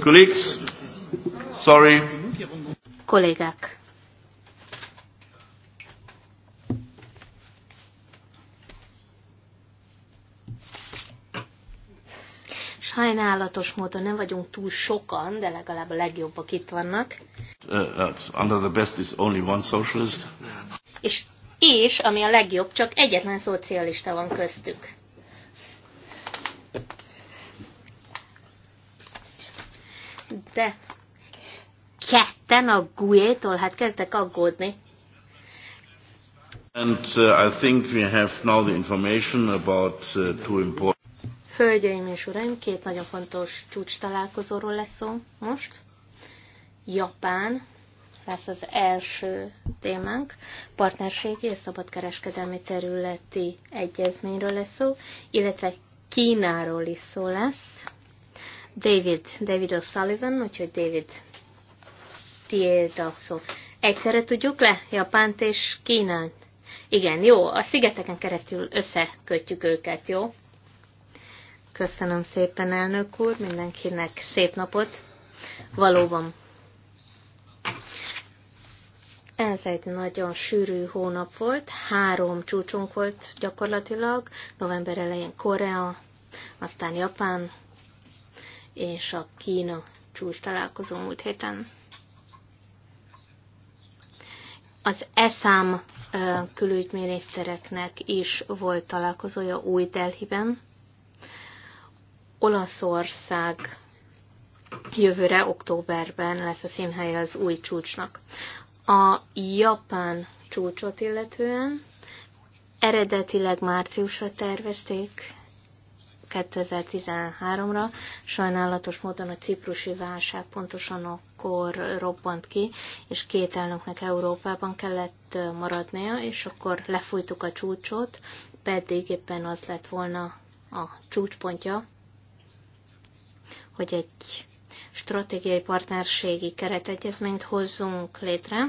Colleagues, sorry. Kollégák. Sajnálatos módon nem vagyunk túl sokan, de legalább a legjobbak itt vannak. Uh, under the best is only one socialist. És, és, ami a legjobb, csak egyetlen szocialista van köztük. te? ketten a gújétól? tól hát kezdek aggódni. And uh, I think we have now the information about uh, two important... Hölgyeim és uraim, két nagyon fontos csúcs találkozóról lesz szó most. Japán lesz az első témánk, partnerségi és szabadkereskedelmi területi egyezményről lesz szó, illetve Kínáról is szó lesz. David, David O'Sullivan, úgyhogy David, tiéd szó. Szóval egyszerre tudjuk le Japánt és Kínát? Igen, jó, a szigeteken keresztül összekötjük őket, jó? Köszönöm szépen, elnök úr, mindenkinek szép napot. Valóban. Ez egy nagyon sűrű hónap volt, három csúcsunk volt gyakorlatilag, november elején Korea, aztán Japán, és a Kína csúcs találkozó múlt héten. Az ESZÁM külügyminisztereknek is volt találkozója új Delhiben. Olaszország jövőre, októberben lesz a színhelye az új csúcsnak. A japán csúcsot illetően eredetileg márciusra tervezték, 2013-ra. Sajnálatos módon a ciprusi válság pontosan akkor robbant ki, és két elnöknek Európában kellett maradnia, és akkor lefújtuk a csúcsot, pedig éppen az lett volna a csúcspontja, hogy egy stratégiai partnerségi keretegyezményt hozzunk létre,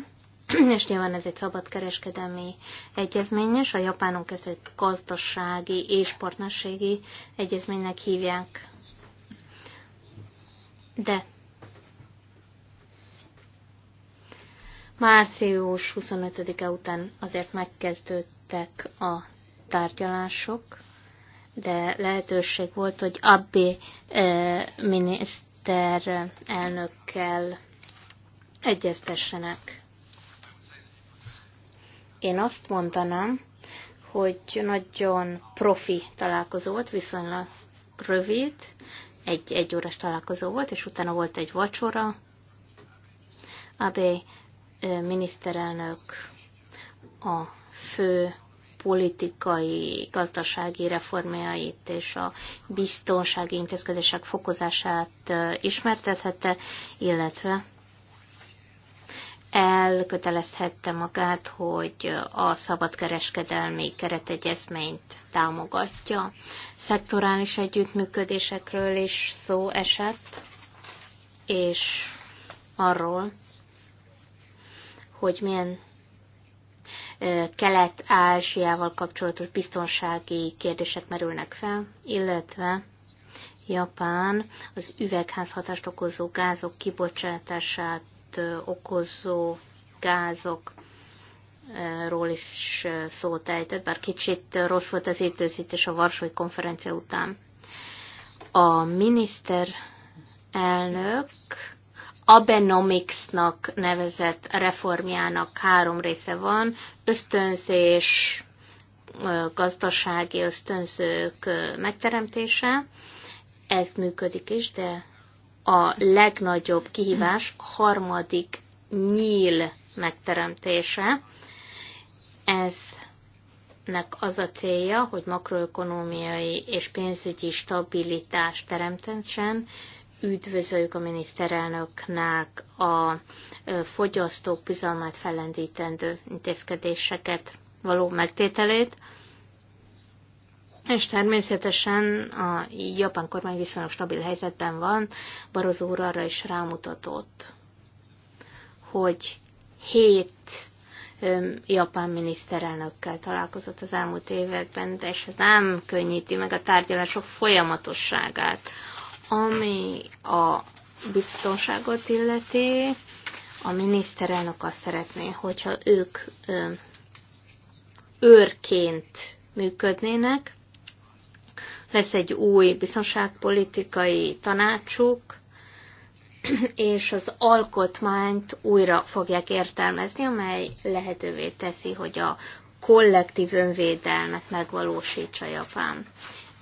és nyilván ez egy szabadkereskedelmi egyezmény, és a japánok ezt egy gazdasági és partnerségi egyezménynek hívják. De március 25-e után azért megkezdődtek a tárgyalások, de lehetőség volt, hogy Abbi miniszterelnökkel egyeztessenek. Én azt mondanám, hogy nagyon profi találkozó volt, viszonylag rövid, egy egy órás találkozó volt, és utána volt egy vacsora. Abe miniszterelnök a fő politikai, gazdasági reformjait és a biztonsági intézkedések fokozását ismertethette, illetve elkötelezhette magát, hogy a szabadkereskedelmi keretegyezményt támogatja. Szektorális együttműködésekről is szó esett, és arról, hogy milyen Kelet-Ázsiával kapcsolatos biztonsági kérdések merülnek fel, illetve Japán az üvegházhatást okozó gázok kibocsátását okozó gázok ról is szót ejtett, bár kicsit rossz volt az időzítés a Varsói konferencia után. A miniszterelnök Abenomicsnak nevezett reformjának három része van, ösztönzés, gazdasági ösztönzők megteremtése, ez működik is, de a legnagyobb kihívás harmadik nyíl megteremtése. Eznek az a célja, hogy makroökonómiai és pénzügyi stabilitást teremtsen, üdvözöljük a miniszterelnöknek a fogyasztók bizalmát fellendítendő intézkedéseket való megtételét, és természetesen a japán kormány viszonylag stabil helyzetben van. Barozó úr arra is rámutatott, hogy hét japán miniszterelnökkel találkozott az elmúlt években, de és ez nem könnyíti meg a tárgyalások folyamatosságát. Ami a biztonságot illeti, a miniszterelnök azt szeretné, hogyha ők őrként működnének, lesz egy új biztonságpolitikai tanácsuk, és az alkotmányt újra fogják értelmezni, amely lehetővé teszi, hogy a kollektív önvédelmet megvalósítsa Japán.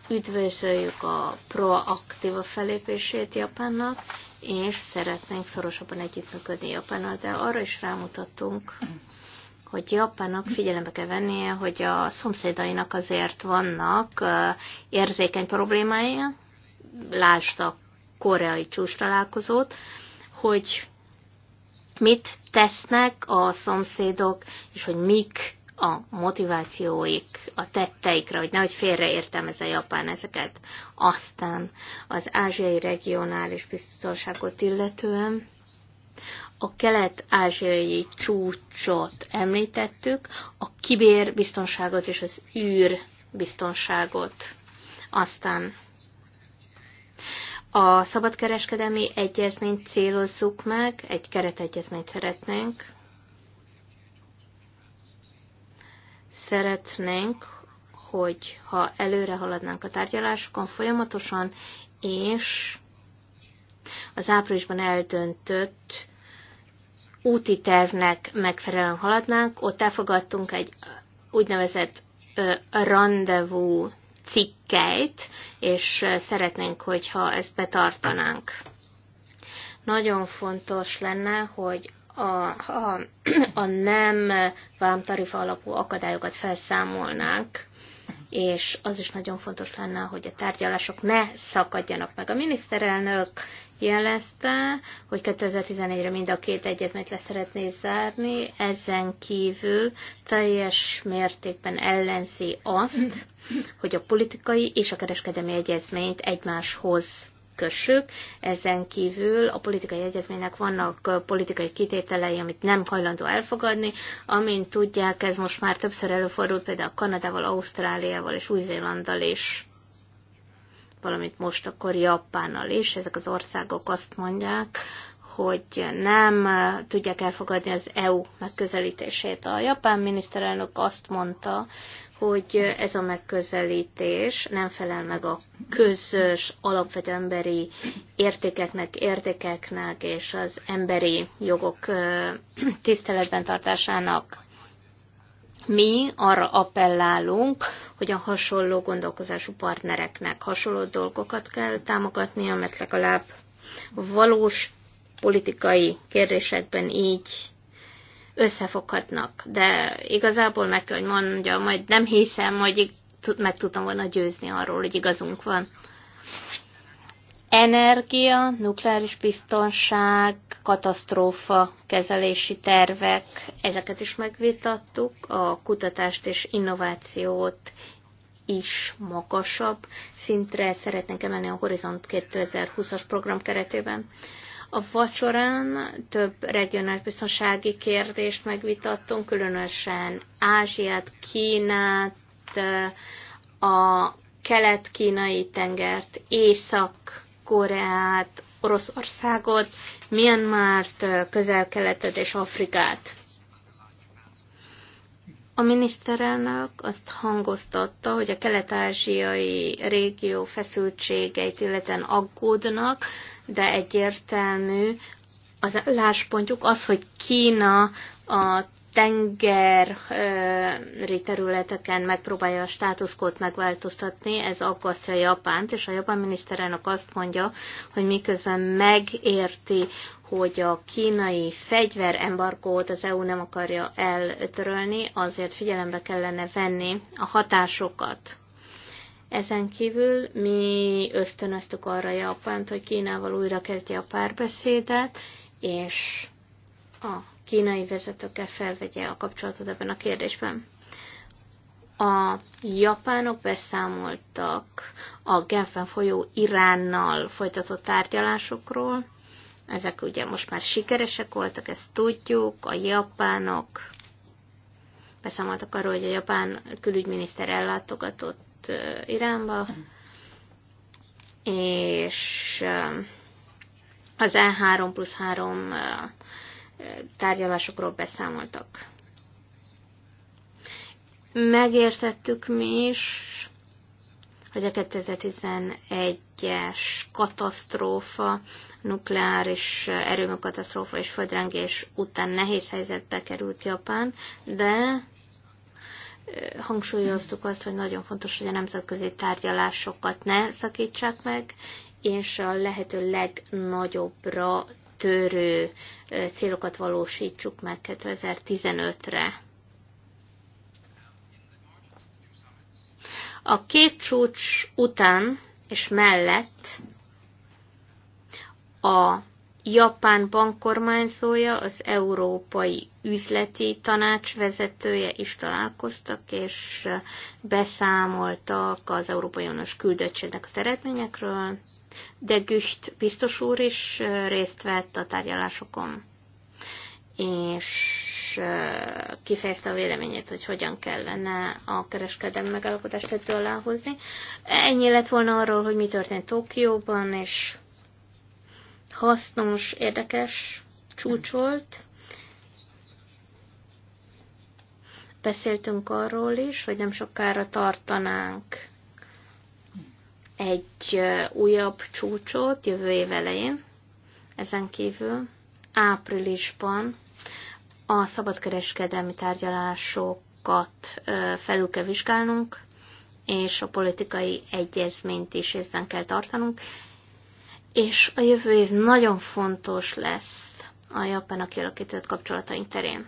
Üdvözöljük a proaktíva felépését Japánnak, és szeretnénk szorosabban együttműködni Japánnal, de arra is rámutattunk, hogy Japánnak figyelembe kell vennie, hogy a szomszédainak azért vannak érzékeny problémái, lásd a koreai csúcs találkozót, hogy mit tesznek a szomszédok, és hogy mik a motivációik, a tetteikre, hogy nehogy félreértelmezze Japán ezeket. Aztán az ázsiai regionális biztonságot illetően a kelet-ázsiai csúcsot említettük, a kibérbiztonságot és az űrbiztonságot. Aztán a szabadkereskedelmi egyezményt célozzuk meg, egy keretegyezményt szeretnénk. Szeretnénk, hogy ha előre haladnánk a tárgyalásokon folyamatosan, és az áprilisban eltöntött úti tervnek megfelelően haladnánk. Ott elfogadtunk egy úgynevezett rendezvú cikkeit, és szeretnénk, hogyha ezt betartanánk. Nagyon fontos lenne, hogy a, a, a nem vámtarifa alapú akadályokat felszámolnánk, és az is nagyon fontos lenne, hogy a tárgyalások ne szakadjanak meg. A miniszterelnök jelezte, hogy 2011-re mind a két egyezményt le szeretné zárni, ezen kívül teljes mértékben ellenzi azt, hogy a politikai és a kereskedelmi egyezményt egymáshoz kössük. Ezen kívül a politikai egyezménynek vannak politikai kitételei, amit nem hajlandó elfogadni. Amint tudják, ez most már többször előfordult például Kanadával, Ausztráliával és Új-Zélanddal is valamint most akkor Japánnal is. Ezek az országok azt mondják, hogy nem tudják elfogadni az EU megközelítését. A japán miniszterelnök azt mondta, hogy ez a megközelítés nem felel meg a közös alapvető emberi értékeknek, értékeknek és az emberi jogok tiszteletben tartásának mi arra appellálunk, hogy a hasonló gondolkozású partnereknek hasonló dolgokat kell támogatnia, mert legalább valós politikai kérdésekben így összefoghatnak. De igazából meg kell, hogy mondjam, majd nem hiszem, hogy meg tudtam volna győzni arról, hogy igazunk van energia, nukleáris biztonság, katasztrófa kezelési tervek, ezeket is megvitattuk, a kutatást és innovációt is magasabb szintre szeretnénk emelni a Horizont 2020-as program keretében. A vacsorán több regionális biztonsági kérdést megvitattunk, különösen Ázsiát, Kínát, a kelet-kínai tengert, Észak koreát Oroszországot, Myanmart, Közel-Keletet és Afrikát. A miniszterelnök azt hangoztatta, hogy a kelet-ázsiai régió feszültségeit illetően aggódnak, de egyértelmű az álláspontjuk az, hogy Kína a tengeri területeken megpróbálja a státuszkót megváltoztatni, ez aggasztja Japánt, és a japán miniszterelnök azt mondja, hogy miközben megérti, hogy a kínai fegyverembargót az EU nem akarja eltörölni, azért figyelembe kellene venni a hatásokat. Ezen kívül mi ösztönöztük arra Japánt, hogy Kínával újra kezdje a párbeszédet, és a kínai vezetőkkel felvegye a kapcsolatot ebben a kérdésben. A japánok beszámoltak a Genfen folyó Iránnal folytatott tárgyalásokról. Ezek ugye most már sikeresek voltak, ezt tudjuk. A japánok beszámoltak arról, hogy a japán külügyminiszter ellátogatott Iránba, és az E3 plusz 3 tárgyalásokról beszámoltak. Megértettük mi is, hogy a 2011-es katasztrófa, nukleáris erőmű katasztrófa és földrengés után nehéz helyzetbe került Japán, de hangsúlyoztuk azt, hogy nagyon fontos, hogy a nemzetközi tárgyalásokat ne szakítsák meg, és a lehető legnagyobbra törő célokat valósítsuk meg 2015-re. A két csúcs után és mellett a japán bankkormányzója, az Európai Üzleti Tanács vezetője is találkoztak, és beszámoltak az Európai Uniós küldöttségnek az eredményekről, de Güst biztos úr is részt vett a tárgyalásokon, és kifejezte a véleményét, hogy hogyan kellene a kereskedelmi megállapodást ettől alá hozni. Ennyi lett volna arról, hogy mi történt Tokióban, és hasznos, érdekes csúcs volt. Beszéltünk arról is, hogy nem sokára tartanánk egy újabb csúcsot jövő év elején. Ezen kívül áprilisban a szabadkereskedelmi tárgyalásokat felül kell vizsgálnunk, és a politikai egyezményt is észben kell tartanunk. És a jövő év nagyon fontos lesz a japán kialakított kapcsolataink terén.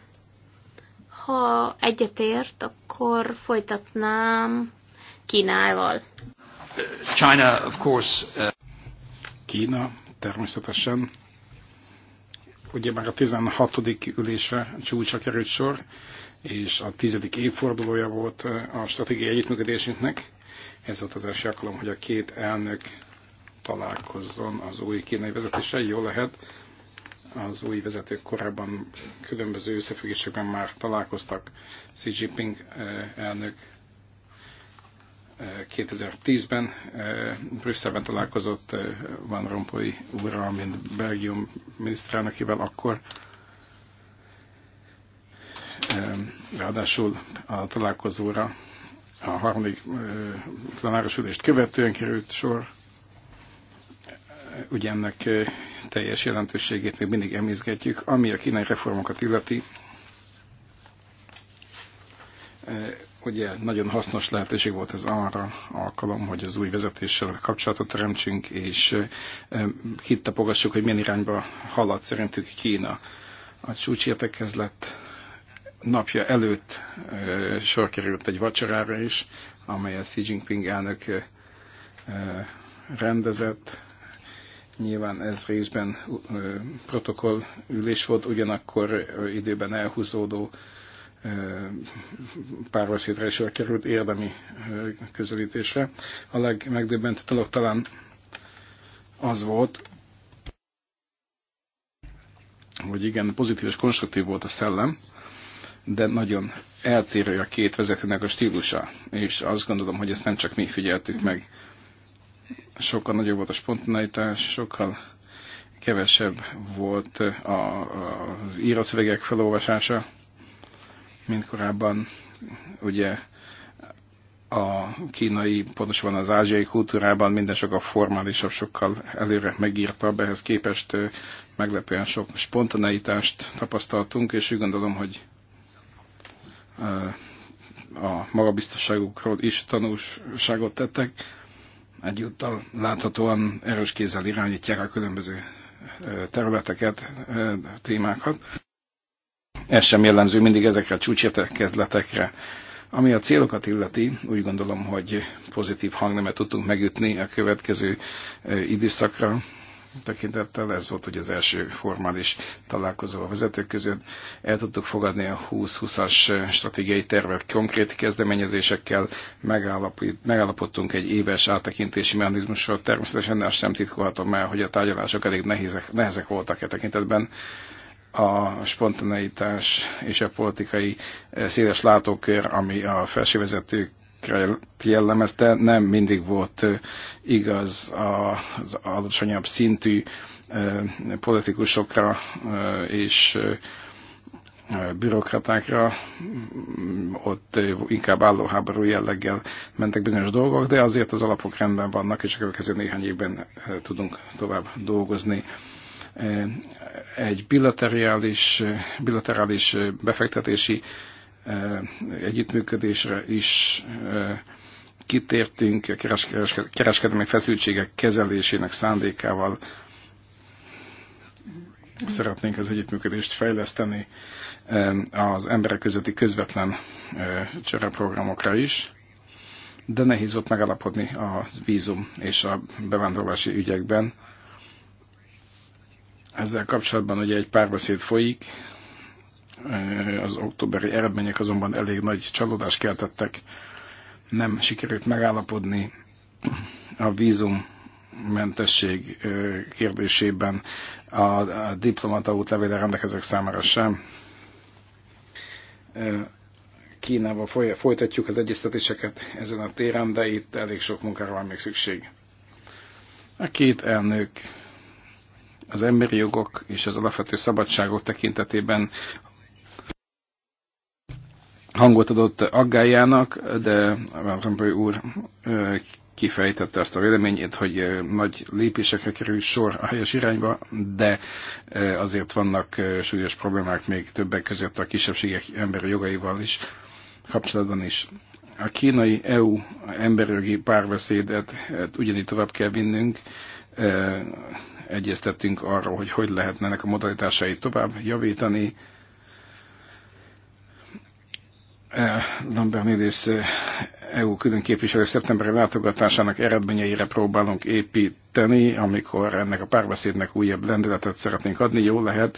Ha egyetért, akkor folytatnám Kínával. China, of course, uh... Kína természetesen. Ugye már a 16. ülésre csúcsra került sor, és a 10. évfordulója volt uh, a stratégiai együttműködésünknek. Ez volt az első alkalom, hogy a két elnök találkozzon az új kínai vezetéssel. Jó lehet, az új vezetők korábban különböző összefüggésekben már találkoztak Xi Jinping uh, elnök 2010-ben eh, Brüsszelben találkozott eh, Van Rompuy úrral, mint Belgium miniszterelnökével akkor. Eh, ráadásul a találkozóra a harmadik plenáros ülést követően került sor. Ugye ennek teljes jelentőségét még mindig emlizgetjük. Ami a kínai reformokat illeti, ugye nagyon hasznos lehetőség volt ez arra alkalom, hogy az új vezetéssel kapcsolatot teremtsünk, és hittapogassuk, hogy milyen irányba halad szerintük Kína. A lett napja előtt sor került egy vacsorára is, amelyet Xi Jinping elnök rendezett. Nyilván ez részben protokoll ülés volt, ugyanakkor időben elhúzódó párbeszédre is került érdemi közelítésre. A legmegdöbbentő dolog talán az volt, hogy igen, pozitív és konstruktív volt a szellem, de nagyon eltérő a két vezetőnek a stílusa, és azt gondolom, hogy ezt nem csak mi figyeltük meg. Sokkal nagyobb volt a spontaneitás, sokkal kevesebb volt az íraszövegek felolvasása, mint korábban ugye a kínai, pontosabban az ázsiai kultúrában minden sokkal formálisabb, sokkal előre megírtabb, ehhez képest meglepően sok spontaneitást tapasztaltunk, és úgy gondolom, hogy a magabiztosságukról is tanulságot tettek. Egyúttal láthatóan erős kézzel irányítják a különböző területeket, témákat. Ez sem jellemző mindig ezekre a csúcsértekezletekre. Ami a célokat illeti, úgy gondolom, hogy pozitív hangnemet tudtunk megütni a következő időszakra, tekintettel ez volt hogy az első formális találkozó a vezetők között. El tudtuk fogadni a 20-20-as stratégiai tervet konkrét kezdeményezésekkel, megállapodtunk egy éves áttekintési mechanizmusról. Természetesen azt nem titkolhatom el, hogy a tárgyalások elég nehézek, nehezek voltak e tekintetben a spontaneitás és a politikai eh, széles látókör, ami a felsővezetők jellemezte, nem mindig volt eh, igaz az alacsonyabb szintű eh, politikusokra és bürokratákra, ott inkább állóháború jelleggel mentek bizonyos dolgok, de azért az alapok rendben vannak, és a következő néhány évben tudunk tovább dolgozni egy bilaterális, bilaterális befektetési együttműködésre is kitértünk a kereskedelmi feszültségek kezelésének szándékával. Szeretnénk az együttműködést fejleszteni az emberek közötti közvetlen csereprogramokra is, de nehéz volt megalapodni a vízum és a bevándorlási ügyekben ezzel kapcsolatban ugye egy párbeszéd folyik, az októberi eredmények azonban elég nagy csalódást keltettek, nem sikerült megállapodni a vízum mentesség kérdésében a diplomata útlevéle rendelkezők számára sem. Kínával folytatjuk az egyeztetéseket ezen a téren, de itt elég sok munkára van még szükség. A két elnök az emberi jogok és az alapvető szabadságok tekintetében hangot adott aggájának, de Van Rompuy úr kifejtette azt a véleményét, hogy nagy lépésekre kerül sor a helyes irányba, de azért vannak súlyos problémák még többek között a kisebbségek emberi jogaival is kapcsolatban is. A kínai EU emberjogi párbeszédet hát ugyanígy tovább kell vinnünk, egyeztettünk arról, hogy hogy lehetne ennek a modalitásait tovább javítani. E, Lambernides EU e külön képviselő szeptemberi látogatásának eredményeire próbálunk építeni, amikor ennek a párbeszédnek újabb lendületet szeretnénk adni, jó lehet.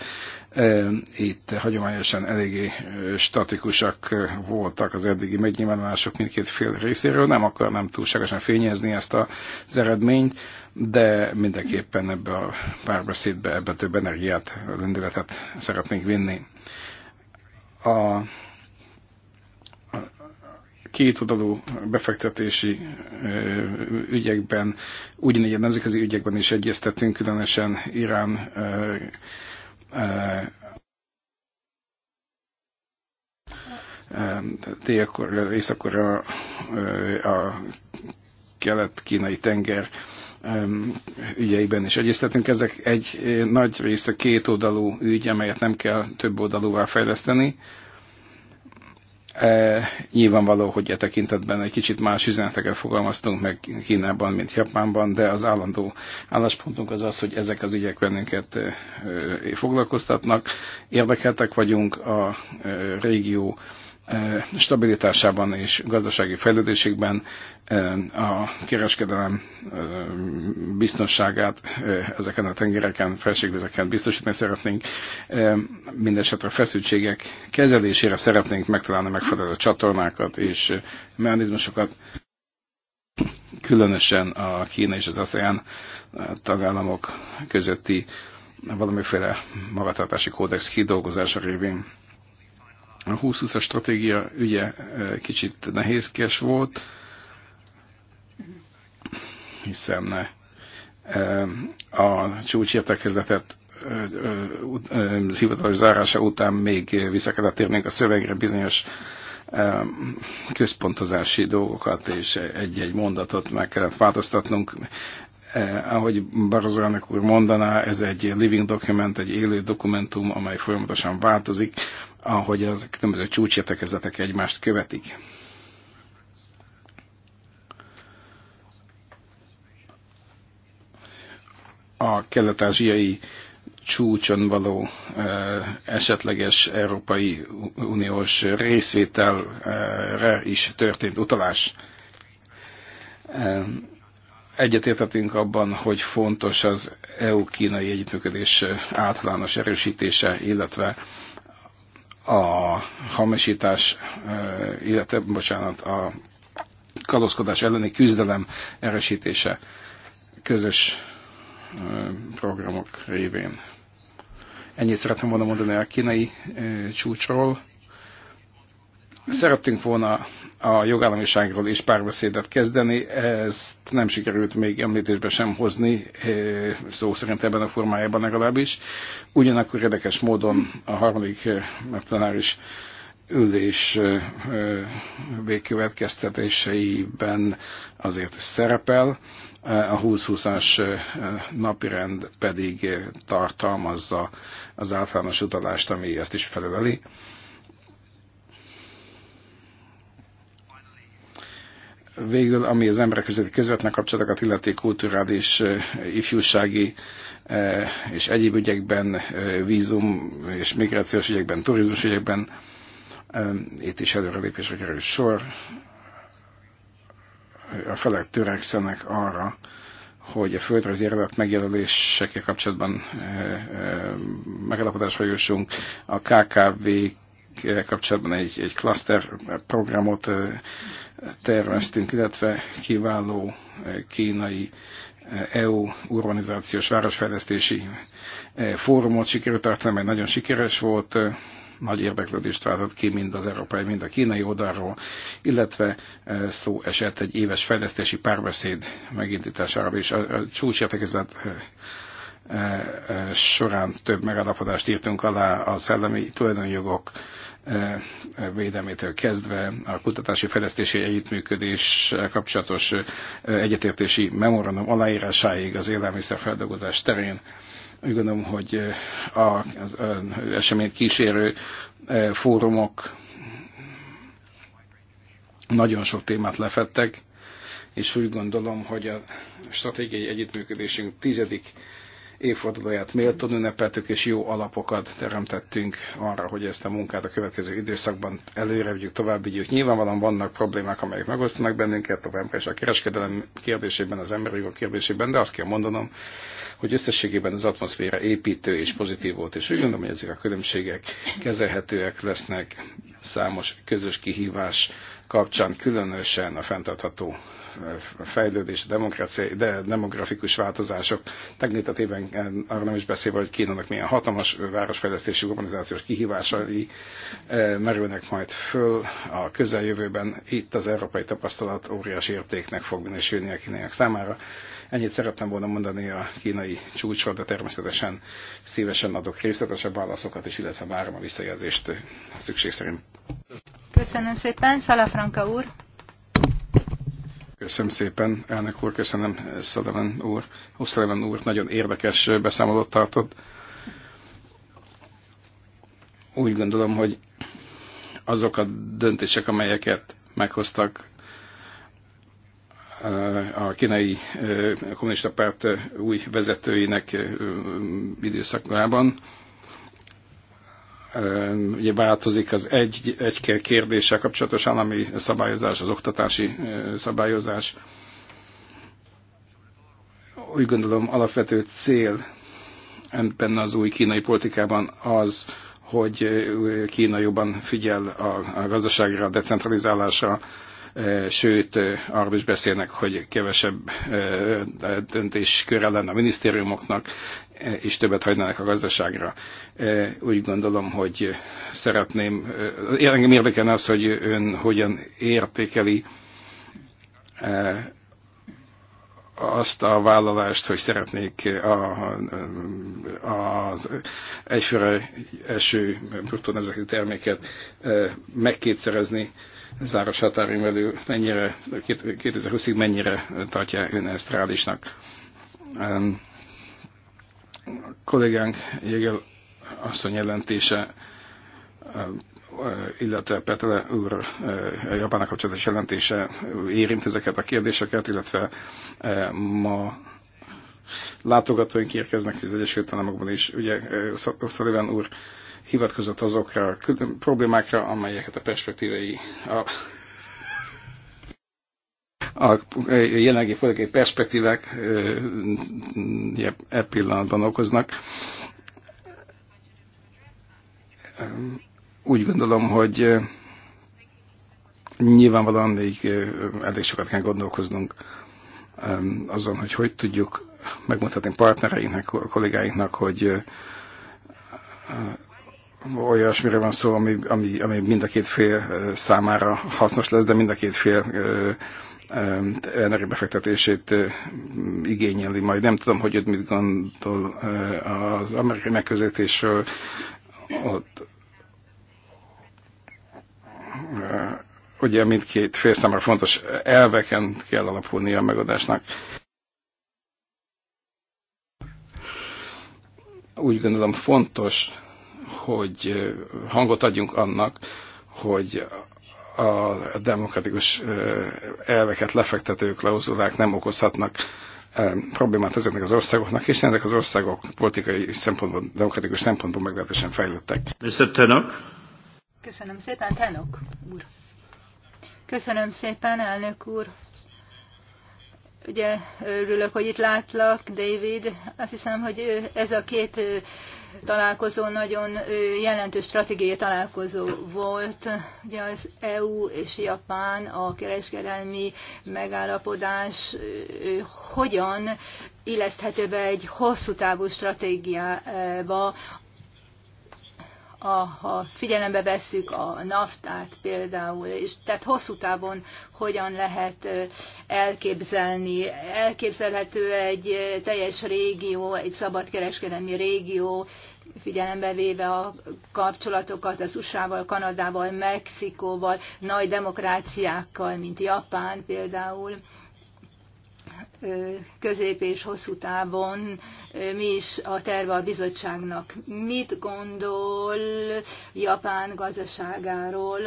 E, itt hagyományosan eléggé statikusak voltak az eddigi megnyilvánulások mindkét fél részéről, nem akarnám túlságosan fényezni ezt az eredményt de mindenképpen ebbe a párbeszédbe, ebbe több energiát, lendületet szeretnénk vinni. A kétoldalú befektetési ügyekben, ugyanígy a nemzetközi ügyekben is egyeztetünk, különösen Irán Dél-Korea, észak a, a kelet-kínai tenger ügyeiben is egyeztetünk. Ezek egy eh, nagy részt a két oldalú ügy, amelyet nem kell több oldalúvá fejleszteni. E, nyilvánvaló, hogy e tekintetben egy kicsit más üzeneteket fogalmaztunk meg Kínában, mint Japánban, de az állandó álláspontunk az az, hogy ezek az ügyek bennünket e, foglalkoztatnak. Érdekeltek vagyunk a e, régió stabilitásában és gazdasági fejlődésében a kereskedelem biztonságát ezeken a tengereken, felségvizeken biztosítani szeretnénk. Mindenesetre feszültségek kezelésére szeretnénk megtalálni megfelelő csatornákat és mechanizmusokat, különösen a Kína és az ASEAN tagállamok közötti valamiféle magatartási kódex kidolgozása révén a 20 as stratégia ügye kicsit nehézkes volt, hiszen a csúcsértekezletet hivatalos zárása után még vissza kellett térnénk a szövegre bizonyos központozási dolgokat, és egy-egy mondatot meg kellett változtatnunk. Eh, ahogy Barroso úr mondaná, ez egy living document, egy élő dokumentum, amely folyamatosan változik, ahogy az különböző csúcsértekezletek egymást követik. A kelet-ázsiai csúcson való esetleges Európai Uniós részvételre is történt utalás. Egyetértetünk abban, hogy fontos az EU-kínai együttműködés általános erősítése, illetve a hamisítás, illetve, bocsánat, a kalózkodás elleni küzdelem erősítése közös programok révén. Ennyit szeretném volna mondani a kínai csúcsról. Szerettünk volna a jogállamiságról is párbeszédet kezdeni, ezt nem sikerült még említésbe sem hozni, eh, szó szerint ebben a formájában legalábbis. Ugyanakkor érdekes módon a harmadik eh, plenáris ülés eh, végkövetkeztetéseiben azért szerepel, a 20-20-as napirend pedig tartalmazza az általános utalást, ami ezt is felöleli. végül, ami az emberek közötti közvetlen kapcsolatokat illeti kulturális, ifjúsági és egyéb ügyekben, vízum és migrációs ügyekben, turizmus ügyekben, itt is előrelépésre kerül sor. A felek törekszenek arra, hogy a földrajzi eredet megjelölésekkel kapcsolatban megállapodásra jussunk, a KKV kapcsolatban egy, egy cluster programot terveztünk, illetve kiváló kínai EU urbanizációs városfejlesztési fórumot sikerült tartani, mert nagyon sikeres volt, nagy érdeklődést váltott ki mind az európai, mind a kínai oldalról, illetve szó esett egy éves fejlesztési párbeszéd megindításáról is. A, a csúcsértekezlet E, e, során több megállapodást írtunk alá a szellemi tulajdonjogok e, védelmétől kezdve a kutatási fejlesztési együttműködés kapcsolatos egyetértési memorandum aláírásáig az élelmiszerfeldolgozás terén. Úgy gondolom, hogy az eseményt kísérő fórumok nagyon sok témát lefettek, és úgy gondolom, hogy a stratégiai együttműködésünk tizedik évfordulóját méltón ünnepeltük, és jó alapokat teremtettünk arra, hogy ezt a munkát a következő időszakban előre vigyük, tovább vigyük. Nyilvánvalóan vannak problémák, amelyek megosztanak bennünket, továbbra is a kereskedelem kérdésében, az emberi jogok kérdésében, de azt kell mondanom, hogy összességében az atmoszféra építő és pozitív volt, és úgy gondolom, hogy ezek a különbségek kezelhetőek lesznek számos közös kihívás kapcsán, különösen a fenntartható fejlődés, demokrácia, de demografikus változások tekintetében eh, arra nem is beszélve, hogy Kínának milyen hatalmas városfejlesztési urbanizációs kihívásai eh, merülnek majd föl a közeljövőben. Itt az európai tapasztalat óriási értéknek fog minősülni a kínaiak számára. Ennyit szerettem volna mondani a kínai csúcsról, de természetesen szívesen adok részletesebb válaszokat is, illetve várom a visszajelzést szükség szerint. Köszönöm szépen, Szalafranka úr! Köszönöm szépen, elnök úr, köszönöm Szadeven úr, Oszteleven úr, nagyon érdekes beszámolót tartott. Úgy gondolom, hogy azok a döntések, amelyeket meghoztak a kínai kommunista párt új vezetőinek időszakában, ugye változik az egy, egy kérdéssel kapcsolatos állami szabályozás, az oktatási szabályozás. Úgy gondolom alapvető cél benne az új kínai politikában az, hogy Kína jobban figyel a gazdaságra, a decentralizálásra, sőt arról is beszélnek, hogy kevesebb döntésköre lenne a minisztériumoknak, és többet hagynának a gazdaságra. Úgy gondolom, hogy szeretném, engem érdekelne az, hogy ön hogyan értékeli azt a vállalást, hogy szeretnék a, az egyfőre eső bruttó nemzeti terméket megkétszerezni záros határon belül mennyire, 2020-ig mennyire tartja ön ezt reálisnak. A kollégánk Jégel asszony jelentése, illetve Petele úr Japának kapcsolatos jelentése érint ezeket a kérdéseket, illetve ma látogatóink érkeznek az Egyesült Államokban is. Ugye Sullivan úr hivatkozott azokra a problémákra, amelyeket a perspektívei a, a jelenlegi politikai perspektívák e pillanatban okoznak. Úgy gondolom, hogy nyilvánvalóan még elég sokat kell gondolkoznunk azon, hogy hogy tudjuk megmutatni partnereinknek, kollégáinknak, hogy olyasmire van szó, ami, ami, ami mind a két fél számára hasznos lesz, de mind a két fél energiabefektetését igényeli majd. Nem tudom, hogy ott mit gondol az amerikai megközelítésről. Ott ugye mindkét fél számára fontos elveken kell alapulni a megoldásnak. Úgy gondolom fontos hogy hangot adjunk annak, hogy a demokratikus elveket lefektető klauzulák nem okozhatnak problémát ezeknek az országoknak, és ezek az országok politikai szempontból, demokratikus szempontból meglehetősen fejlődtek. Tenok. Köszönöm szépen, Tenok úr. Köszönöm szépen, elnök úr. Ugye örülök, hogy itt látlak, David. Azt hiszem, hogy ez a két találkozó nagyon jelentős stratégiai találkozó volt. Ugye az EU és Japán a kereskedelmi megállapodás hogyan illeszthető be egy hosszú távú stratégiába a, ha figyelembe vesszük a naftát például, és tehát hosszú távon hogyan lehet elképzelni. Elképzelhető egy teljes régió, egy szabadkereskedelmi régió, figyelembe véve a kapcsolatokat az USA-val, Kanadával, Mexikóval, nagy demokráciákkal, mint Japán például közép és hosszú távon mi is a terve a bizottságnak. Mit gondol Japán gazdaságáról?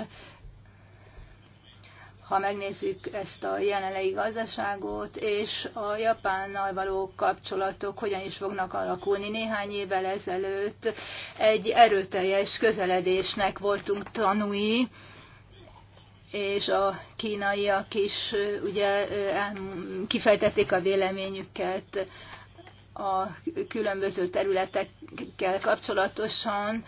ha megnézzük ezt a jelenlegi gazdaságot, és a Japánnal való kapcsolatok hogyan is fognak alakulni. Néhány évvel ezelőtt egy erőteljes közeledésnek voltunk tanúi, és a kínaiak is ugye kifejtették a véleményüket a különböző területekkel kapcsolatosan.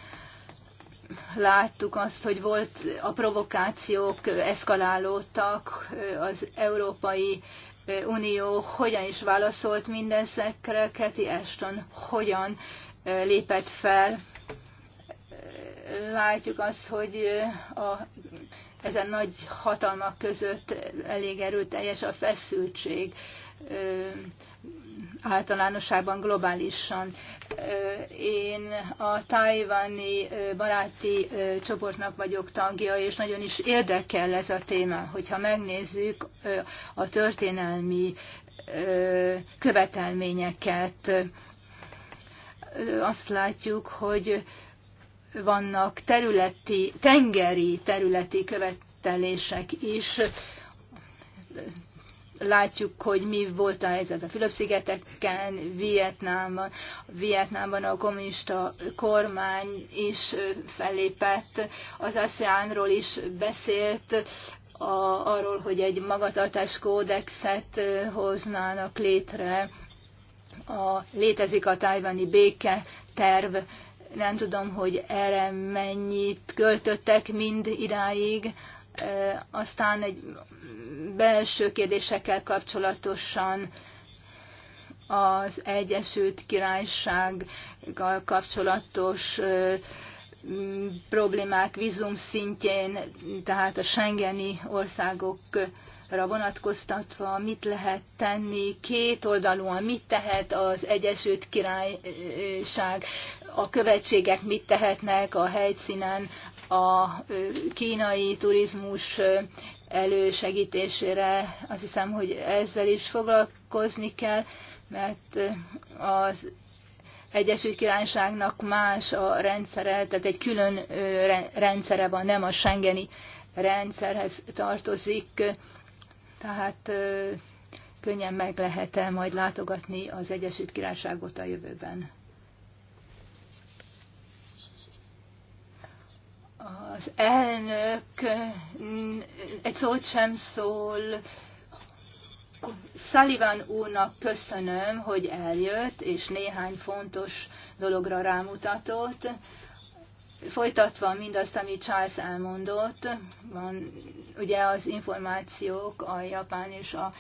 Láttuk azt, hogy volt a provokációk eszkalálódtak, az Európai Unió hogyan is válaszolt mindezekre, Keti Ashton hogyan lépett fel. Látjuk azt, hogy a ezen nagy hatalmak között elég erőteljes a feszültség általánosságban globálisan. Én a tájvani baráti csoportnak vagyok tagja, és nagyon is érdekel ez a téma, hogyha megnézzük a történelmi követelményeket, azt látjuk, hogy vannak területi, tengeri területi követelések is. Látjuk, hogy mi volt a helyzet a Fülöp-szigeteken, Vietnámban. Vietnámban a kommunista kormány is fellépett, az ASEAN-ról is beszélt, a, arról, hogy egy magatartás kódexet hoznának létre. A, létezik a tájvani béke terv, nem tudom, hogy erre mennyit költöttek mind idáig, aztán egy belső kérdésekkel kapcsolatosan az Egyesült Királysággal kapcsolatos problémák vízum szintjén, tehát a Schengeni országok vonatkoztatva mit lehet tenni, két oldalúan mit tehet az Egyesült Királyság a követségek mit tehetnek a helyszínen a kínai turizmus elősegítésére. Azt hiszem, hogy ezzel is foglalkozni kell, mert az Egyesült Királyságnak más a rendszere, tehát egy külön rendszere van, nem a Schengeni rendszerhez tartozik, tehát könnyen meg lehet-e majd látogatni az Egyesült Királyságot a jövőben. Az elnök egy szót sem szól. Sullivan úrnak köszönöm, hogy eljött, és néhány fontos dologra rámutatott. Folytatva mindazt, amit Charles elmondott, van ugye az információk a japán és a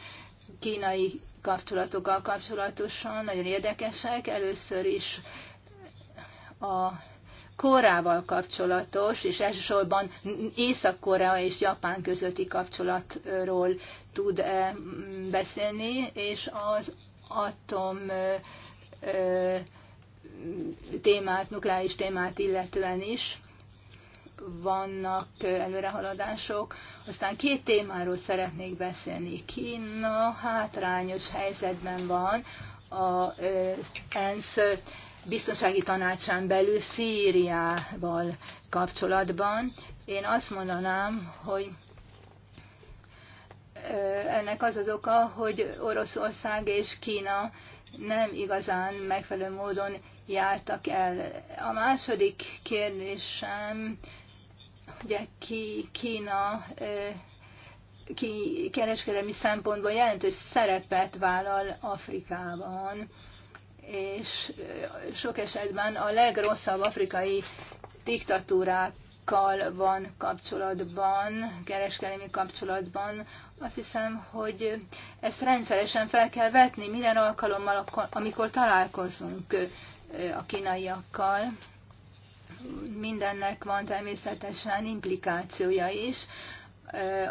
kínai kapcsolatokkal kapcsolatosan nagyon érdekesek. Először is a Korával kapcsolatos, és elsősorban Észak-Korea és Japán közötti kapcsolatról tud -e beszélni, és az atom eh, eh, témát, nukleáris témát illetően is vannak előrehaladások. Aztán két témáról szeretnék beszélni. Kína hátrányos helyzetben van a ENSZ biztonsági tanácsán belül Szíriával kapcsolatban. Én azt mondanám, hogy ennek az az oka, hogy Oroszország és Kína nem igazán megfelelő módon jártak el. A második kérdésem, ugye ki, Kína ki kereskedelmi szempontból jelentős szerepet vállal Afrikában és sok esetben a legrosszabb afrikai diktatúrákkal van kapcsolatban, kereskedelmi kapcsolatban. Azt hiszem, hogy ezt rendszeresen fel kell vetni minden alkalommal, amikor találkozunk a kínaiakkal. Mindennek van természetesen implikációja is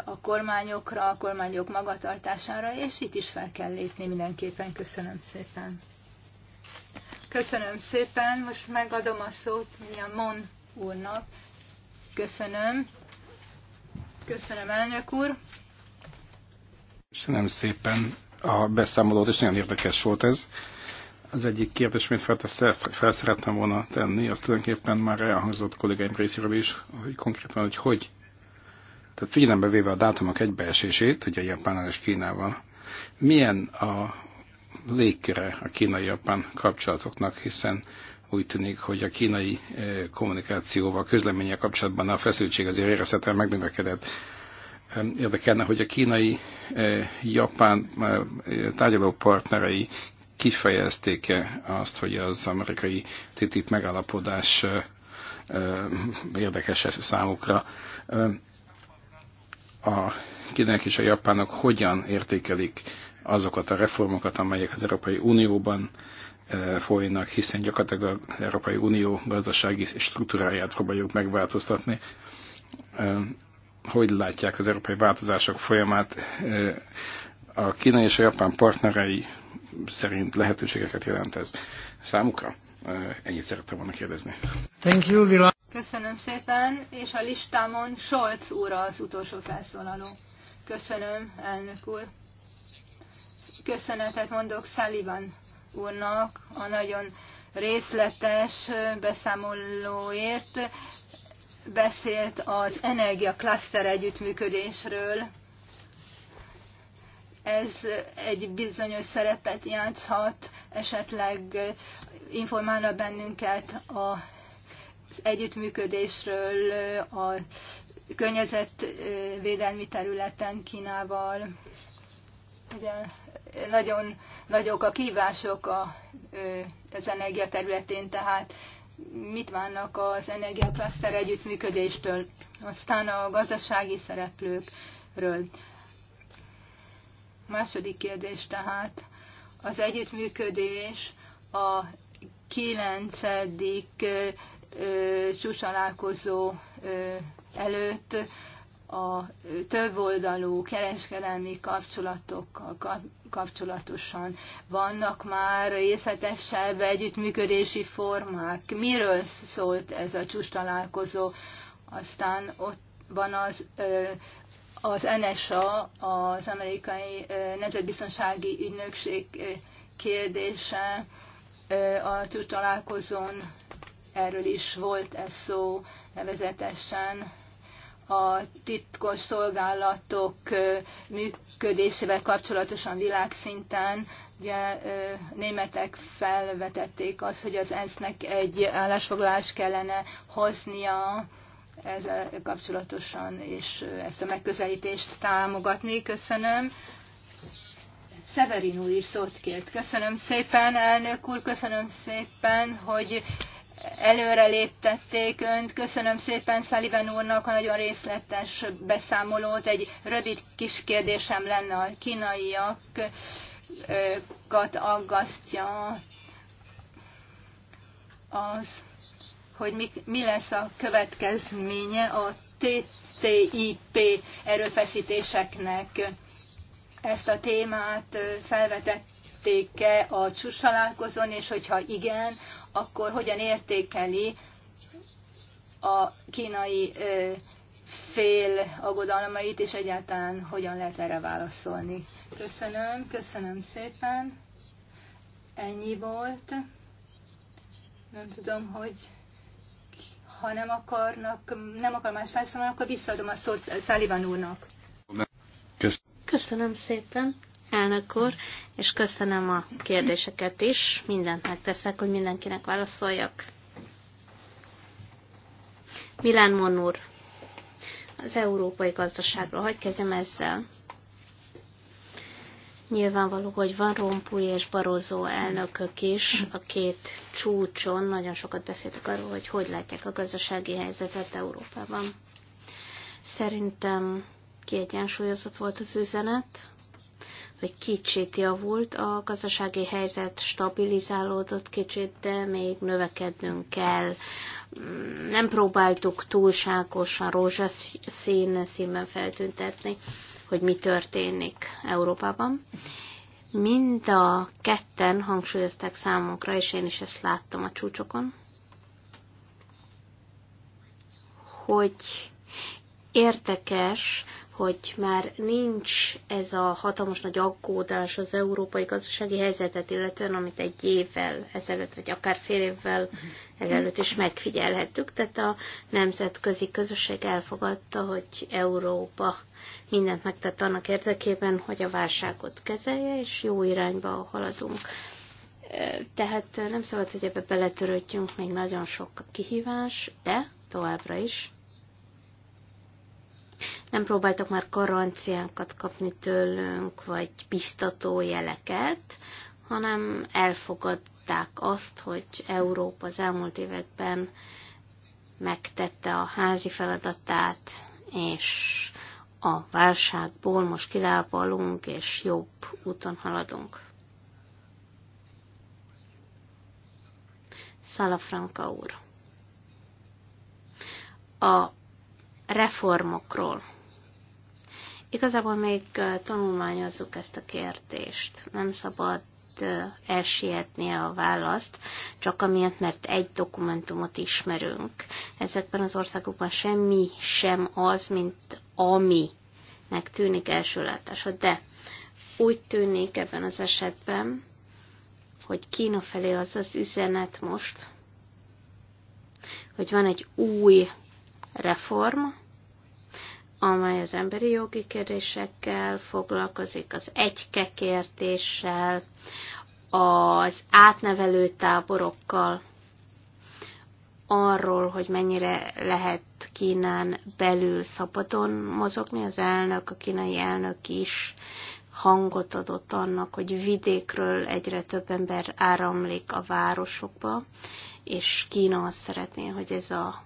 a kormányokra, a kormányok magatartására, és itt is fel kell lépni mindenképpen. Köszönöm szépen. Köszönöm szépen, most megadom a szót a Mon úrnak. Köszönöm. Köszönöm, elnök úr. Köszönöm szépen a beszámolót, és nagyon érdekes volt ez. Az egyik kérdés, amit fel szerettem volna tenni, az tulajdonképpen már elhangzott kollégáim részéről is, hogy konkrétan, hogy hogy. Tehát figyelembe véve a dátumok egybeesését, ugye Japánnal és Kínával, milyen a légkere a kínai-japán kapcsolatoknak, hiszen úgy tűnik, hogy a kínai eh, kommunikációval, közlemények kapcsolatban a feszültség azért érezhetően megnövekedett. Érdekelne, hogy a kínai eh, japán eh, tárgyaló partnerei kifejezték-e azt, hogy az amerikai TTIP megállapodás érdekes számukra. A kínaiak és a japánok hogyan értékelik azokat a reformokat, amelyek az Európai Unióban eh, folynak, hiszen gyakorlatilag az Európai Unió gazdasági struktúráját próbáljuk megváltoztatni. Eh, hogy látják az európai változások folyamát? Eh, a kínai és a Japán partnerei szerint lehetőségeket jelent ez számukra? Ennyit szerettem volna kérdezni. Thank you, Vila. Köszönöm szépen, és a listámon Scholz úr az utolsó felszólaló. Köszönöm, elnök úr köszönetet mondok Sullivan úrnak a nagyon részletes beszámolóért. Beszélt az Energia Cluster együttműködésről. Ez egy bizonyos szerepet játszhat, esetleg informálna bennünket az együttműködésről, a környezetvédelmi területen Kínával. Ugye nagyon nagyok a kívások a, az energia területén, tehát mit várnak az energiaklaszter együttműködéstől, aztán a gazdasági szereplőkről. Második kérdés tehát az együttműködés a kilencedik csúcsalálkozó előtt a többoldalú kereskedelmi kapcsolatokkal kapcsolatosan. Vannak már részletesebb együttműködési formák. Miről szólt ez a csúcs találkozó? Aztán ott van az, az NSA, az amerikai nemzetbiztonsági ügynökség kérdése a csúcs találkozón. Erről is volt ez szó nevezetesen a titkos szolgálatok működésével kapcsolatosan világszinten. Ugye németek felvetették azt, hogy az ENSZ-nek egy állásfoglalást kellene hoznia ezzel kapcsolatosan, és ezt a megközelítést támogatni. Köszönöm. Szeverin úr is szót kért. Köszönöm szépen, elnök úr, köszönöm szépen, hogy előre léptették önt. Köszönöm szépen Sullivan úrnak a nagyon részletes beszámolót. Egy rövid kis kérdésem lenne a kínaiakat aggasztja az, hogy mi, mi lesz a következménye a TTIP erőfeszítéseknek. Ezt a témát felvetett értéke a csúcs és hogyha igen, akkor hogyan értékeli a kínai fél aggodalmait, és egyáltalán hogyan lehet erre válaszolni. Köszönöm, köszönöm szépen. Ennyi volt. Nem tudom, hogy ha nem akarnak, nem akar más felszólalni, akkor visszaadom a szót Szálivan úrnak. Köszönöm szépen elnök úr, és köszönöm a kérdéseket is. Mindent megteszek, hogy mindenkinek válaszoljak. Milán Monur, az európai gazdaságról, hogy kezdjem ezzel? Nyilvánvaló, hogy van Rompuy és Barozó elnökök is a két csúcson, nagyon sokat beszéltek arról, hogy hogy látják a gazdasági helyzetet Európában. Szerintem kiegyensúlyozott volt az üzenet, hogy kicsit javult a gazdasági helyzet, stabilizálódott kicsit, de még növekednünk kell. Nem próbáltuk túlságosan rózsaszín színben feltüntetni, hogy mi történik Európában. Mind a ketten hangsúlyozták számunkra, és én is ezt láttam a csúcsokon, hogy érdekes, hogy már nincs ez a hatalmas nagy aggódás az európai gazdasági helyzetet, illetően amit egy évvel ezelőtt, vagy akár fél évvel mhm. ezelőtt is megfigyelhettük. Tehát a nemzetközi közösség elfogadta, hogy Európa mindent megtett annak érdekében, hogy a válságot kezelje, és jó irányba haladunk. Tehát nem szabad, hogy ebbe beletörődjünk, még nagyon sok a kihívás, de továbbra is nem próbáltak már garanciákat kapni tőlünk, vagy biztató jeleket, hanem elfogadták azt, hogy Európa az elmúlt években megtette a házi feladatát, és a válságból most kilábalunk, és jobb úton haladunk. Szalafranka úr. A reformokról. Igazából még tanulmányozzuk ezt a kérdést. Nem szabad elsietnie a választ, csak amiatt, mert egy dokumentumot ismerünk. Ezekben az országokban semmi sem az, mint aminek tűnik első látása. De úgy tűnik ebben az esetben, hogy Kína felé az az üzenet most, hogy van egy új reform, amely az emberi jogi kérdésekkel foglalkozik, az egykekértéssel, az átnevelő táborokkal, arról, hogy mennyire lehet Kínán belül szabadon mozogni. Az elnök, a kínai elnök is hangot adott annak, hogy vidékről egyre több ember áramlik a városokba, és Kína azt szeretné, hogy ez a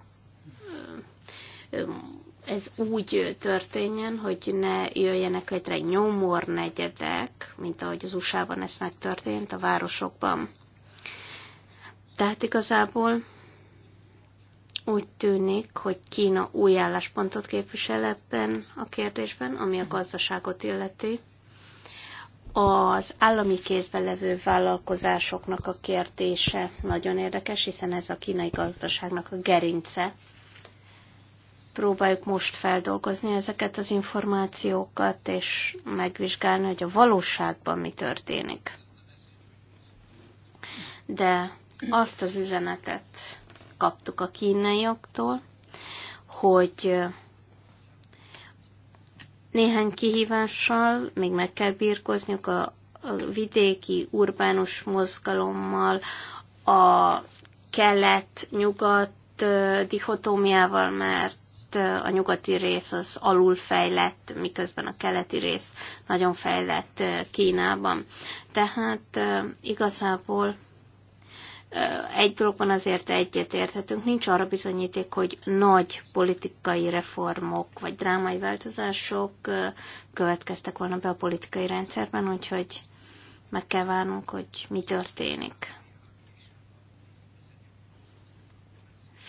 ez úgy történjen, hogy ne jöjjenek létre nyomor negyedek, mint ahogy az USA-ban ez megtörtént a városokban. Tehát igazából úgy tűnik, hogy Kína új álláspontot képvisel ebben a kérdésben, ami a gazdaságot illeti. Az állami kézben levő vállalkozásoknak a kérdése nagyon érdekes, hiszen ez a kínai gazdaságnak a gerince, próbáljuk most feldolgozni ezeket az információkat, és megvizsgálni, hogy a valóságban mi történik. De azt az üzenetet kaptuk a kínaiaktól, hogy néhány kihívással még meg kell birkozniuk a, a vidéki urbánus mozgalommal, a kelet-nyugat dihotómiával, mert mert a nyugati rész az alulfejlett, miközben a keleti rész nagyon fejlett Kínában. Tehát igazából egy dologban azért egyet érthetünk, nincs arra bizonyíték, hogy nagy politikai reformok vagy drámai változások következtek volna be a politikai rendszerben, úgyhogy meg kell várnunk, hogy mi történik.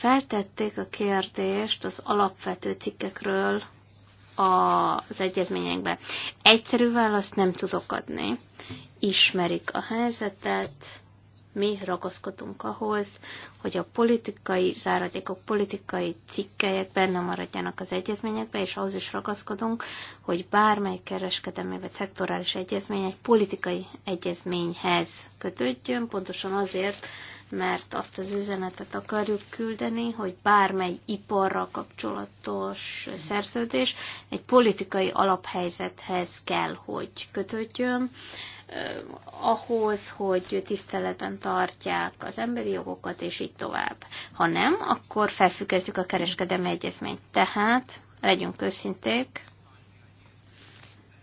Feltették a kérdést az alapvető cikkekről az egyezményekben. Egyszerű választ nem tudok adni. Ismerik a helyzetet, mi ragaszkodunk ahhoz, hogy a politikai záradékok, politikai cikkelyek benne maradjanak az egyezményekbe, és ahhoz is ragaszkodunk, hogy bármely kereskedelmi vagy szektorális egyezmény egy politikai egyezményhez kötődjön, pontosan azért, mert azt az üzenetet akarjuk küldeni, hogy bármely iparra kapcsolatos szerződés egy politikai alaphelyzethez kell, hogy kötődjön, eh, ahhoz, hogy tiszteletben tartják az emberi jogokat, és így tovább. Ha nem, akkor felfüggesztjük a kereskedelmi egyezményt. Tehát, legyünk őszinték,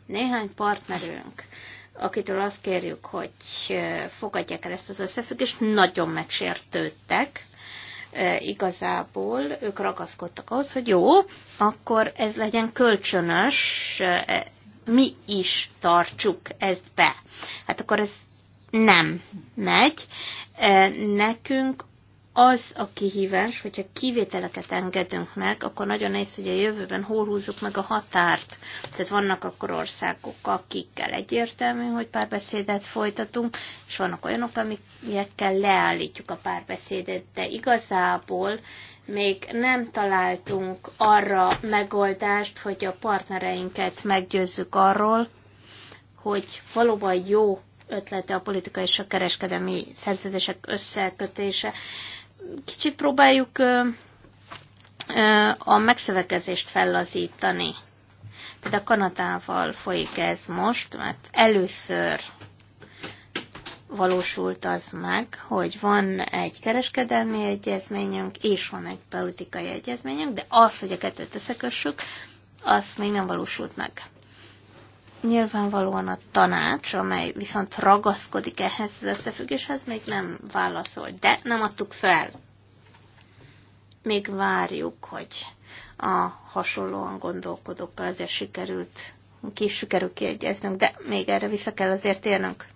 néhány partnerünk akitől azt kérjük, hogy fogadják el ezt az összefüggést, nagyon megsértődtek, igazából ők ragaszkodtak ahhoz, hogy jó, akkor ez legyen kölcsönös, e, mi is tartsuk ezt be. Hát akkor ez nem megy. Nekünk az a kihívás, hogyha kivételeket engedünk meg, akkor nagyon nehéz, hogy a jövőben hol húzzuk meg a határt. Tehát vannak akkor országok, akikkel egyértelmű, hogy párbeszédet folytatunk, és vannak olyanok, amikkel leállítjuk a párbeszédet, de igazából még nem találtunk arra megoldást, hogy a partnereinket meggyőzzük arról, hogy valóban jó ötlete a politikai és a kereskedelmi szerződések összekötése, kicsit próbáljuk a megszövekezést fellazítani. Például Kanadával folyik ez most, mert először valósult az meg, hogy van egy kereskedelmi egyezményünk, és van egy politikai egyezményünk, de az, hogy a kettőt összekössük, az még nem valósult meg. Nyilvánvalóan a tanács, amely viszont ragaszkodik ehhez az összefüggéshez, még nem válaszol, de nem adtuk fel. Még várjuk, hogy a hasonlóan gondolkodókkal azért sikerült, ki sikerül kiegyeznünk, de még erre vissza kell azért érnünk.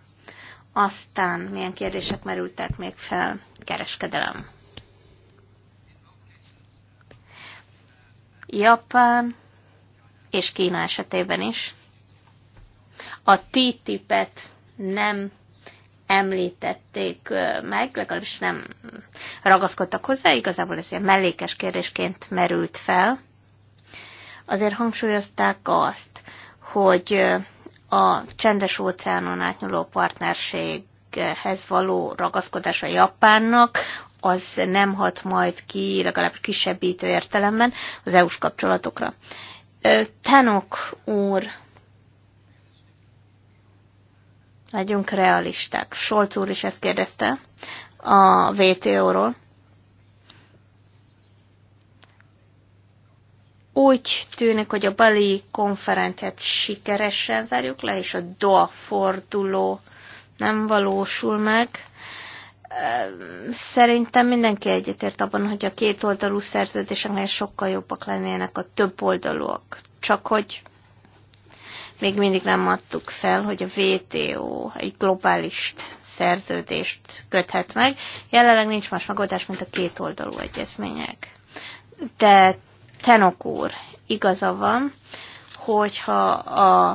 Aztán milyen kérdések merültek még fel? Kereskedelem. Japán és Kína esetében is a TTIP-et nem említették meg, legalábbis nem ragaszkodtak hozzá, igazából ez ilyen mellékes kérdésként merült fel. Azért hangsúlyozták azt, hogy a csendes óceánon átnyúló partnerséghez való ragaszkodás a Japánnak, az nem hat majd ki, legalább kisebbítő értelemben az EU-s kapcsolatokra. Tanok úr Legyünk realisták. Solc úr is ezt kérdezte a VTO-ról. Úgy tűnik, hogy a Bali konferenciát sikeresen zárjuk le, és a DOA forduló nem valósul meg szerintem mindenki egyetért abban, hogy a két oldalú szerződéseknél sokkal jobbak lennének a több oldalúak. Csak hogy még mindig nem adtuk fel, hogy a WTO egy globális szerződést köthet meg. Jelenleg nincs más megoldás, mint a kétoldalú egyezmények. De Tenok úr igaza van, hogyha a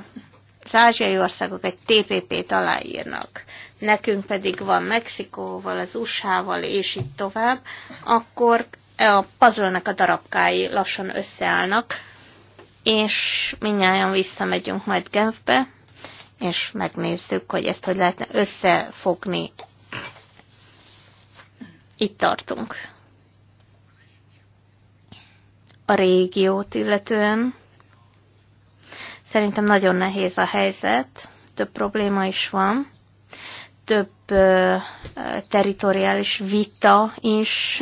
az ázsiai országok egy TPP-t aláírnak, nekünk pedig van Mexikóval, az USA-val, és így tovább, akkor a puzzle a darabkái lassan összeállnak, és minnyáján visszamegyünk majd Genfbe, és megnézzük, hogy ezt hogy lehetne összefogni. Itt tartunk. A régiót illetően szerintem nagyon nehéz a helyzet, több probléma is van, több ö, teritoriális vita is,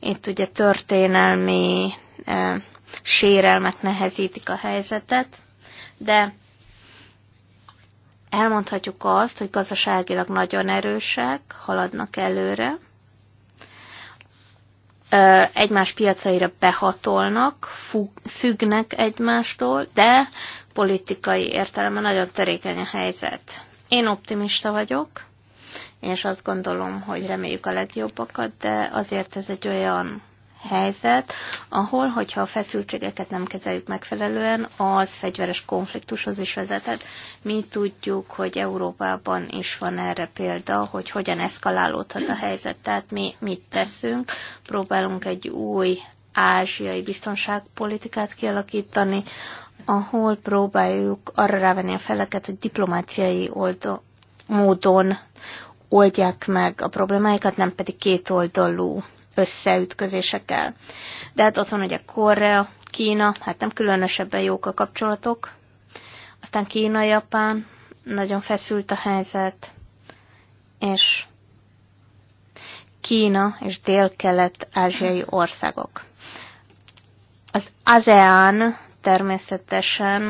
itt ugye történelmi sérelmek nehezítik a helyzetet, de elmondhatjuk azt, hogy gazdaságilag nagyon erősek, haladnak előre, egymás piacaira behatolnak, függnek egymástól, de politikai értelemben nagyon törékeny a helyzet. Én optimista vagyok, és azt gondolom, hogy reméljük a legjobbakat, de azért ez egy olyan helyzet, ahol, hogyha a feszültségeket nem kezeljük megfelelően, az fegyveres konfliktushoz is vezetett. Mi tudjuk, hogy Európában is van erre példa, hogy hogyan eszkalálódhat a helyzet. Tehát mi mit teszünk? Próbálunk egy új ázsiai biztonságpolitikát kialakítani, ahol próbáljuk arra rávenni a feleket, hogy diplomáciai oldo- módon oldják meg a problémáikat, nem pedig kétoldalú összeütközésekkel. De hát ott van ugye Korea, Kína, hát nem különösebben jók a kapcsolatok. Aztán Kína, Japán, nagyon feszült a helyzet, és Kína és dél-kelet-ázsiai országok. Az ASEAN természetesen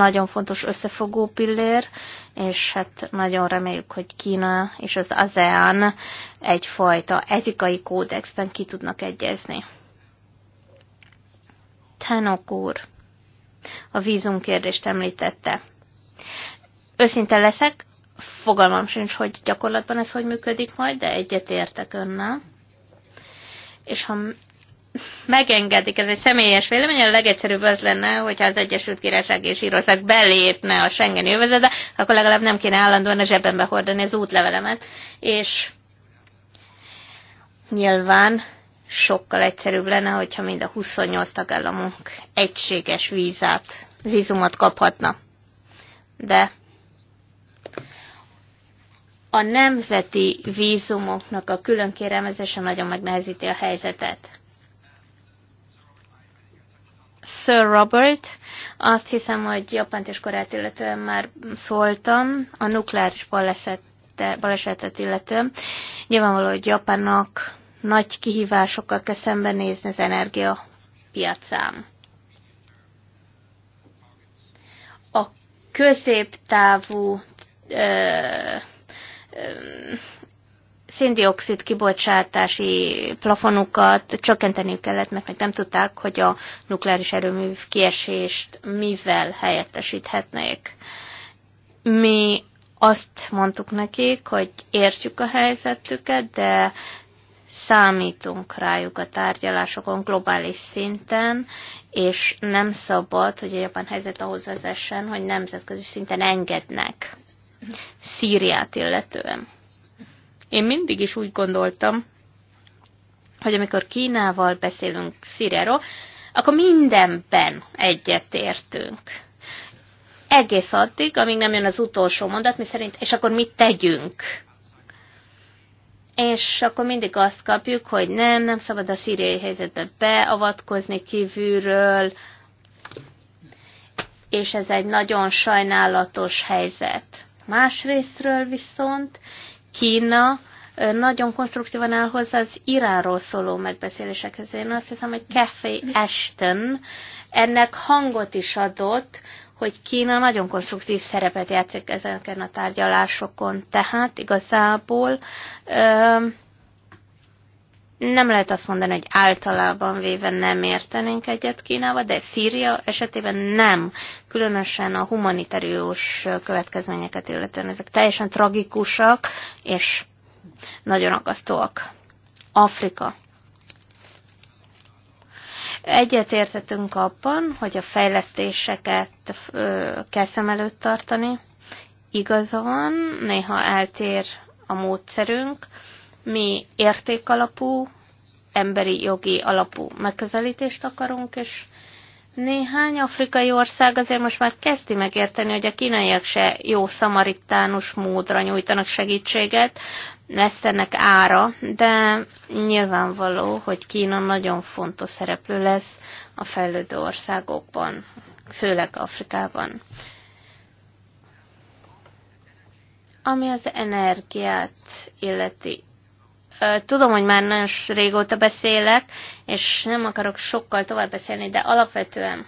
nagyon fontos összefogó pillér, és hát nagyon reméljük, hogy Kína és az ASEAN egyfajta etikai kódexben ki tudnak egyezni. Tanok úr a kérdést említette. Őszinte leszek, fogalmam sincs, hogy gyakorlatban ez hogy működik majd, de egyet értek önnel. És ha megengedik, ez egy személyes vélemény, a legegyszerűbb az lenne, hogyha az Egyesült Királyság és Írország belépne a Schengen övezetbe, akkor legalább nem kéne állandóan a zsebembe hordani az útlevelemet, és nyilván sokkal egyszerűbb lenne, hogyha mind a 28 tagállamunk egységes vízát, vízumot kaphatna. De a nemzeti vízumoknak a külön kérelmezése nagyon megnehezíti a helyzetet. Sir Robert, azt hiszem, hogy Japánt és Koreát illetően már szóltam, a nukleáris balesete, balesetet illetően. Nyilvánvaló, hogy Japánnak nagy kihívásokkal kell szembenézni az energia piacán. A középtávú ö, ö, széndiokszid kibocsátási plafonukat csökkenteniük kellett, mert meg nem tudták, hogy a nukleáris erőmű kiesést mivel helyettesíthetnék. Mi azt mondtuk nekik, hogy értjük a helyzetüket, de számítunk rájuk a tárgyalásokon globális szinten, és nem szabad, hogy a japán helyzet ahhoz vezessen, hogy nemzetközi szinten engednek Szíriát illetően. Én mindig is úgy gondoltam, hogy amikor Kínával beszélünk Szíriáról, akkor mindenben egyetértünk. Egész addig, amíg nem jön az utolsó mondat, mi szerint, és akkor mit tegyünk? És akkor mindig azt kapjuk, hogy nem, nem szabad a szíriai helyzetbe beavatkozni kívülről, és ez egy nagyon sajnálatos helyzet. Másrésztről viszont Kína nagyon konstruktívan áll hozzá az Iránról szóló megbeszélésekhez. Én azt hiszem, hogy Café Ashton ennek hangot is adott, hogy Kína nagyon konstruktív szerepet játszik ezeken a tárgyalásokon. Tehát igazából nem lehet azt mondani, hogy általában véve nem értenénk egyet Kínával, de Szíria esetében nem, különösen a humanitárius következményeket illetően ezek teljesen tragikusak és nagyon akasztóak. Afrika. Egyet értetünk abban, hogy a fejlesztéseket kell szem előtt tartani. Igaza van, néha eltér a módszerünk, mi értékalapú, emberi jogi alapú megközelítést akarunk, és néhány afrikai ország azért most már kezdi megérteni, hogy a kínaiak se jó szamaritánus módra nyújtanak segítséget, lesz ennek ára, de nyilvánvaló, hogy Kína nagyon fontos szereplő lesz a fejlődő országokban, főleg Afrikában. Ami az energiát illeti, Tudom, hogy már nagyon régóta beszélek, és nem akarok sokkal tovább beszélni, de alapvetően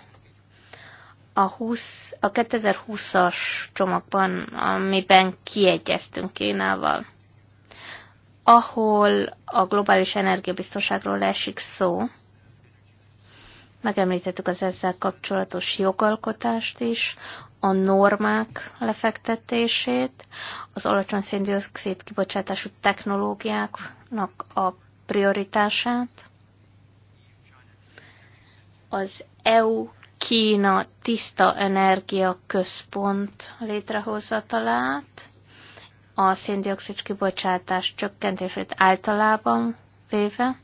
a, 20, a 2020-as csomagban, amiben kiegyeztünk Kínával, ahol a globális energiabiztonságról esik szó, megemlítettük az ezzel kapcsolatos jogalkotást is, a normák lefektetését, az alacsony széndiokszid kibocsátású technológiáknak a prioritását, az EU Kína tiszta energia központ létrehozatalát, a széndiokszid kibocsátás csökkentését általában véve,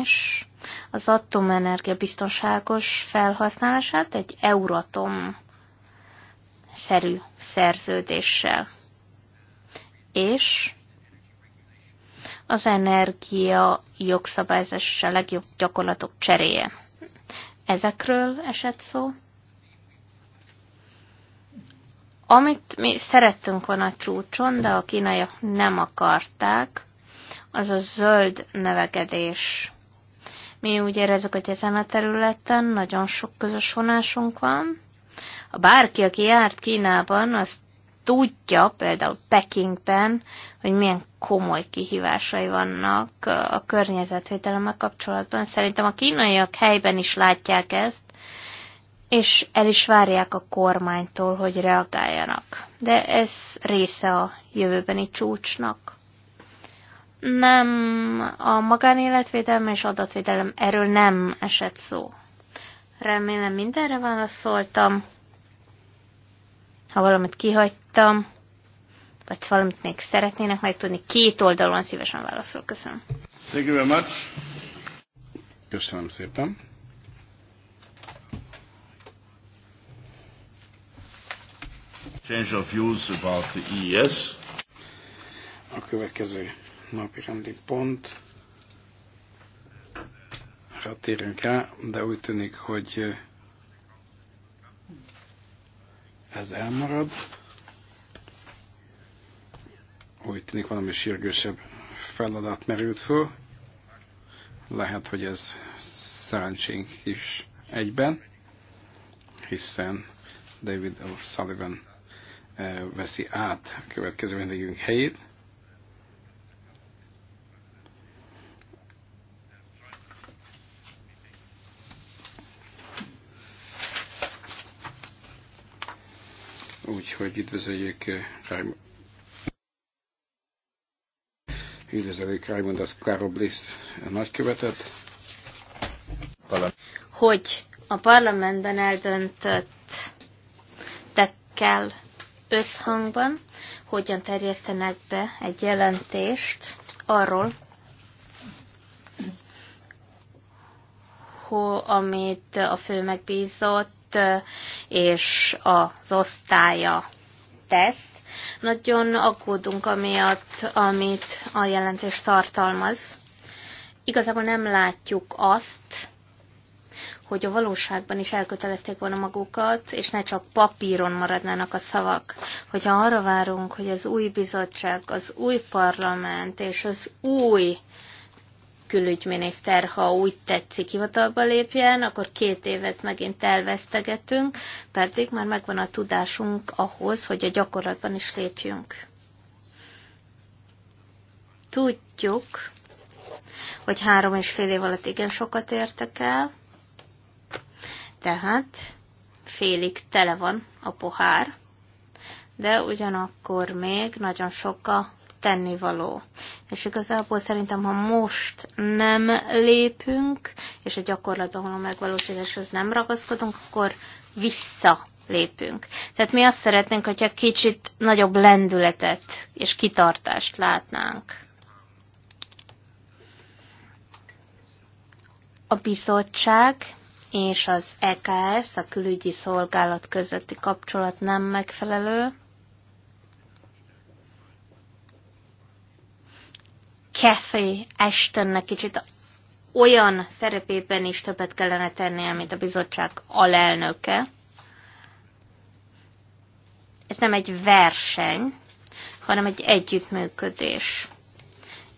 és az atomenergia biztonságos felhasználását egy Euratom szerű szerződéssel. És az energia jogszabályzás és a legjobb gyakorlatok cseréje. Ezekről esett szó. Amit mi szerettünk volna a csúcson, de a kínaiak nem akarták, az a zöld növekedés mi úgy érezzük, hogy ezen a területen nagyon sok közös vonásunk van. A bárki, aki járt Kínában, azt tudja, például Pekingben, hogy milyen komoly kihívásai vannak a környezetvédelemmel kapcsolatban. Szerintem a kínaiak helyben is látják ezt, és el is várják a kormánytól, hogy reagáljanak. De ez része a jövőbeni csúcsnak nem a magánéletvédelem és adatvédelem, erről nem esett szó. Remélem mindenre válaszoltam. Ha valamit kihagytam, vagy valamit még szeretnének megtudni, két oldalon szívesen válaszol. Köszönöm. Thank you very much. Köszönöm szépen. Change of views about the EES. A következő napi rendi pont. Hát térünk rá, de úgy tűnik, hogy ez elmarad. Úgy tűnik valami sürgősebb feladat merült föl. Lehet, hogy ez szerencsénk is egyben, hiszen David O'Sullivan veszi át a következő vendégünk helyét. úgyhogy üdvözöljük eh, Raimond. Üdvözöljük Raimond az Karoblis nagykövetet. Hogy a parlamentben eldöntött tekkel összhangban, hogyan terjesztenek be egy jelentést arról, amit a fő megbízott és az osztálya tesz. Nagyon aggódunk amiatt, amit a jelentés tartalmaz. Igazából nem látjuk azt, hogy a valóságban is elkötelezték volna magukat, és ne csak papíron maradnának a szavak. Hogyha arra várunk, hogy az új bizottság, az új parlament és az új külügyminiszter, ha úgy tetszik, hivatalba lépjen, akkor két évet megint elvesztegetünk, pedig már megvan a tudásunk ahhoz, hogy a gyakorlatban is lépjünk. Tudjuk, hogy három és fél év alatt igen sokat értek el, tehát félig tele van a pohár, de ugyanakkor még nagyon sok a tennivaló és igazából szerintem, ha most nem lépünk, és a gyakorlatban való megvalósításhoz nem ragaszkodunk, akkor vissza lépünk. Tehát mi azt szeretnénk, hogyha kicsit nagyobb lendületet és kitartást látnánk. A bizottság és az EKS, a külügyi szolgálat közötti kapcsolat nem megfelelő. Kathy Ashtonnek kicsit olyan szerepében is többet kellene tennie, mint a bizottság alelnöke. Ez nem egy verseny, hanem egy együttműködés.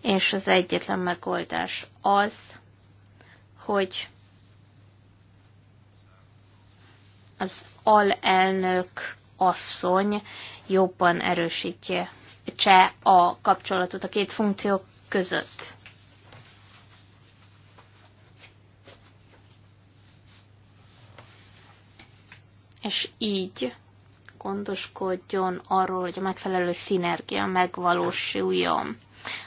És az egyetlen megoldás az, hogy az alelnök asszony jobban erősítje cseh a kapcsolatot a két funkció között. És így gondoskodjon arról, hogy a megfelelő szinergia megvalósuljon.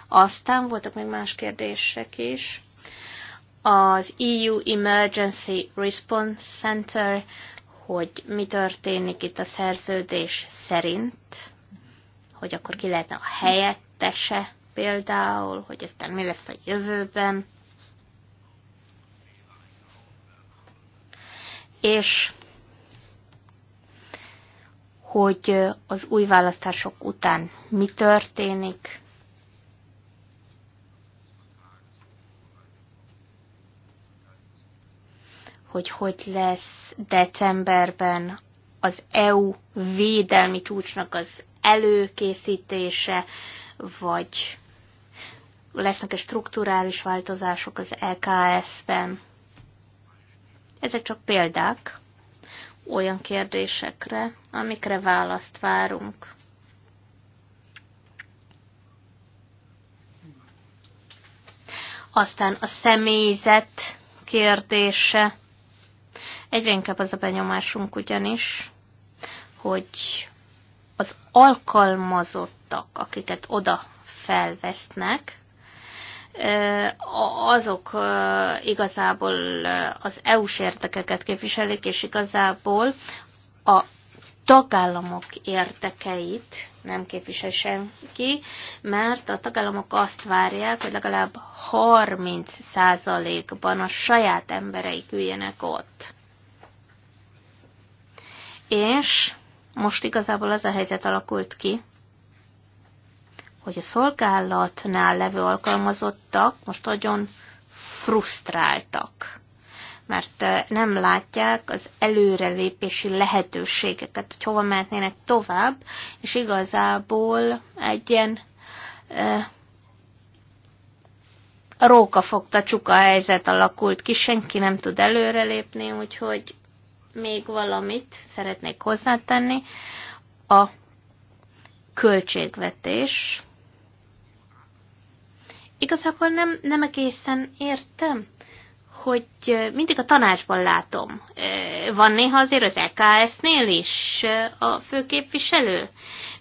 Aztán voltak még más kérdések is. Az EU Emergency Response Center, hogy mi történik itt a szerződés szerint, hogy akkor ki lehetne a helyettese például, hogy aztán mi lesz a jövőben. És hogy az új választások után mi történik. hogy hogy lesz decemberben az EU védelmi csúcsnak az előkészítése, vagy lesznek-e strukturális változások az lks e ben Ezek csak példák olyan kérdésekre, amikre választ várunk. Aztán a személyzet kérdése. Egyre inkább az a benyomásunk ugyanis, hogy az alkalmazottak, akiket oda felvesznek, azok igazából az EU-s értekeket képviselik, és igazából a tagállamok értekeit nem képvisel senki, mert a tagállamok azt várják, hogy legalább 30%-ban a saját embereik üljenek ott. És most igazából az a helyzet alakult ki, hogy a szolgálatnál levő alkalmazottak most nagyon frusztráltak, mert nem látják az előrelépési lehetőségeket, hogy hova mehetnének tovább, és igazából egy ilyen e, rókafogta csuka helyzet alakult ki, senki nem tud előrelépni, úgyhogy még valamit szeretnék hozzátenni. A költségvetés igazából nem, nem egészen értem, hogy mindig a tanácsban látom. Van néha azért az EKS-nél is a főképviselő.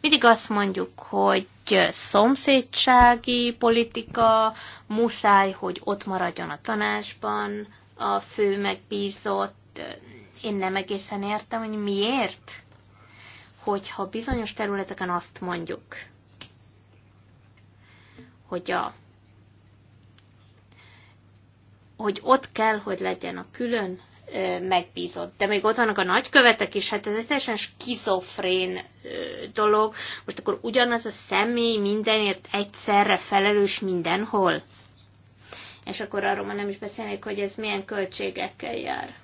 Mindig azt mondjuk, hogy szomszédsági politika, muszáj, hogy ott maradjon a tanácsban a fő megbízott. Én nem egészen értem, hogy miért, hogyha bizonyos területeken azt mondjuk, hogy a hogy ott kell, hogy legyen a külön megbízott. De még ott vannak a nagykövetek is, hát ez egy teljesen skizofrén dolog. Most akkor ugyanaz a személy mindenért egyszerre felelős mindenhol. És akkor arról már nem is beszélnék, hogy ez milyen költségekkel jár.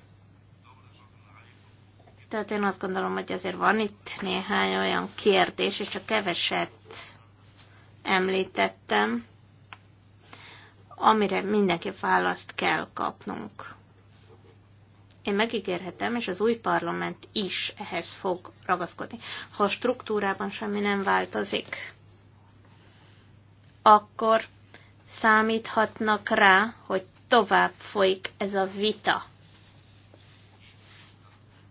Tehát én azt gondolom, hogy azért van itt néhány olyan kérdés, és csak keveset említettem amire mindenki választ kell kapnunk. Én megígérhetem, és az új parlament is ehhez fog ragaszkodni. Ha a struktúrában semmi nem változik, akkor számíthatnak rá, hogy tovább folyik ez a vita.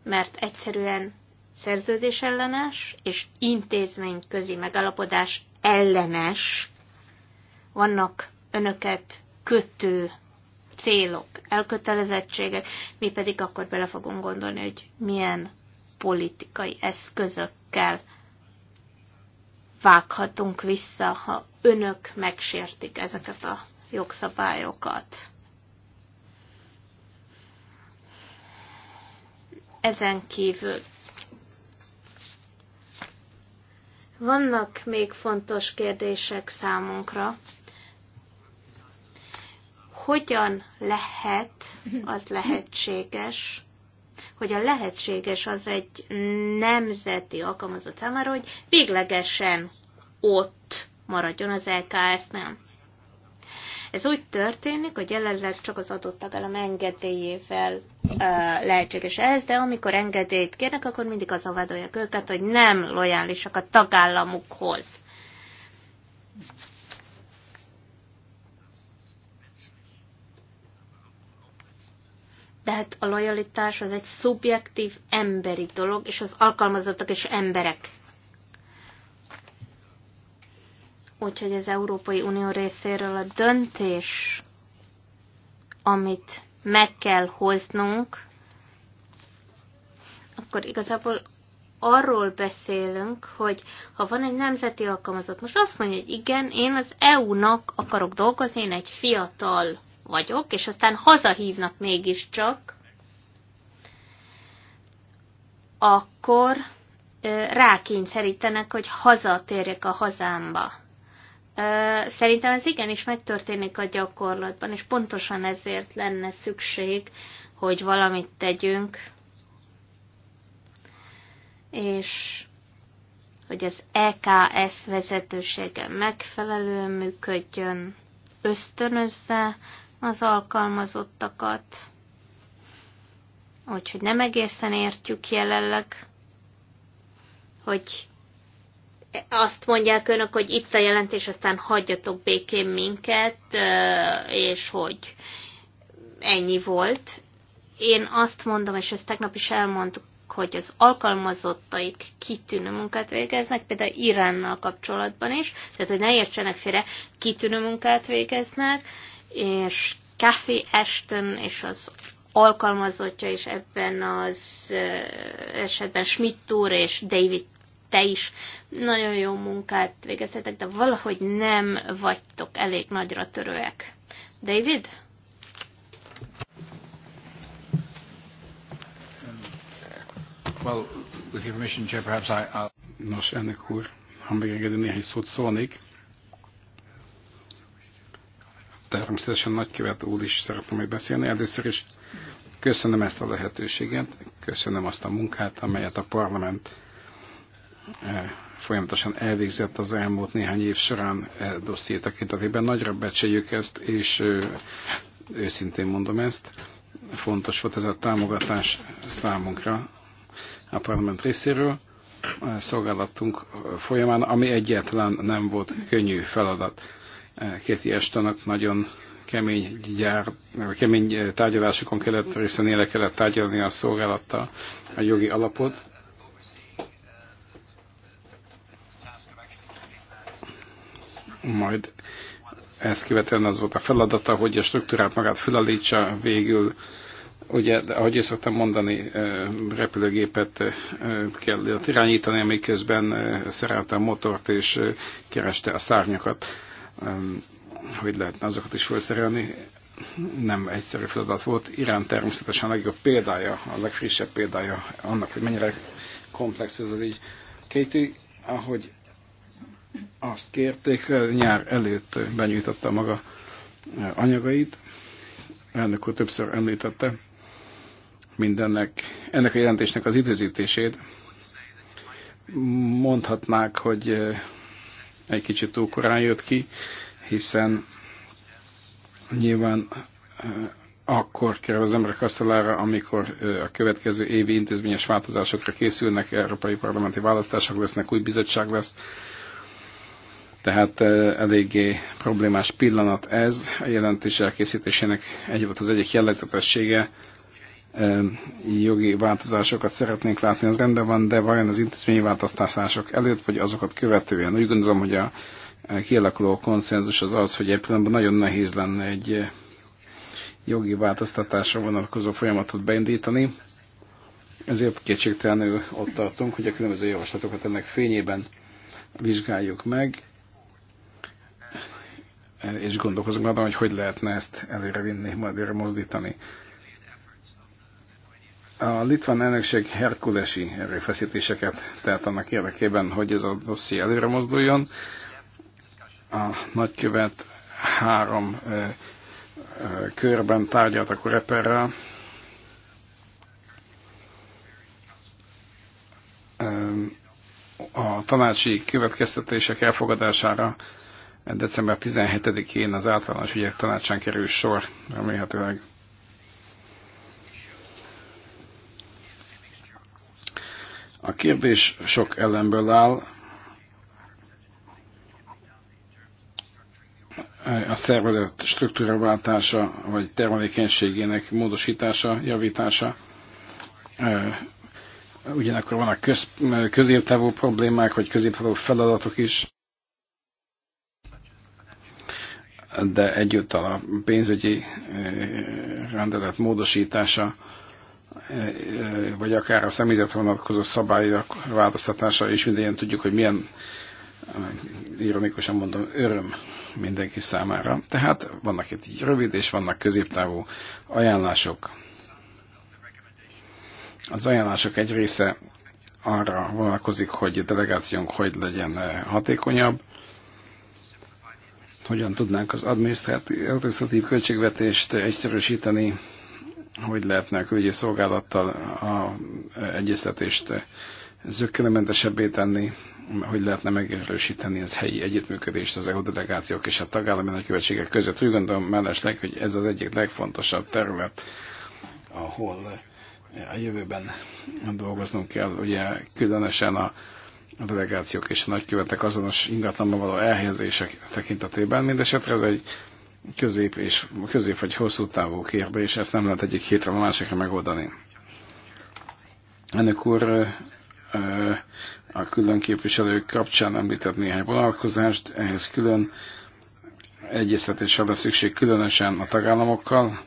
Mert egyszerűen szerződésellenes és intézményközi megalapodás ellenes. Vannak önöket kötő célok, elkötelezettségek, mi pedig akkor bele fogunk gondolni, hogy milyen politikai eszközökkel vághatunk vissza, ha önök megsértik ezeket a jogszabályokat. Ezen kívül vannak még fontos kérdések számunkra, hogyan lehet az lehetséges, hogy a lehetséges az egy nemzeti alkalmazott számára, hogy véglegesen ott maradjon az lks nem? Ez úgy történik, hogy jelenleg csak az adott tagállam engedélyével uh, lehetséges ez, de amikor engedélyt kérnek, akkor mindig az avádolják őket, hogy nem lojálisak a tagállamukhoz. Tehát a lojalitás az egy szubjektív emberi dolog, és az alkalmazottak és emberek. Úgyhogy az Európai Unió részéről a döntés, amit meg kell hoznunk, akkor igazából arról beszélünk, hogy ha van egy nemzeti alkalmazott, most azt mondja, hogy igen, én az EU-nak akarok dolgozni, én egy fiatal vagyok, és aztán hazahívnak mégiscsak, akkor rákényszerítenek, hogy hazatérjek a hazámba. Szerintem ez igenis megtörténik a gyakorlatban, és pontosan ezért lenne szükség, hogy valamit tegyünk, és hogy az EKS vezetősége megfelelően működjön, ösztönözze az alkalmazottakat, úgyhogy nem egészen értjük jelenleg, hogy azt mondják önök, hogy itt a jelentés, aztán hagyjatok békén minket, és hogy ennyi volt. Én azt mondom, és ezt tegnap is elmondtuk, hogy az alkalmazottaik kitűnő munkát végeznek, például Iránnal kapcsolatban is, tehát hogy ne értsenek félre, kitűnő munkát végeznek, és Kathy Ashton és az alkalmazottja is ebben az esetben Schmidt úr és David te is nagyon jó munkát végeztetek, de valahogy nem vagytok elég nagyra törőek. David? Well, with your permission, Chair, perhaps I, I'll... Nos, ennek úr, ha megengedi néhány szót szólnék természetesen nagykövet úr is szeretném még beszélni. Először is köszönöm ezt a lehetőséget, köszönöm azt a munkát, amelyet a parlament eh, folyamatosan elvégzett az elmúlt néhány év során e dosszié tekintetében. Nagyra becsüljük ezt, és őszintén mondom ezt, fontos volt ez a támogatás számunkra a parlament részéről szolgálatunk folyamán, ami egyetlen nem volt könnyű feladat. Kéti Estanak nagyon kemény, gyár, kemény tárgyalásokon kellett éle kellett tárgyalni a szolgálattal a jogi alapot. Majd ezt követően az volt a feladata, hogy a struktúrát magát felállítsa, végül ugye, ahogy is szoktam mondani, repülőgépet kell irányítani, amiközben szerelte a motort és kereste a szárnyakat hogy lehetne azokat is felszerelni. Nem egyszerű feladat volt. Irán természetesen a legjobb példája, a legfrissebb példája annak, hogy mennyire komplex ez az így. Katie, ahogy azt kérték, nyár előtt benyújtotta maga e, anyagait. Elnök úr többször említette mindennek, ennek a jelentésnek az időzítését. Mondhatnák, hogy e, egy kicsit túl korán jött ki, hiszen nyilván akkor kerül az emberek asztalára, amikor a következő évi intézményes változásokra készülnek, európai parlamenti választások lesznek, új bizottság lesz. Tehát eléggé problémás pillanat ez. A jelentés elkészítésének egy volt az egyik jellegzetessége, jogi változásokat szeretnénk látni, az rendben van, de vajon az intézményi változtatások előtt, vagy azokat követően? Úgy gondolom, hogy a kialakuló konszenzus az az, hogy egy pillanatban nagyon nehéz lenne egy jogi változtatásra vonatkozó folyamatot beindítani. Ezért kétségtelenül ott tartunk, hogy a különböző javaslatokat ennek fényében vizsgáljuk meg, és gondolkozunk arra, hogy hogy lehetne ezt előrevinni, majd előre mozdítani. A litván elnökség herkulesi erőfeszítéseket tehát annak érdekében, hogy ez a dosszi előre mozduljon. A nagykövet három ö, ö, körben tárgyalt a kureperrel. A tanácsi következtetések elfogadására december 17-én az általános ügyek tanácsán kerül sor, remélhetőleg A kérdés sok elemből áll. A szervezet struktúraváltása, vagy termelékenységének módosítása, javítása. Ugyanakkor vannak köz, középtávú problémák, vagy középtávú feladatok is. De egyúttal a pénzügyi rendelet módosítása vagy akár a személyzet vonatkozó szabályok változtatása is mindegyen tudjuk, hogy milyen ironikusan mondom, öröm mindenki számára. Tehát vannak itt így rövid és vannak középtávú ajánlások. Az ajánlások egy része arra vonatkozik, hogy a delegációnk hogy legyen hatékonyabb, hogyan tudnánk az adminisztratív költségvetést egyszerűsíteni, hogy lehetne a külügyi szolgálattal a egyeztetést zöggenőmentesebbé tenni, hogy lehetne megerősíteni az helyi együttműködést az EU delegációk és a tagállami nagykövetségek között. Úgy gondolom mellesleg, hogy ez az egyik legfontosabb terület, ahol a jövőben dolgoznunk kell, ugye különösen a a delegációk és a nagykövetek azonos ingatlanban való elhelyezések tekintetében. Mindesetre ez egy közép, és, közép vagy hosszú távú kérbe, és ezt nem lehet egyik hétre a másikra megoldani. Ennek úr a külön képviselők kapcsán említett néhány vonatkozást, ehhez külön egyeztetéssel lesz szükség különösen a tagállamokkal.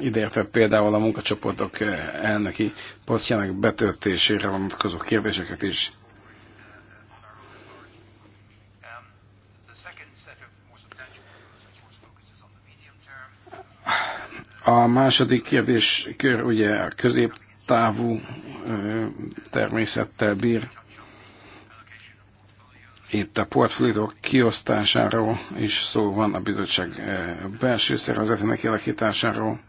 Ideértve például a munkacsoportok elnöki posztjának betöltésére vonatkozó kérdéseket is A második kör, ugye a középtávú természettel bír. Itt a portfóliók kiosztásáról is szó van a bizottság belső szervezetének kialakításáról,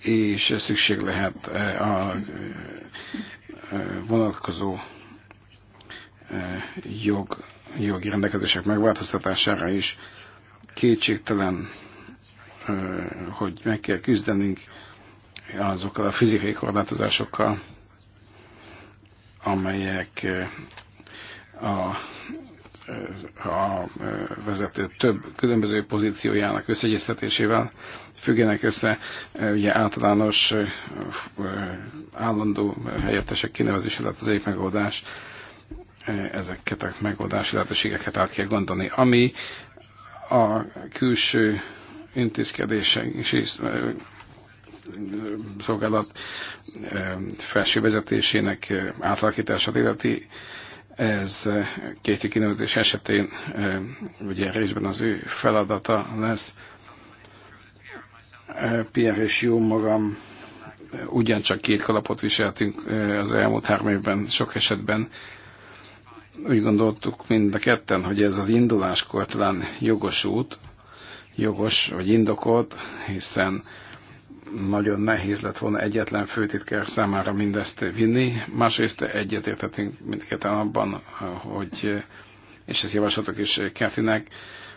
és szükség lehet a vonatkozó jog, jogi rendelkezések megváltoztatására is. Kétségtelen hogy meg kell küzdenünk azokkal a fizikai korlátozásokkal, amelyek a, a vezető több különböző pozíciójának összegyeztetésével függenek össze. Ugye általános állandó helyettesek kinevezése lett az egyik megoldás. Ezeket a megoldási lehetőségeket át kell gondolni. Ami a külső intézkedések és szolgálat felső vezetésének átalakítását illeti, ez két kinevezés esetén ugye részben az ő feladata lesz. Pierre és jó magam ugyancsak két kalapot viseltünk az elmúlt három évben sok esetben. Úgy gondoltuk mind a ketten, hogy ez az induláskor talán jogos út, jogos vagy indokolt, hiszen nagyon nehéz lett volna egyetlen főtitkár számára mindezt vinni. Másrészt egyetértettünk mindketten abban, hogy, és ezt javaslatok is Ketinek,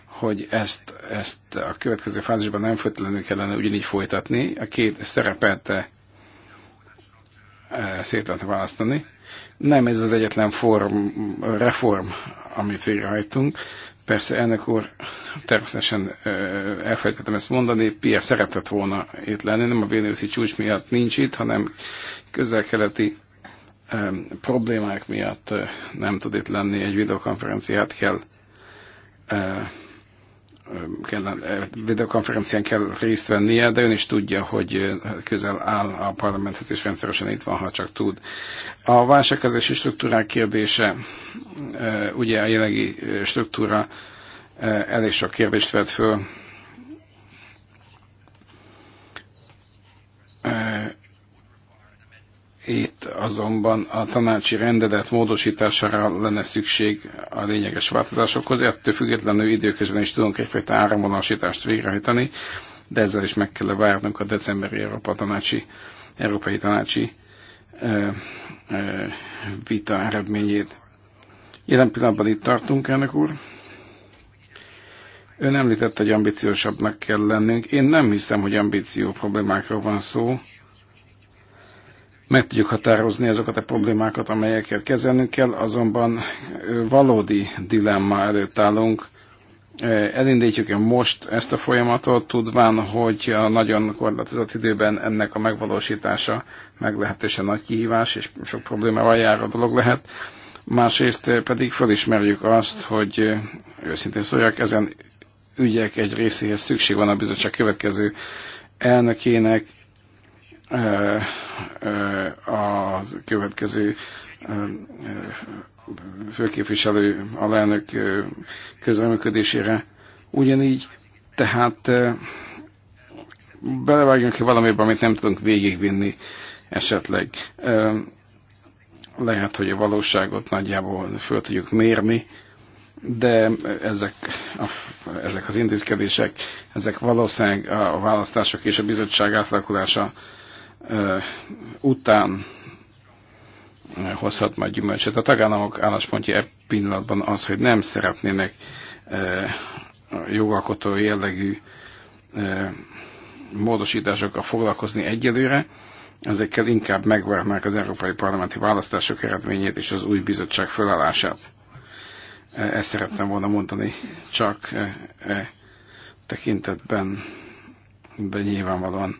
hogy ezt, ezt a következő fázisban nem feltétlenül kellene ugyanígy folytatni, a két szerepet eh, szét lehetne választani. Nem ez az egyetlen form, reform, amit végrehajtunk. Persze, elnök úr, természetesen elfelejtettem ezt mondani, Pia szeretett volna itt lenni, nem a Vénőszi csúcs miatt nincs itt, hanem közel-keleti problémák miatt nem tud itt lenni, egy videokonferenciát kell kell, videokonferencián kell részt vennie, de ön is tudja, hogy közel áll a parlamenthez, és rendszeresen itt van, ha csak tud. A válságkezelési struktúrák kérdése, ugye a jelenlegi struktúra elég sok kérdést vett föl. Itt azonban a tanácsi rendelet módosítására lenne szükség a lényeges változásokhoz, ettől függetlenül időközben is tudunk egyfajta áramvonalasítást végrehajtani, de ezzel is meg kell várnunk a decemberi Európa tanácsi, Európai Tanácsi ö, ö, vita eredményét. Jelen pillanatban itt tartunk, elnök úr. Ön említette, hogy ambiciósabbnak kell lennünk. Én nem hiszem, hogy ambíció problémákról van szó meg tudjuk határozni azokat a problémákat, amelyeket kezelnünk kell, azonban valódi dilemma előtt állunk. Elindítjuk-e most ezt a folyamatot, tudván, hogy a nagyon korlátozott időben ennek a megvalósítása meglehetősen nagy kihívás, és sok problémával jár a dolog lehet. Másrészt pedig felismerjük azt, hogy őszintén szóljak, ezen ügyek egy részéhez szükség van a bizottság következő elnökének, a következő főképviselő, lelnök közreműködésére. Ugyanígy, tehát belevágjunk ki valamibe, amit nem tudunk végigvinni esetleg. Lehet, hogy a valóságot nagyjából föl tudjuk mérni, de ezek, a, ezek az intézkedések, ezek valószínűleg a választások és a bizottság átalakulása után hozhat majd gyümölcsöt. A tagállamok álláspontja e pillanatban az, hogy nem szeretnének jogalkotó jellegű módosításokkal foglalkozni egyelőre, ezekkel inkább megvárnák az európai parlamenti választások eredményét és az új bizottság felállását. Ezt szerettem volna mondani, csak e tekintetben, de nyilvánvalóan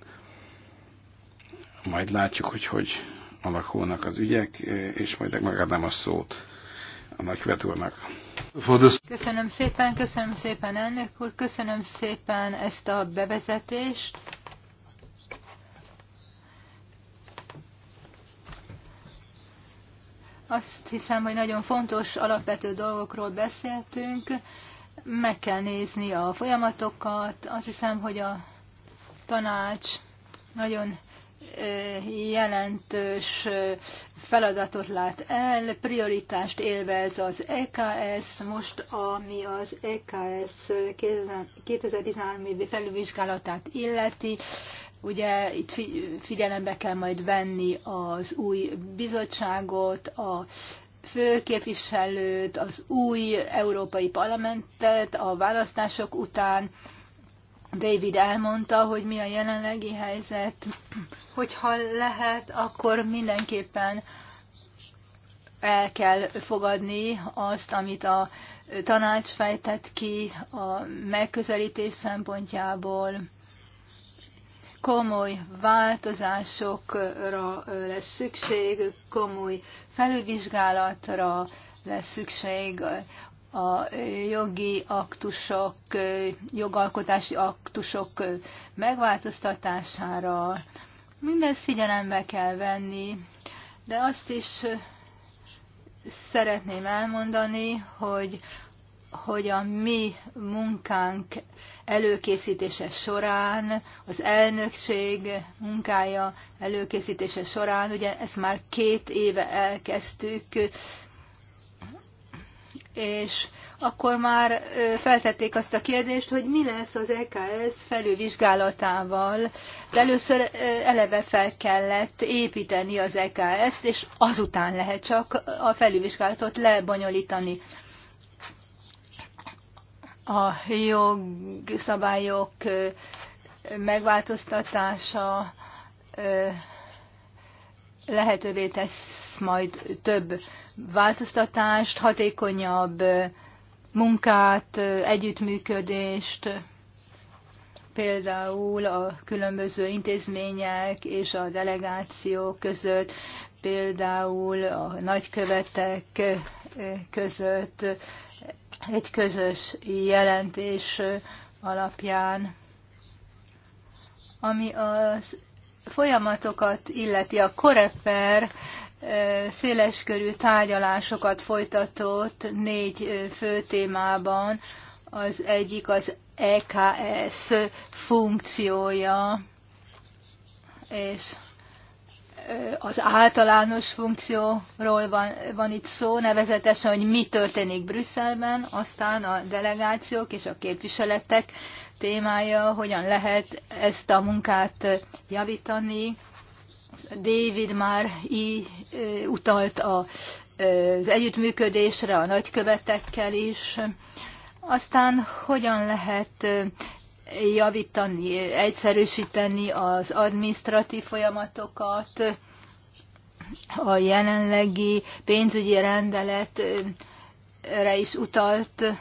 majd látjuk, hogy hogy alakulnak az ügyek, és majd megadnám a szót a nagykövet úrnak. Köszönöm szépen, köszönöm szépen elnök úr, köszönöm szépen ezt a bevezetést. Azt hiszem, hogy nagyon fontos, alapvető dolgokról beszéltünk. Meg kell nézni a folyamatokat. Azt hiszem, hogy a tanács nagyon jelentős feladatot lát el, prioritást élvez az EKS, most ami az EKS 2013 évi felülvizsgálatát illeti, Ugye itt figyelembe kell majd venni az új bizottságot, a főképviselőt, az új európai parlamentet a választások után, David elmondta, hogy mi a jelenlegi helyzet. Hogyha lehet, akkor mindenképpen el kell fogadni azt, amit a tanács fejtett ki a megközelítés szempontjából. Komoly változásokra lesz szükség, komoly felülvizsgálatra lesz szükség a jogi aktusok, jogalkotási aktusok megváltoztatására. Mindezt figyelembe kell venni, de azt is szeretném elmondani, hogy, hogy a mi munkánk előkészítése során, az elnökség munkája előkészítése során, ugye ezt már két éve elkezdtük, és akkor már feltették azt a kérdést, hogy mi lesz az EKS felülvizsgálatával. De először eleve fel kellett építeni az EKS-t, és azután lehet csak a felülvizsgálatot lebonyolítani. A jogszabályok megváltoztatása lehetővé tesz majd több változtatást, hatékonyabb munkát, együttműködést, például a különböző intézmények és a delegációk között, például a nagykövetek között egy közös jelentés alapján, ami az folyamatokat illeti a korefer eh, széleskörű tárgyalásokat folytatott négy eh, fő témában. Az egyik az EKS funkciója, és eh, az általános funkcióról van, van itt szó, nevezetesen, hogy mi történik Brüsszelben, aztán a delegációk és a képviseletek témája, hogyan lehet ezt a munkát javítani. David már í, utalt a, az együttműködésre a nagykövetekkel is. Aztán hogyan lehet javítani, egyszerűsíteni az administratív folyamatokat, a jelenlegi pénzügyi rendeletre is utalt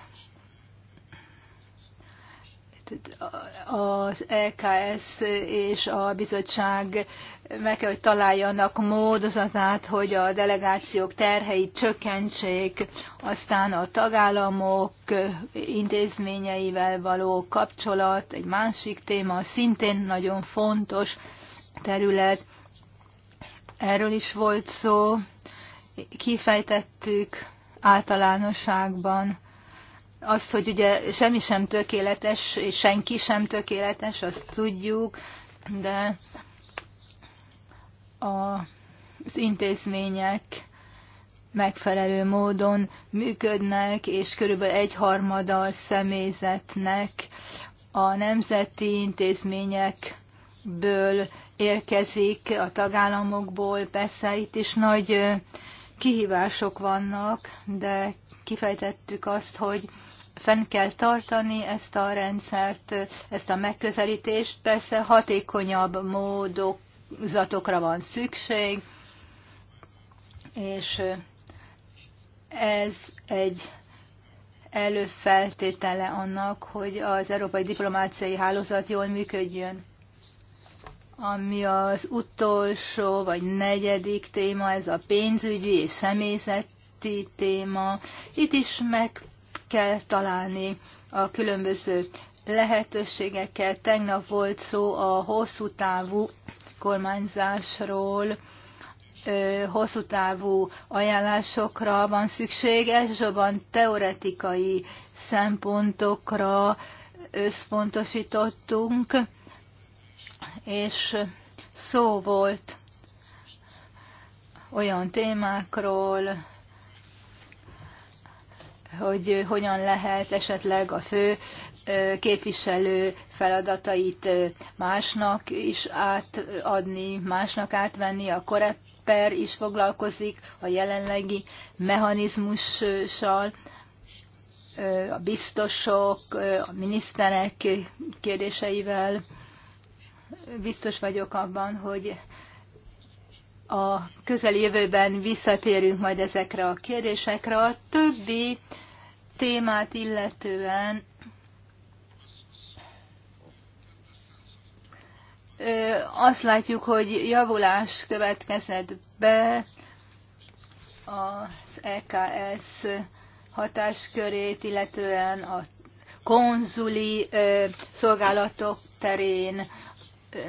az EKS és a bizottság meg kell, hogy találjanak módozatát, hogy a delegációk terheit csökkentsék, aztán a tagállamok intézményeivel való kapcsolat, egy másik téma, szintén nagyon fontos terület. Erről is volt szó, kifejtettük általánosságban azt, hogy ugye semmi sem tökéletes, és senki sem tökéletes, azt tudjuk, de az intézmények megfelelő módon működnek, és körülbelül egyharmada a személyzetnek a nemzeti intézményekből érkezik, a tagállamokból. Persze itt is nagy kihívások vannak, de kifejtettük azt, hogy fenn kell tartani ezt a rendszert, ezt a megközelítést. Persze hatékonyabb módozatokra van szükség, és ez egy előfeltétele annak, hogy az európai diplomáciai hálózat jól működjön. Ami az utolsó vagy negyedik téma, ez a pénzügyi és személyzeti téma. Itt is meg kell találni a különböző lehetőségeket. Tegnap volt szó a hosszú távú kormányzásról, hosszú távú ajánlásokra van szükség, elsősorban teoretikai szempontokra összpontosítottunk, és szó volt olyan témákról, hogy hogyan lehet esetleg a fő képviselő feladatait másnak is átadni, másnak átvenni. A Koreper is foglalkozik a jelenlegi mechanizmussal, a biztosok, a miniszterek kérdéseivel. Biztos vagyok abban, hogy a közeljövőben visszatérünk majd ezekre a kérdésekre. A többi témát illetően azt látjuk, hogy javulás következett be az EKS hatáskörét, illetően a konzuli szolgálatok terén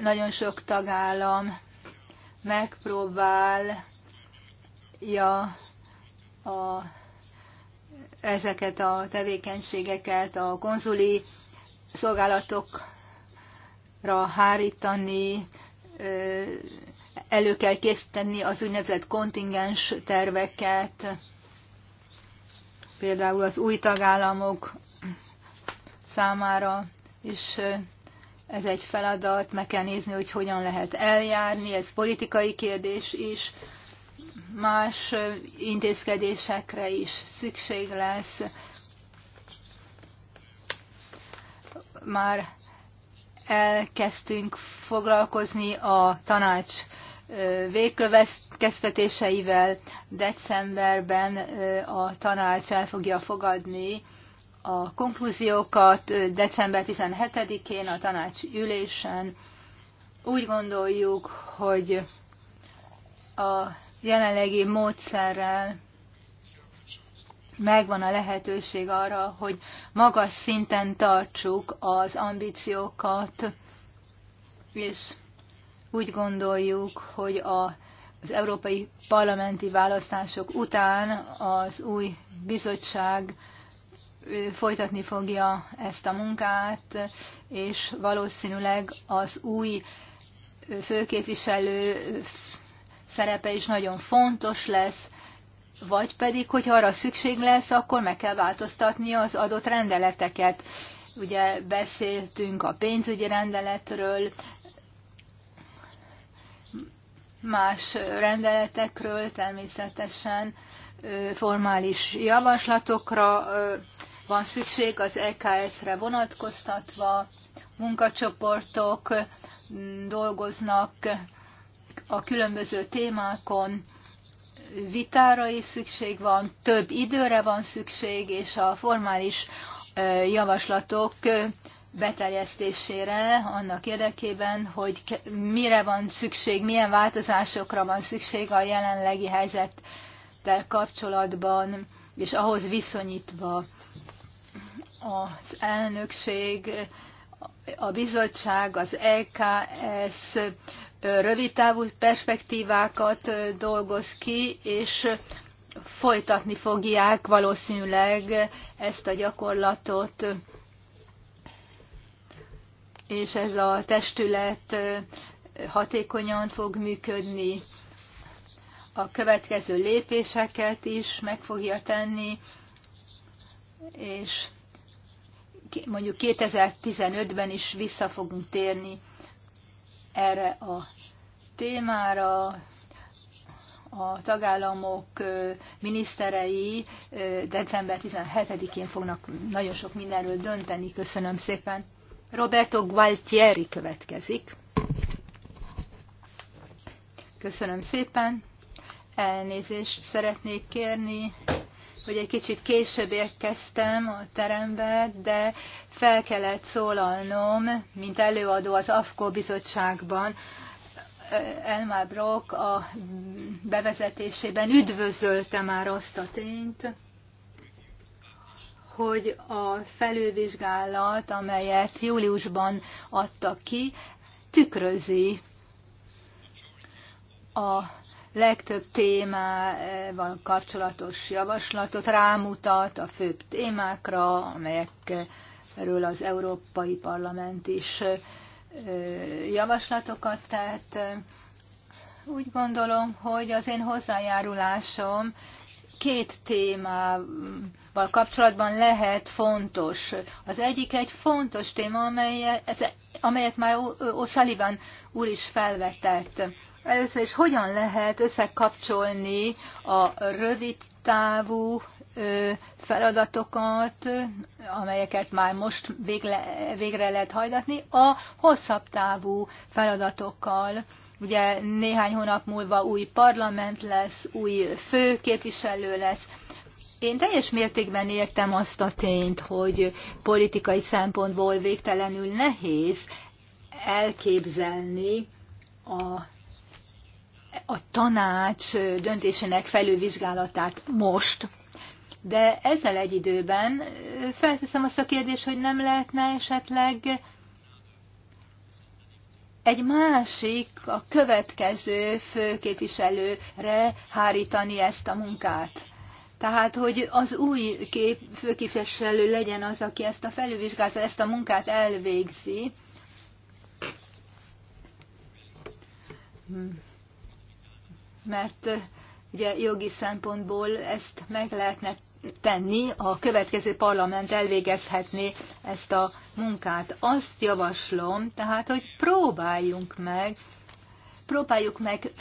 nagyon sok tagállam megpróbálja a ezeket a tevékenységeket a konzuli szolgálatokra hárítani, elő kell készíteni az úgynevezett kontingens terveket, például az új tagállamok számára, és ez egy feladat, meg kell nézni, hogy hogyan lehet eljárni, ez politikai kérdés is, más intézkedésekre is szükség lesz. Már elkezdtünk foglalkozni a tanács végkövetkeztetéseivel. Decemberben a tanács el fogja fogadni a konklúziókat december 17-én a tanács ülésen. Úgy gondoljuk, hogy a jelenlegi módszerrel megvan a lehetőség arra, hogy magas szinten tartsuk az ambíciókat, és úgy gondoljuk, hogy a, az európai parlamenti választások után az új bizottság folytatni fogja ezt a munkát, és valószínűleg az új főképviselő szerepe is nagyon fontos lesz, vagy pedig, hogyha arra szükség lesz, akkor meg kell változtatni az adott rendeleteket. Ugye beszéltünk a pénzügyi rendeletről, más rendeletekről természetesen formális javaslatokra van szükség az EKS-re vonatkoztatva, munkacsoportok mm, dolgoznak a különböző témákon vitára is szükség van, több időre van szükség, és a formális javaslatok beterjesztésére annak érdekében, hogy mire van szükség, milyen változásokra van szükség a jelenlegi helyzettel kapcsolatban, és ahhoz viszonyítva az elnökség, a bizottság, az EKS rövidtávú perspektívákat dolgoz ki, és folytatni fogják valószínűleg ezt a gyakorlatot, és ez a testület hatékonyan fog működni. A következő lépéseket is meg fogja tenni, és mondjuk 2015-ben is vissza fogunk térni erre a témára, a tagállamok miniszterei december 17-én fognak nagyon sok mindenről dönteni. Köszönöm szépen. Roberto Gualtieri következik. Köszönöm szépen. Elnézést szeretnék kérni hogy egy kicsit később érkeztem a terembe, de fel kellett szólalnom, mint előadó az AFKO bizottságban. Elmar Brock a bevezetésében üdvözölte már azt a tényt, hogy a felülvizsgálat, amelyet júliusban adtak ki, tükrözi a legtöbb témával kapcsolatos javaslatot rámutat a főbb témákra, amelyekről az Európai Parlament is javaslatokat tett. Úgy gondolom, hogy az én hozzájárulásom két témával kapcsolatban lehet fontos. Az egyik egy fontos téma, amelyet, amelyet már O'Sullivan úr is felvetett Először is hogyan lehet összekapcsolni a rövid távú feladatokat, amelyeket már most végle, végre lehet hajtatni, a hosszabb távú feladatokkal. Ugye néhány hónap múlva új parlament lesz, új főképviselő lesz. Én teljes mértékben értem azt a tényt, hogy politikai szempontból végtelenül nehéz elképzelni a a tanács döntésének felülvizsgálatát most, de ezzel egy időben felteszem azt a kérdést, hogy nem lehetne esetleg egy másik, a következő főképviselőre hárítani ezt a munkát. Tehát, hogy az új kép, főképviselő legyen az, aki ezt a felülvizsgálatot, ezt a munkát elvégzi. Hmm mert ugye jogi szempontból ezt meg lehetne tenni, a következő parlament elvégezhetné ezt a munkát. Azt javaslom, tehát, hogy próbáljunk meg, próbáljuk meg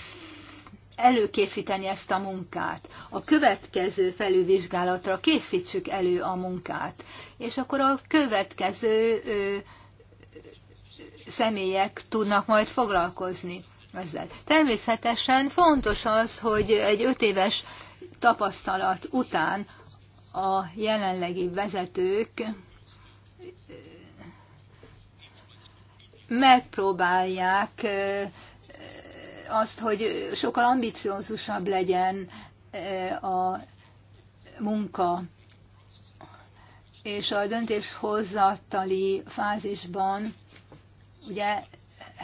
előkészíteni ezt a munkát. A következő felülvizsgálatra készítsük elő a munkát, és akkor a következő ö, személyek tudnak majd foglalkozni ezzel. Természetesen fontos az, hogy egy öt éves tapasztalat után a jelenlegi vezetők megpróbálják azt, hogy sokkal ambiciózusabb legyen a munka, és a döntéshozatali fázisban ugye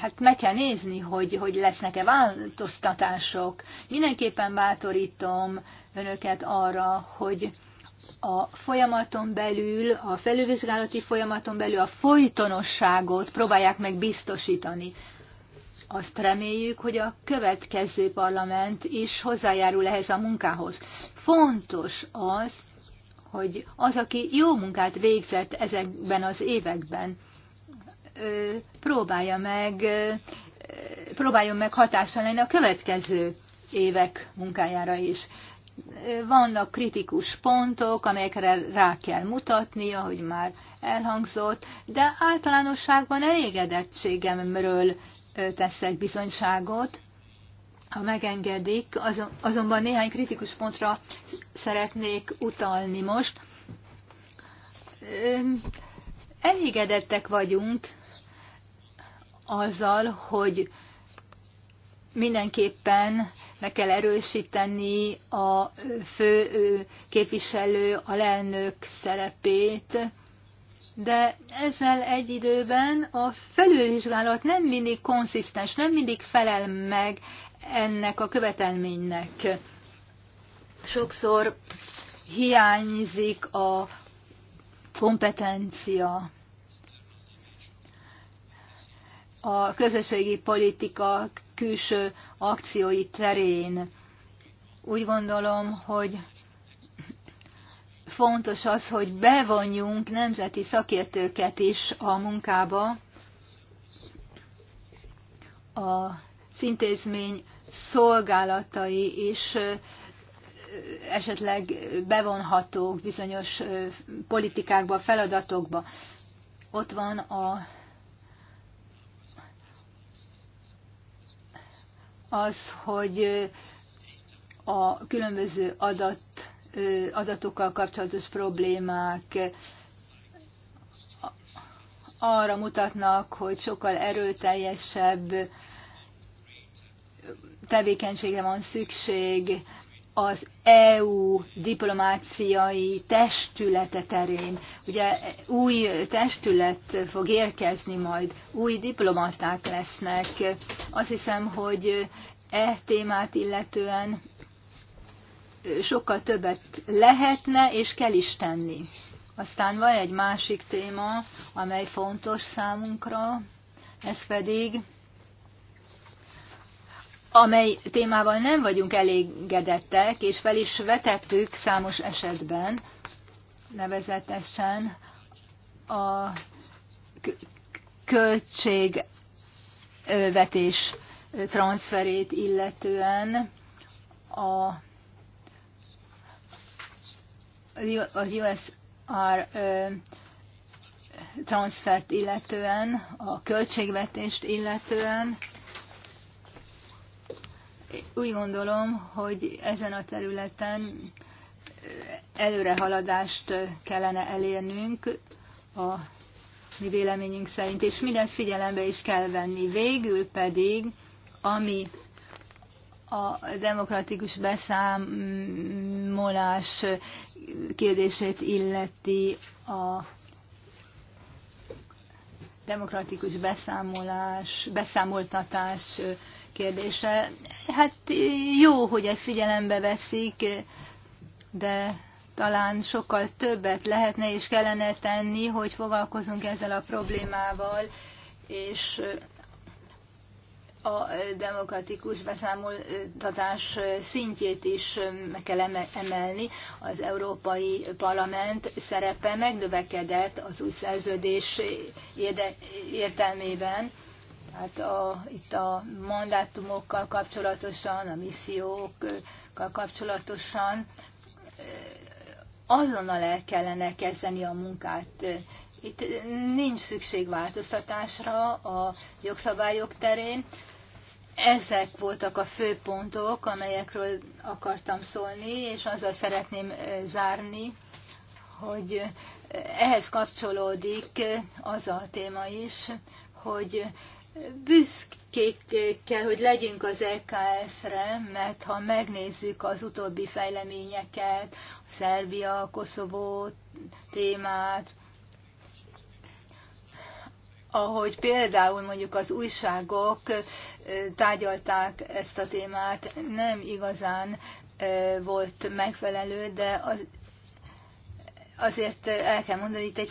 hát meg kell nézni, hogy, hogy lesznek-e változtatások. Mindenképpen bátorítom önöket arra, hogy a folyamaton belül, a felülvizsgálati folyamaton belül a folytonosságot próbálják meg biztosítani. Azt reméljük, hogy a következő parlament is hozzájárul ehhez a munkához. Fontos az, hogy az, aki jó munkát végzett ezekben az években, próbálja meg, próbáljon meg hatással lenni a következő évek munkájára is. Vannak kritikus pontok, amelyekre rá kell mutatni, ahogy már elhangzott, de általánosságban elégedettségemről teszek bizonyságot, ha megengedik, azonban néhány kritikus pontra szeretnék utalni most. Elégedettek vagyunk azzal, hogy mindenképpen meg kell erősíteni a fő képviselő, lelnök szerepét, de ezzel egy időben a felülvizsgálat nem mindig konszisztens, nem mindig felel meg ennek a követelménynek. Sokszor hiányzik a kompetencia a közösségi politika külső akciói terén. Úgy gondolom, hogy fontos az, hogy bevonjunk nemzeti szakértőket is a munkába a szintézmény szolgálatai is esetleg bevonhatók bizonyos politikákba, feladatokba. Ott van a az, hogy a különböző adat, adatokkal kapcsolatos problémák arra mutatnak, hogy sokkal erőteljesebb tevékenységre van szükség, az EU diplomáciai testülete terén. Ugye új testület fog érkezni majd, új diplomaták lesznek. Azt hiszem, hogy e témát illetően sokkal többet lehetne és kell is tenni. Aztán van egy másik téma, amely fontos számunkra, ez pedig amely témával nem vagyunk elégedettek, és fel is vetettük számos esetben, nevezetesen a költségvetés transferét illetően a, az USR transfert illetően, a költségvetést illetően, úgy gondolom, hogy ezen a területen előrehaladást kellene elérnünk a mi véleményünk szerint, és mindent figyelembe is kell venni. Végül pedig, ami a demokratikus beszámolás kérdését illeti a demokratikus beszámolás, beszámoltatás kérdése. Hát jó, hogy ezt figyelembe veszik, de talán sokkal többet lehetne és kellene tenni, hogy foglalkozunk ezzel a problémával, és a demokratikus beszámoltatás szintjét is meg kell emelni. Az Európai Parlament szerepe megnövekedett az új szerződés értelmében. Hát a, itt a mandátumokkal kapcsolatosan, a missziókkal kapcsolatosan azonnal el kellene kezdeni a munkát. Itt nincs szükség változtatásra a jogszabályok terén. Ezek voltak a fő pontok, amelyekről akartam szólni, és azzal szeretném zárni, hogy ehhez kapcsolódik az a téma is, hogy büszkék kell, hogy legyünk az EKS-re, mert ha megnézzük az utóbbi fejleményeket, a Szerbia, Koszovó témát, ahogy például mondjuk az újságok tárgyalták ezt a témát, nem igazán volt megfelelő, de az, azért el kell mondani, hogy itt egy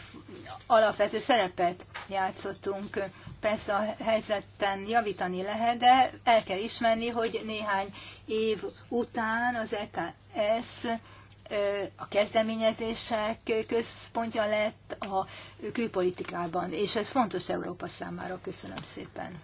alapvető szerepet játszottunk persze a helyzetten javítani lehet, de el kell ismerni, hogy néhány év után az EKS a kezdeményezések központja lett a külpolitikában, és ez fontos Európa számára. Köszönöm szépen.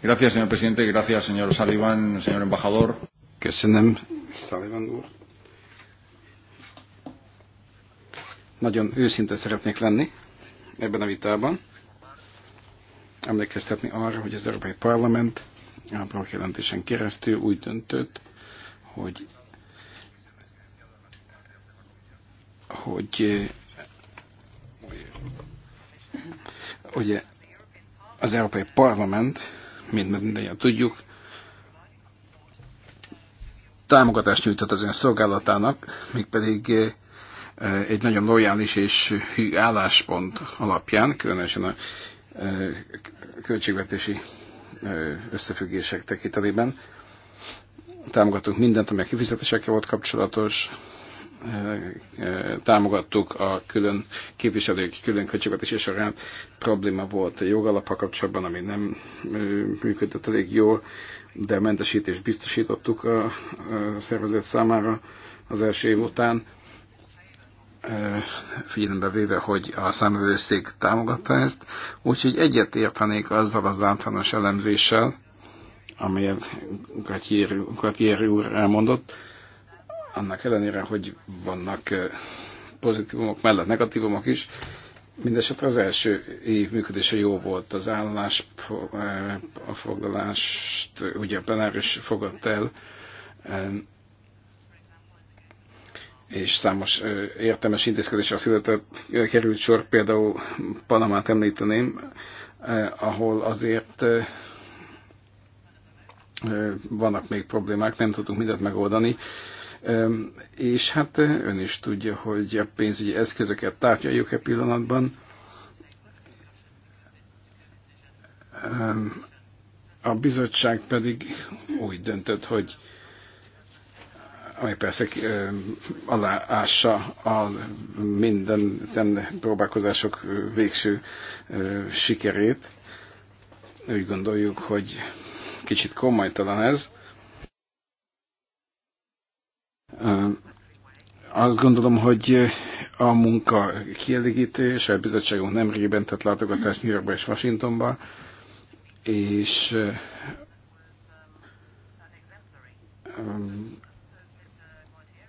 Gracias, señor presidente. Gracias, señor Sullivan, señor embajador. Köszönöm, Sullivan úr. Nagyon őszinte szeretnék lenni ebben a vitában. Emlékeztetni arra, hogy az Európai Parlament a jelentésen keresztül úgy döntött, hogy hogy ugye az Európai Parlament, mint mindannyian tudjuk, támogatást nyújtott az ön szolgálatának, mégpedig egy nagyon lojális és hű álláspont alapján, különösen a e, költségvetési e, összefüggések tekintetében. Támogattunk mindent, ami a kifizetésekkel volt kapcsolatos, e, támogattuk a külön képviselők külön költségvetési során. Probléma volt a jogalapa kapcsolatban, ami nem működött elég jól, de mentesítést biztosítottuk a szervezet számára az első év után figyelembe véve, hogy a számvevőszék támogatta ezt, úgyhogy egyet értenék azzal az általános elemzéssel, amelyet Gatieri, úr elmondott, annak ellenére, hogy vannak pozitívumok mellett negatívumok is, Mindenesetre az első év működése jó volt. Az állás, a foglalást ugye a plenáris fogadta el és számos értelmes intézkedésre született, került sor, például Panamát említeném, ahol azért vannak még problémák, nem tudtuk mindent megoldani, és hát ön is tudja, hogy a pénzügyi eszközöket tárgyaljuk-e pillanatban. A bizottság pedig úgy döntött, hogy ami persze aláássa a minden próbálkozások végső sikerét. Úgy gondoljuk, hogy kicsit komolytalan ez. Azt gondolom, hogy a munka kielégítő, és a bizottságunk nemrégiben tett látogatást New Yorkba és Washingtonba, és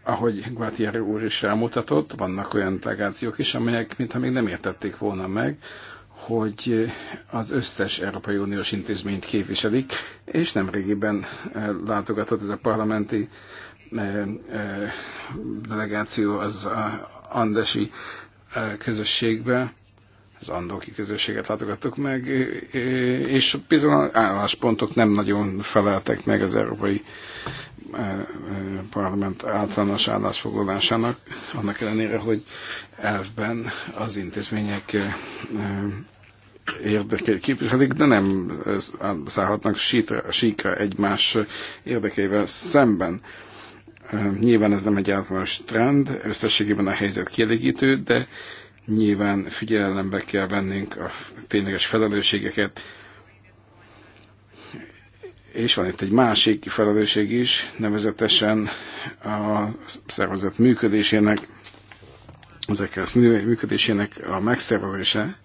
ahogy Guatieri úr is elmutatott, vannak olyan delegációk is, amelyek mintha még nem értették volna meg, hogy az összes Európai Uniós intézményt képviselik, és nem régiben eh, látogatott ez a parlamenti eh, eh, delegáció az andesi közösségbe, az andóki közösséget látogattuk meg, és bizony álláspontok nem nagyon feleltek meg az Európai Parlament általános állásfoglalásának, annak ellenére, hogy elfben az intézmények érdekeit képviselik, de nem szállhatnak síkra, síkra egymás érdekeivel szemben. Nyilván ez nem egy általános trend, összességében a helyzet kielégítő, de Nyilván figyelembe kell vennünk a tényleges felelősségeket, és van itt egy másik felelősség is, nevezetesen a szervezet működésének, az EKSZ működésének a megszervezése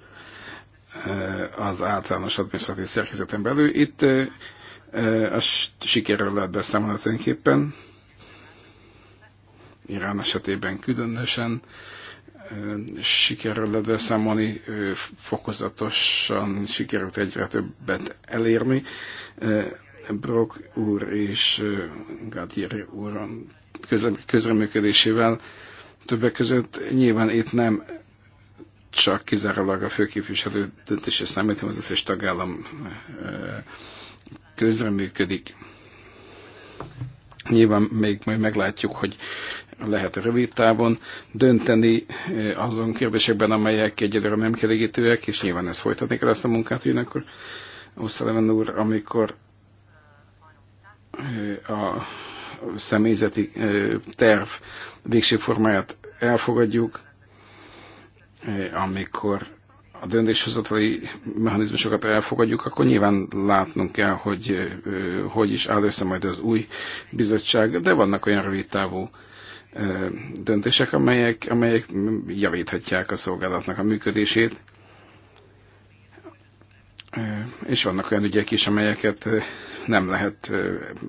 eh, az általános adminisztratív szerkezeten belül. Itt eh, a sikerről lehet beszámolni tulajdonképpen. Irán esetében különösen sikerül beszámolni, fokozatosan sikerült egyre többet elérni. Brock úr és Gadieri úr közreműködésével többek között nyilván itt nem csak kizárólag a főképviselő döntése számít, hanem az összes tagállam közreműködik. Nyilván még majd meglátjuk, hogy lehet rövid távon dönteni eh, azon kérdésekben, amelyek egyelőre nem kielégítőek, és nyilván ez folytatni kell ezt a munkát, hogy akkor Oszaleven úr, amikor eh, a személyzeti eh, terv végső formáját elfogadjuk, amikor a döntéshozatali mechanizmusokat elfogadjuk, akkor nyilván látnunk kell, hogy hogy is áll össze majd az új bizottság, de vannak olyan rövid távú döntések, amelyek, amelyek javíthatják a szolgálatnak a működését. És vannak olyan ügyek is, amelyeket nem lehet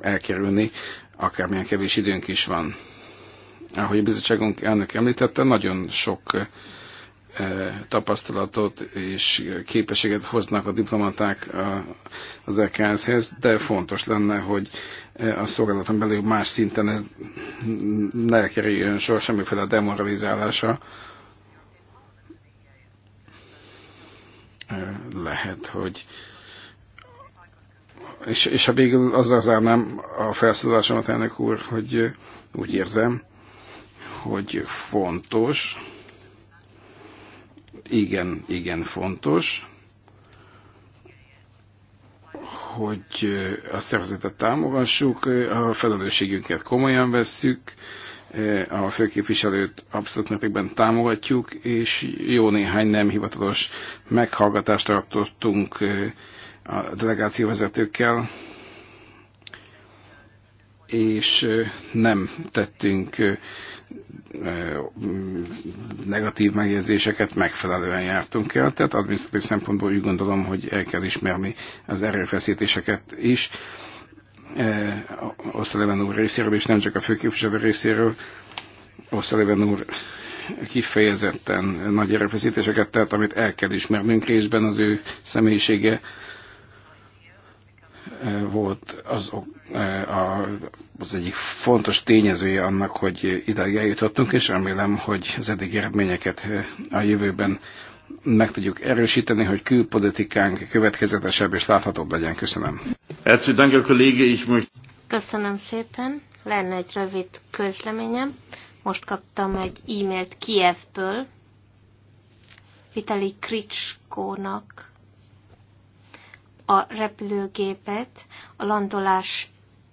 elkerülni, akármilyen kevés időnk is van. Ahogy a bizottságunk elnök említette, nagyon sok tapasztalatot és képességet hoznak a diplomaták az EKS-hez, de fontos lenne, hogy Eh, a szolgálaton belül más szinten ez ne kerüljön sor semmiféle demoralizálása. Eh, lehet, hogy és, és ha végül azzal zárnám a felszólalásomat, elnök úr, hogy eh, úgy érzem, hogy fontos, igen, igen fontos, hogy a szervezetet támogassuk, a felelősségünket komolyan vesszük, a főképviselőt abszolút mértékben támogatjuk, és jó néhány nem hivatalos meghallgatást tartottunk a delegációvezetőkkel, és nem tettünk negatív megjegyzéseket, megfelelően jártunk el, tehát adminisztratív szempontból úgy gondolom, hogy el kell ismerni az erőfeszítéseket is. Oszaleven úr részéről, és nem csak a főképviselő részéről, Oszaleven úr kifejezetten nagy erőfeszítéseket tett, amit el kell ismernünk részben az ő személyisége volt az, eh, az egyik fontos tényezője annak, hogy ideig eljutottunk, és remélem, hogy az eddig eredményeket eh, a jövőben meg tudjuk erősíteni, hogy külpolitikánk következetesebb és láthatóbb legyen. Köszönöm. Köszönöm szépen. Lenne egy rövid közleményem. Most kaptam egy e-mailt Kievből, Vitali Kricskónak a repülőgépet a landolás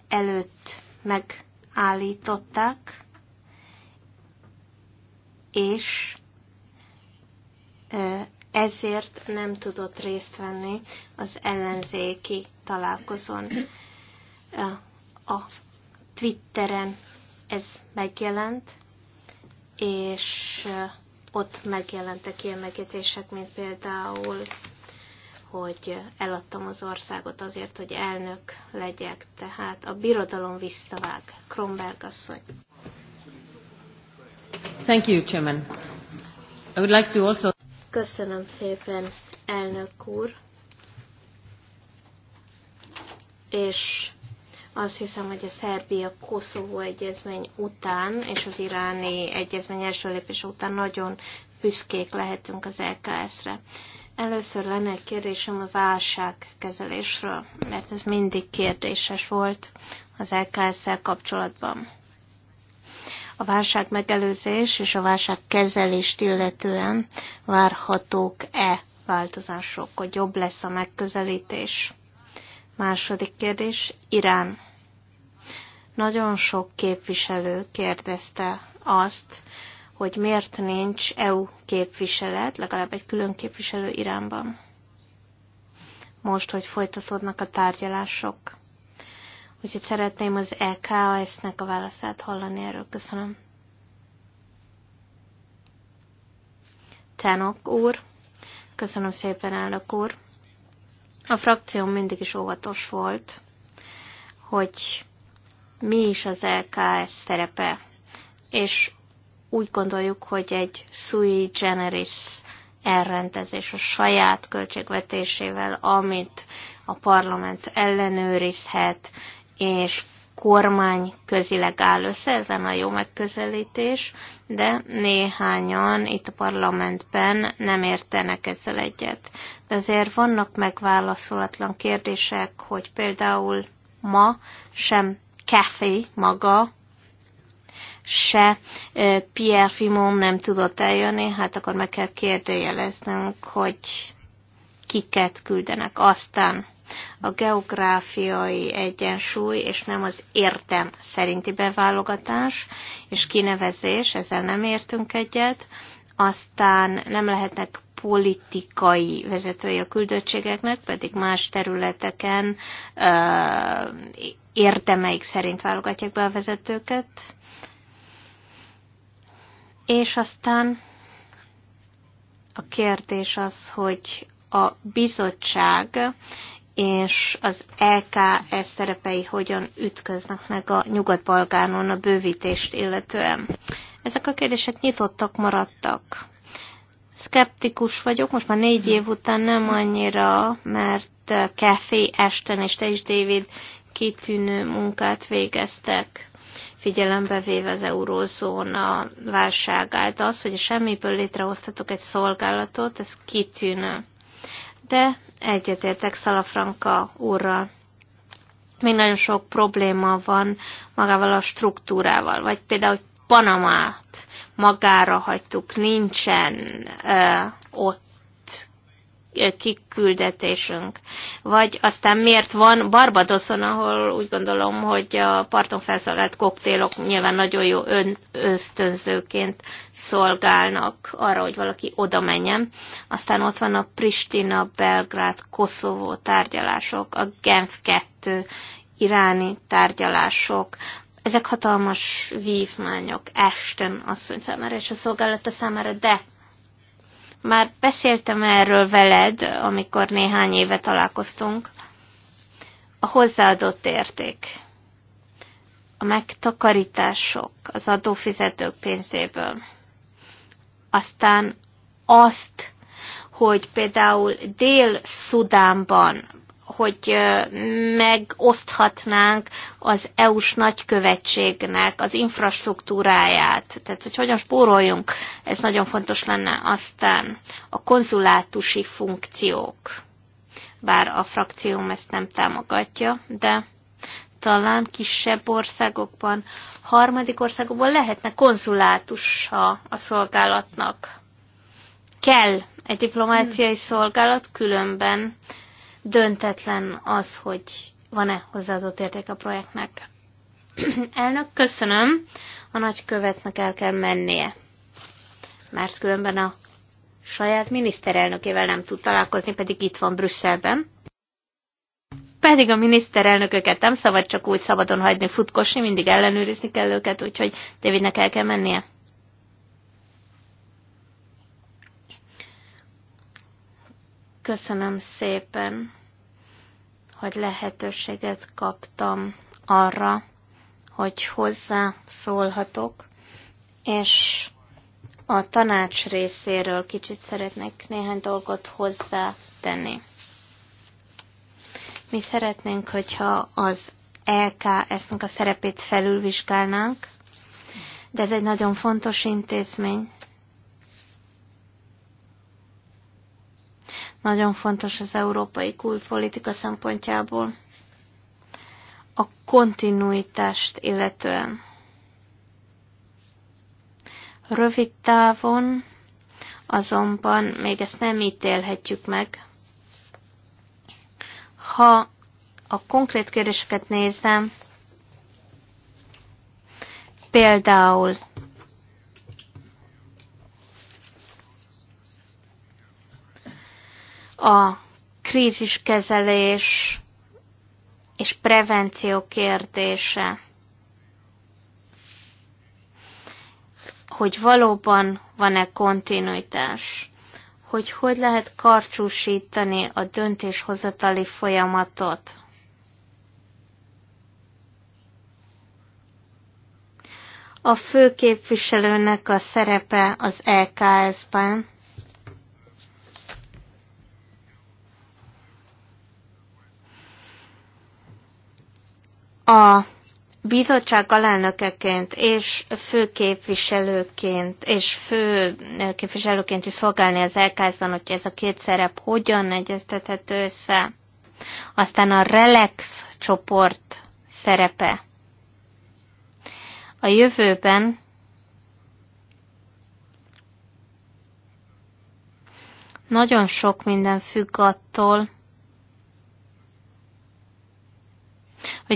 előtt megállították, és ezért nem tudott részt venni az ellenzéki találkozón. A Twitteren ez megjelent, és ott megjelentek ilyen megjegyzések, mint például hogy eladtam az országot azért, hogy elnök legyek, tehát a birodalom visszavág. Kronberg asszony. Thank you, Chairman. I would like to also... Köszönöm szépen, elnök úr. És azt hiszem, hogy a Szerbia-Koszovó egyezmény után és az iráni egyezmény első lépése után nagyon büszkék lehetünk az LKS-re. Először lenne egy kérdésem a válságkezelésről, mert ez mindig kérdéses volt az LKS-szel kapcsolatban. A válság megelőzés és a válság kezelést illetően várhatók-e változások, hogy jobb lesz a megközelítés? Második kérdés, Irán. Nagyon sok képviselő kérdezte azt, hogy miért nincs EU képviselet, legalább egy külön képviselő Iránban. Most, hogy folytatódnak a tárgyalások. Úgyhogy szeretném az EKS-nek a válaszát hallani erről. Köszönöm. Tenok úr. Köszönöm szépen, elnök úr. A frakcióm mindig is óvatos volt, hogy mi is az LKS e szerepe, és úgy gondoljuk, hogy egy sui generis elrendezés a saját költségvetésével, amit a parlament ellenőrizhet, és kormány közileg áll össze, ez a jó megközelítés, de néhányan itt a parlamentben nem értenek ezzel egyet. De azért vannak megválaszolatlan kérdések, hogy például ma sem Kathy maga se Pierre Fimon nem tudott eljönni, hát akkor meg kell kérdőjeleznünk, hogy kiket küldenek. Aztán a geográfiai egyensúly, és nem az értem szerinti beválogatás és kinevezés, ezzel nem értünk egyet. Aztán nem lehetnek politikai vezetői a küldöttségeknek, pedig más területeken ö, érdemeik szerint válogatják be a vezetőket. És aztán a kérdés az, hogy a bizottság és az LKS szerepei hogyan ütköznek meg a Nyugat-Balkánon a bővítést illetően. Ezek a kérdések nyitottak maradtak. Skeptikus vagyok, most már négy év után nem annyira, mert Café Esten és te is, David, kitűnő munkát végeztek figyelembe véve az eurózóna válságát. Az, hogy semmiből létrehoztatok egy szolgálatot, ez kitűnő. De egyetértek Szalafranka úrral. Még nagyon sok probléma van magával a struktúrával, vagy például, hogy Panamát magára hagytuk, nincsen ö, ott kiküldetésünk. Vagy aztán miért van Barbadoson, ahol úgy gondolom, hogy a parton felszállt koktélok nyilván nagyon jó ön, ösztönzőként szolgálnak arra, hogy valaki oda menjen. Aztán ott van a Pristina, Belgrád, Koszovó tárgyalások, a Genf 2 iráni tárgyalások, ezek hatalmas vívmányok Esten asszony számára és a szolgálata számára, de már beszéltem erről veled, amikor néhány éve találkoztunk. A hozzáadott érték, a megtakarítások az adófizetők pénzéből, aztán azt, hogy például Dél-Szudánban hogy megoszthatnánk az EU-s nagykövetségnek az infrastruktúráját, tehát hogy hogyan spóroljunk, ez nagyon fontos lenne. Aztán a konzulátusi funkciók, bár a frakcióm ezt nem támogatja, de talán kisebb országokban, harmadik országokban lehetne konzulátusa a szolgálatnak. Kell egy diplomáciai hmm. szolgálat, különben döntetlen az, hogy van-e hozzáadott érték a projektnek. Elnök, köszönöm. A nagykövetnek el kell mennie, mert különben a saját miniszterelnökével nem tud találkozni, pedig itt van Brüsszelben. Pedig a miniszterelnököket nem szabad csak úgy szabadon hagyni futkosni, mindig ellenőrizni kell őket, úgyhogy Davidnek el kell mennie. Köszönöm szépen, hogy lehetőséget kaptam arra, hogy hozzá szólhatok, és a tanács részéről kicsit szeretnék néhány dolgot hozzátenni. Mi szeretnénk, hogyha az LK e nek a szerepét felülvizsgálnánk, de ez egy nagyon fontos intézmény, nagyon fontos az európai külpolitika szempontjából, a kontinuitást illetően. Rövid távon azonban még ezt nem ítélhetjük meg. Ha a konkrét kérdéseket nézem, például a kríziskezelés és prevenció kérdése, hogy valóban van-e kontinuitás, hogy hogy lehet karcsúsítani a döntéshozatali folyamatot. A főképviselőnek a szerepe az EKS-ben, A bizottság alelnökeként és főképviselőként és főképviselőként eh, is szolgálni az lks hogy ez a két szerep hogyan egyeztethető össze. Aztán a relax csoport szerepe. A jövőben nagyon sok minden függ attól,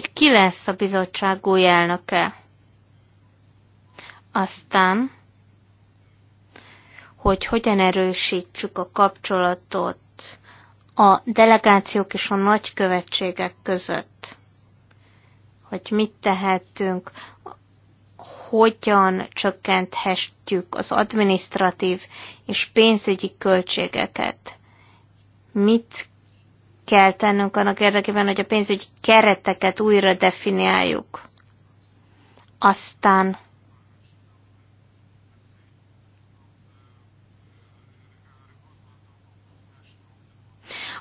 hogy ki lesz a bizottság új elnöke. Aztán, hogy hogyan erősítsük a kapcsolatot a delegációk és a nagykövetségek között, hogy mit tehetünk, hogyan csökkenthetjük az administratív és pénzügyi költségeket, mit kell tennünk annak érdekében, hogy a pénzügyi kereteket újra definiáljuk. Aztán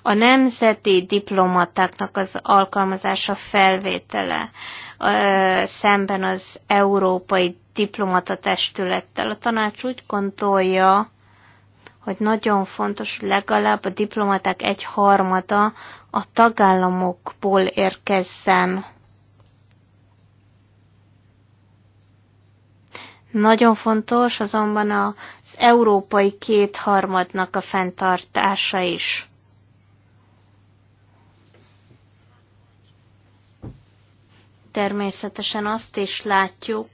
a nemzeti diplomatáknak az alkalmazása felvétele szemben az európai diplomata testülettel. A tanács úgy gondolja, hogy nagyon fontos, legalább a diplomaták egy harmada a tagállamokból érkezzen. Nagyon fontos azonban az európai kétharmadnak a fenntartása is. Természetesen azt is látjuk,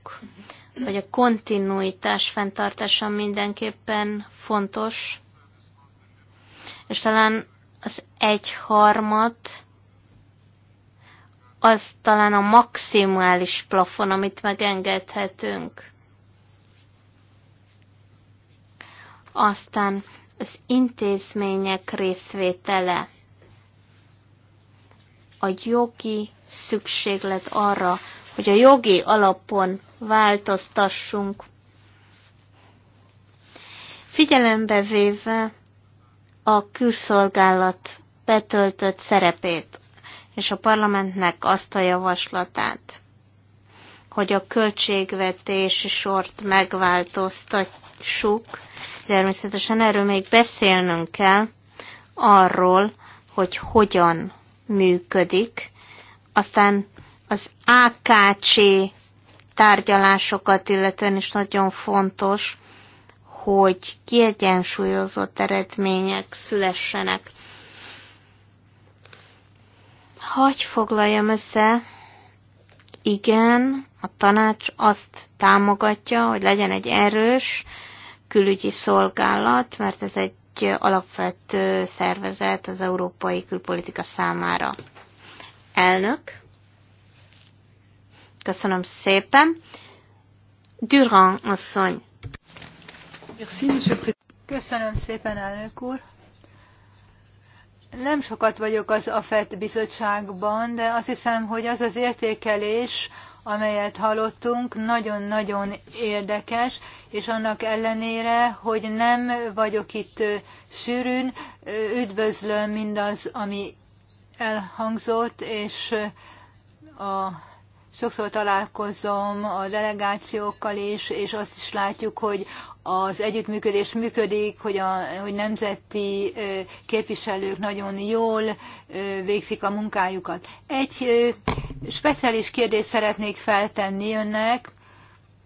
vagy a kontinuitás fenntartása mindenképpen fontos, és talán az egyharmat az talán a maximális plafon, amit megengedhetünk. Aztán az intézmények részvétele, a jogi szükséglet arra, hogy a jogi alapon változtassunk. Figyelembe véve a külszolgálat betöltött szerepét és a parlamentnek azt a javaslatát, hogy a költségvetési sort megváltoztassuk, természetesen erről még beszélnünk kell, arról, hogy hogyan működik, aztán az AKC tárgyalásokat illetően is nagyon fontos, hogy kiegyensúlyozott eredmények szülessenek. Hogy foglaljam össze, igen, a tanács azt támogatja, hogy legyen egy erős külügyi szolgálat, mert ez egy alapvető szervezet az európai külpolitika számára. Elnök, Köszönöm szépen. Durand asszony. Köszönöm szépen, elnök úr. Nem sokat vagyok az AFET bizottságban, de azt hiszem, hogy az az értékelés, amelyet hallottunk, nagyon-nagyon érdekes, és annak ellenére, hogy nem vagyok itt sűrűn, üdvözlöm mindaz, ami elhangzott, és a sokszor találkozom a delegációkkal is, és azt is látjuk, hogy az együttműködés működik, hogy a hogy nemzeti képviselők nagyon jól végzik a munkájukat. Egy speciális kérdést szeretnék feltenni önnek,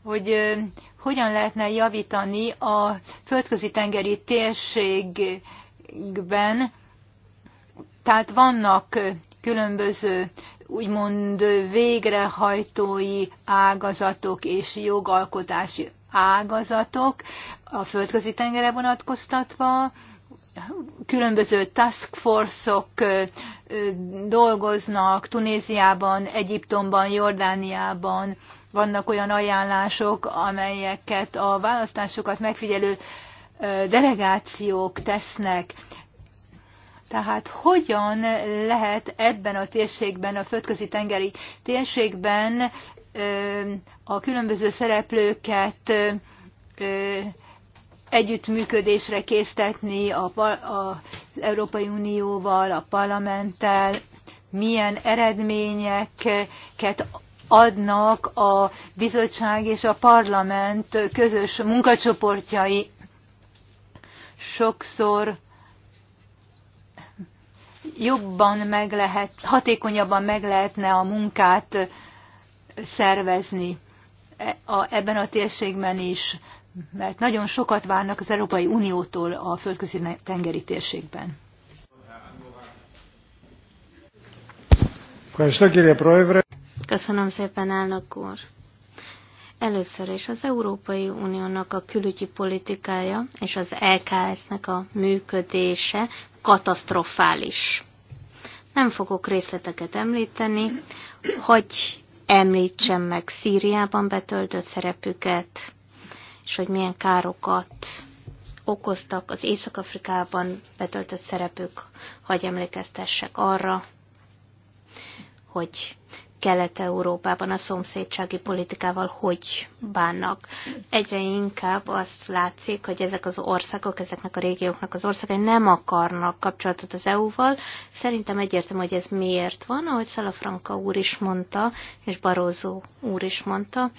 hogy hogyan lehetne javítani a földközi tengeri térségben, tehát vannak különböző úgymond végrehajtói ágazatok és jogalkotási ágazatok a földközi tengere vonatkoztatva, különböző task force-ok dolgoznak Tunéziában, Egyiptomban, Jordániában. Vannak olyan ajánlások, amelyeket a választásokat megfigyelő delegációk tesznek. Tehát hogyan lehet ebben a térségben, a földközi tengeri térségben a különböző szereplőket együttműködésre késztetni a, az Európai Unióval, a parlamenttel, milyen eredményeket adnak a bizottság és a parlament közös munkacsoportjai. Sokszor jobban meg lehet, hatékonyabban meg lehetne a munkát szervezni e, ebben a térségben is, mert nagyon sokat várnak az Európai Uniótól a földközi tengeri térségben. Köszönöm szépen, elnök úr. Először is az Európai Uniónak a külügyi politikája és az LKS-nek a működése katasztrofális. Nem fogok részleteket említeni, hogy említsem meg Szíriában betöltött szerepüket, és hogy milyen károkat okoztak az Észak-Afrikában betöltött szerepük, hogy emlékeztessek arra, hogy Kelet-Európában a szomszédsági politikával hogy bánnak. Egyre inkább azt látszik, hogy ezek az országok, ezeknek a régióknak az országai nem akarnak kapcsolatot az EU-val. Szerintem egyértelmű, hogy ez miért van, ahogy Szalafranka úr is mondta, és Barózó úr is mondta.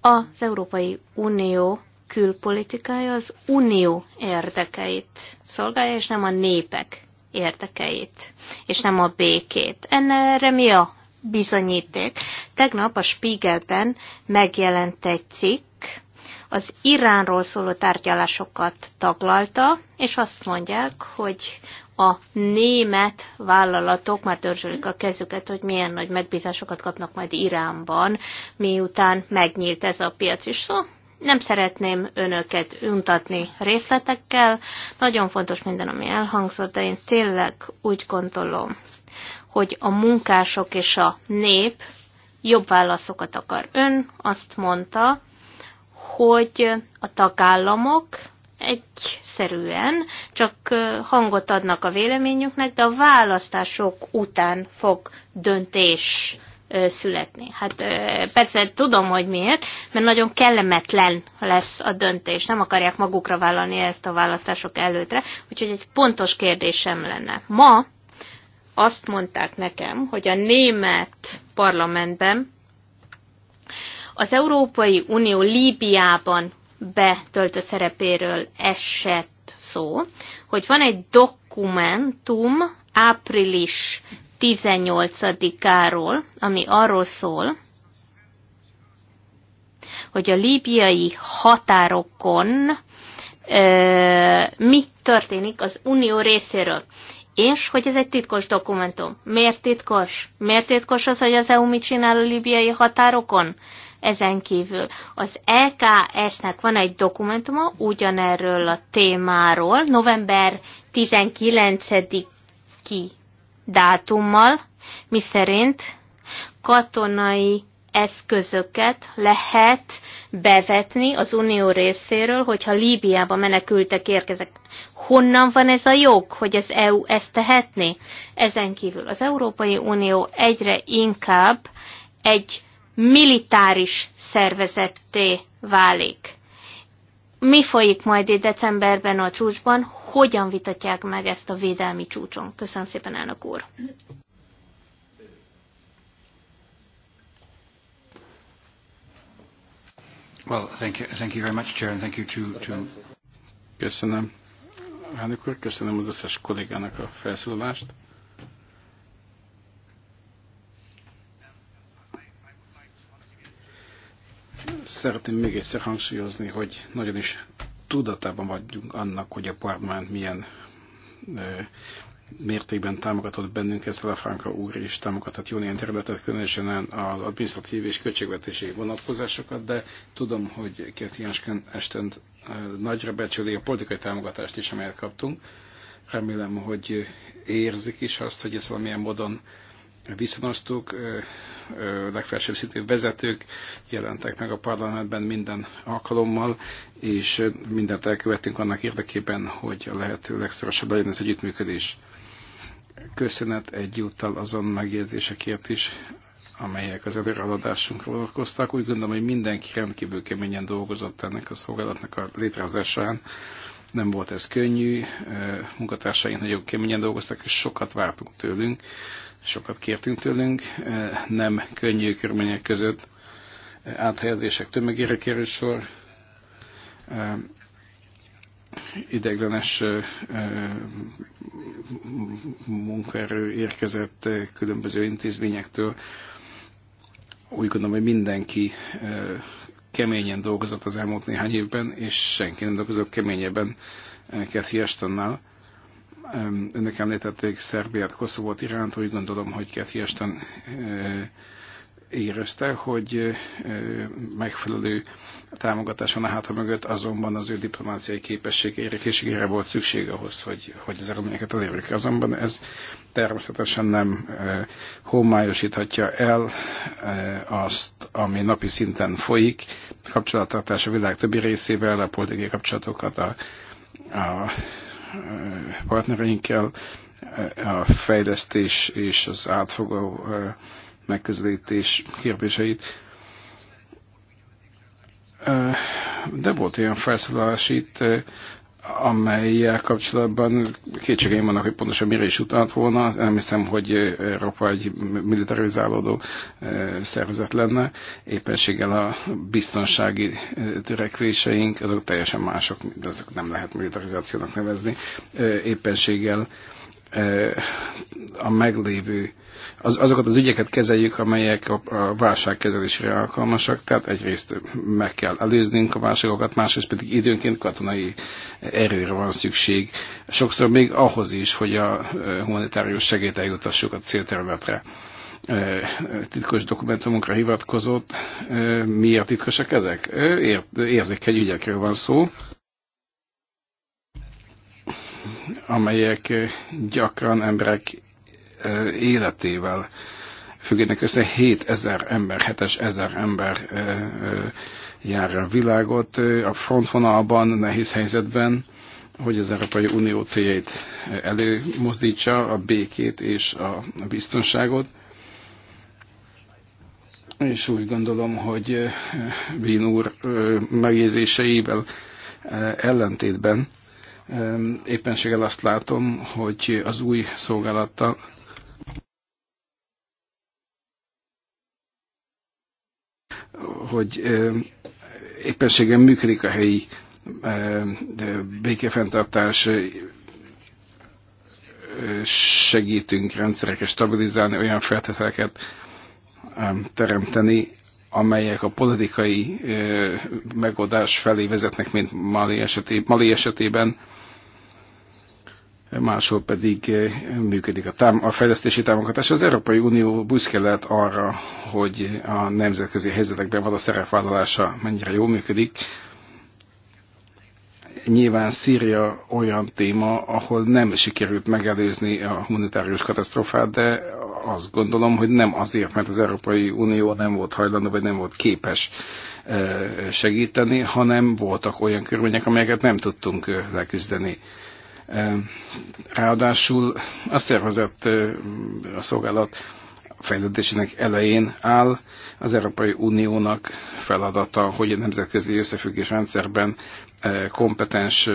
Az Európai Unió külpolitikája az unió érdekeit szolgálja, és nem a népek érdekeit, és nem a békét. Erre mi a bizonyíték. Tegnap a Spiegelben megjelent egy cikk, az Iránról szóló tárgyalásokat taglalta, és azt mondják, hogy a német vállalatok már törzsölik a kezüket, hogy milyen nagy megbízásokat kapnak majd Iránban, miután megnyílt ez a piac is. Szóval nem szeretném önöket untatni részletekkel, nagyon fontos minden, ami elhangzott, de én tényleg úgy gondolom, hogy a munkások és a nép jobb válaszokat akar. Ön azt mondta, hogy a tagállamok egyszerűen csak hangot adnak a véleményüknek, de a választások után fog döntés születni. Hát persze tudom, hogy miért, mert nagyon kellemetlen lesz a döntés. Nem akarják magukra vállalni ezt a választások előtre, úgyhogy egy pontos kérdésem lenne. Ma azt mondták nekem, hogy a német parlamentben az Európai Unió Líbiában betöltő szerepéről esett szó, hogy van egy dokumentum április 18-áról, ami arról szól, hogy a líbiai határokon ö, mi történik az unió részéről és hogy ez egy titkos dokumentum. Miért titkos? Miért titkos az, hogy az EU mit csinál a libiai határokon? Ezen kívül az EKS-nek van egy dokumentuma ugyanerről a témáról, november 19-i dátummal, miszerint katonai eszközöket lehet bevetni az Unió részéről, hogyha Líbiába menekültek érkezek. Honnan van ez a jog, hogy az EU ezt tehetni? Ezen kívül az Európai Unió egyre inkább egy militáris szervezetté válik. Mi folyik majd itt decemberben a csúcsban? Hogyan vitatják meg ezt a védelmi csúcson? Köszönöm szépen, elnök úr! Well, thank you, thank you very much, Chair, and thank you to, to... Köszönöm. Elnök úr, köszönöm az összes kollégának a felszólalást. Szeretném még egyszer hangsúlyozni, hogy nagyon is tudatában vagyunk annak, hogy a parlament milyen mértékben támogatott bennünket, Szelefánka úr is támogatott jó néhány területet, különösen az administratív és költségvetési vonatkozásokat, de tudom, hogy Kert Jánskön esten nagyra becsüli a politikai támogatást is, amelyet kaptunk. Remélem, hogy érzik is azt, hogy ezt valamilyen módon viszonoztuk, legfelsőbb szintű vezetők jelentek meg a parlamentben minden alkalommal, és mindent elkövettünk annak érdekében, hogy a lehető legszorosabb legyen az együttműködés. Köszönet egyúttal azon megjegyzésekért is, amelyek az előreladásunkra vonatkoztak. Úgy gondolom, hogy mindenki rendkívül keményen dolgozott ennek a szolgálatnak a létrehozásán. Nem volt ez könnyű, munkatársaink nagyon keményen dolgoztak, és sokat vártunk tőlünk, sokat kértünk tőlünk, nem könnyű körülmények között áthelyezések tömegére került sor, ideiglenes munkaerő érkezett különböző intézményektől. Úgy gondolom, hogy mindenki keményen dolgozott az elmúlt néhány évben, és senki nem dolgozott keményebben Cathy Ashtonnál. Önök említették Szerbiát, Koszovót, Iránt, úgy gondolom, hogy Cathy Ashton érezte, hogy megfelelő támogatáson a háta mögött azonban az ő diplomáciai képességére, készségére volt szükség ahhoz, hogy, hogy az eredményeket elérjük. Azonban ez természetesen nem homályosíthatja el azt, ami napi szinten folyik, kapcsolattartás a világ többi részével, a politikai kapcsolatokat a, a partnereinkkel, a fejlesztés és az átfogó megközelítés kérdéseit. De volt olyan felszólalás itt, amelyel kapcsolatban kétségeim vannak, hogy pontosan mire is utalt volna. Nem hiszem, hogy Európa egy militarizálódó szervezet lenne. Éppenséggel a biztonsági törekvéseink, azok teljesen mások, azok nem lehet militarizációnak nevezni. Éppenséggel a meglévő az, azokat az ügyeket kezeljük, amelyek a, a válságkezelésre alkalmasak, tehát egyrészt meg kell előznünk a válságokat, másrészt pedig időnként katonai erőre van szükség, sokszor még ahhoz is, hogy a humanitárius segét eljutassuk a célterületre titkos dokumentumokra hivatkozott. Miért titkosak ezek? Érzékeny ügyekről van szó, amelyek gyakran emberek életével függének össze. 7000 ember, 7000 ember jár a világot a frontvonalban, nehéz helyzetben, hogy az Európai Unió céljait előmozdítsa, a békét és a biztonságot. És úgy gondolom, hogy Bín úr megjegyzéseivel ellentétben éppenséggel azt látom, hogy az új szolgálattal hogy éppenséggel működik a helyi békefenntartás, segítünk rendszereket stabilizálni, olyan feltételeket teremteni, amelyek a politikai megoldás felé vezetnek, mint Mali, eseté, Mali esetében máshol pedig eh, működik a, tám- a fejlesztési támogatás. Az Európai Unió büszke lehet arra, hogy a nemzetközi helyzetekben való szerepvállalása mennyire jól működik. Nyilván Szíria olyan téma, ahol nem sikerült megelőzni a humanitárius katasztrófát, de azt gondolom, hogy nem azért, mert az Európai Unió nem volt hajlandó, vagy nem volt képes eh, segíteni, hanem voltak olyan körülmények, amelyeket nem tudtunk eh, leküzdeni Ráadásul a szervezet, a szolgálat fejlődésének elején áll. Az Európai Uniónak feladata, hogy a nemzetközi összefüggés rendszerben kompetens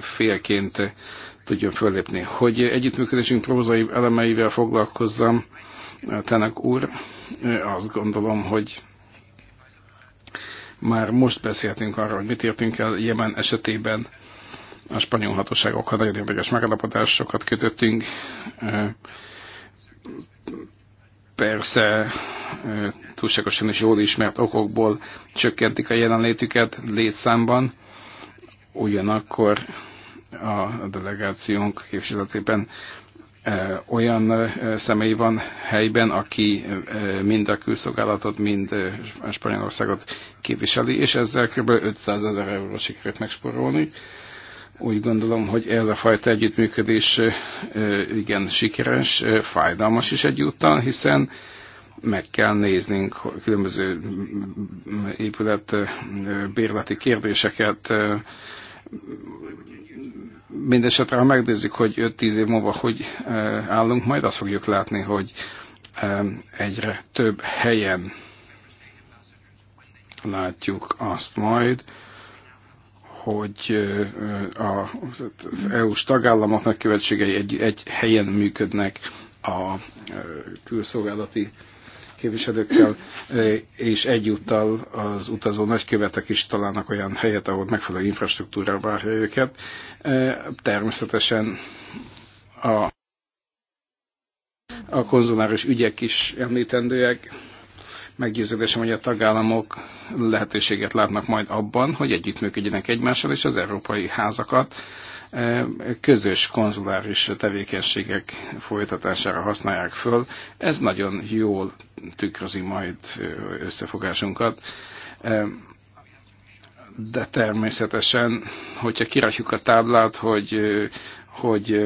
félként tudjon föllépni. Hogy együttműködésünk prózai elemeivel foglalkozzam, Tenek úr, azt gondolom, hogy már most beszéltünk arról, hogy mit értünk el Jemen esetében a spanyol hatóságokkal nagyon érdekes megállapodásokat kötöttünk. Persze túlságosan is jól ismert okokból csökkentik a jelenlétüket létszámban, ugyanakkor a delegációnk képviseletében olyan személy van helyben, aki mind a külszolgálatot, mind a Spanyolországot képviseli, és ezzel kb. 500 ezer eurót sikerült megspórolni. Úgy gondolom, hogy ez a fajta együttműködés igen sikeres, fájdalmas is egyúttal, hiszen meg kell néznünk különböző épület bérleti kérdéseket. Mindenesetre, ha megnézzük, hogy 5-10 év múlva hogy állunk, majd azt fogjuk látni, hogy egyre több helyen látjuk azt majd, hogy az EU-s tagállamoknak követségei egy, egy helyen működnek a külszolgálati képviselőkkel, és egyúttal az utazó nagykövetek is találnak olyan helyet, ahol megfelelő infrastruktúra várja őket. Természetesen a, a konzuláris ügyek is említendőek Meggyőződésem, hogy a tagállamok lehetőséget látnak majd abban, hogy együttműködjenek egymással, és az európai házakat e, közös konzuláris tevékenységek folytatására használják föl. Ez nagyon jól tükrözi majd e, összefogásunkat e, de természetesen, hogyha kirakjuk a táblát, hogy hogy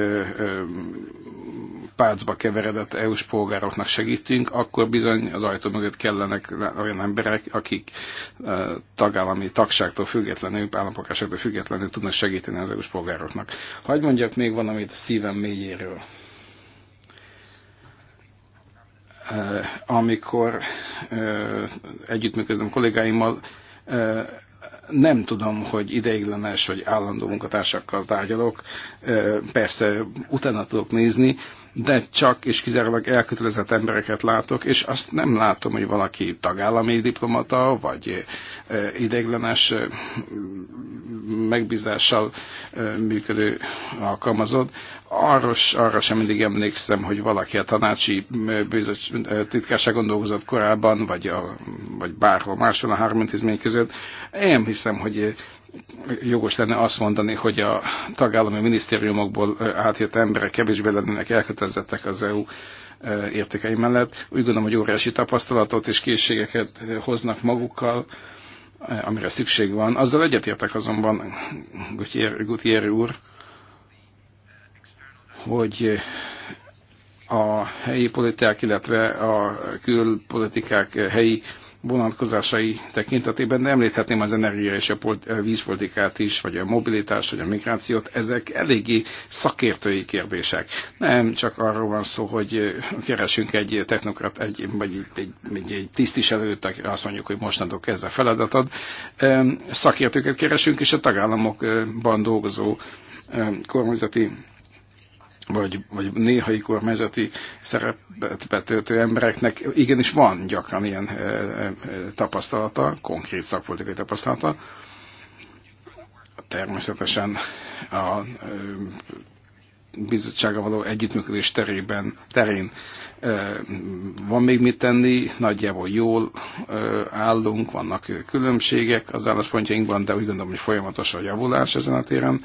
pácba keveredett EU-s polgároknak segítünk, akkor bizony az ajtó mögött kellenek olyan emberek, akik tagállami tagságtól függetlenül, állampolgárságtól függetlenül tudnak segíteni az EU-s polgároknak. Hagy mondjak még valamit a szívem mélyéről. Amikor együttműködöm kollégáimmal, nem tudom, hogy ideiglenes, hogy állandó munkatársakkal tárgyalok. Persze utána tudok nézni, de csak és kizárólag elkötelezett embereket látok, és azt nem látom, hogy valaki tagállami diplomata, vagy ideiglenes megbízással működő alkalmazott. Arra, arra sem mindig emlékszem, hogy valaki a tanácsi titkárságon dolgozott korábban, vagy, a, vagy bárhol máshol a három intézmény között. Én hiszem, hogy jogos lenne azt mondani, hogy a tagállami minisztériumokból átjött emberek kevésbé lennének elkötelezettek az EU értékei mellett. Úgy gondolom, hogy óriási tapasztalatot és készségeket hoznak magukkal, amire szükség van. Azzal egyetértek azonban Gutiérrez Gutier úr, hogy a helyi politikák, illetve a külpolitikák helyi vonatkozásai tekintetében, de említhetném az energia és a vízpolitikát is, vagy a mobilitás vagy a migrációt, ezek eléggé szakértői kérdések. Nem csak arról van szó, hogy keresünk egy technokrat, egy, vagy egy, egy, egy tisztviselőt, akire azt mondjuk, hogy mostantól a feladatod. Szakértőket keresünk, és a tagállamokban dolgozó kormányzati vagy, vagy néhai kormányzati szerepet betöltő embereknek igenis van gyakran ilyen eh, eh, tapasztalata, konkrét szakpolitikai tapasztalata. Természetesen a eh, bizottsága való együttműködés terében, terén van még mit tenni, nagyjából jól állunk, vannak különbségek az álláspontjainkban, de úgy gondolom, hogy folyamatos a javulás ezen a téren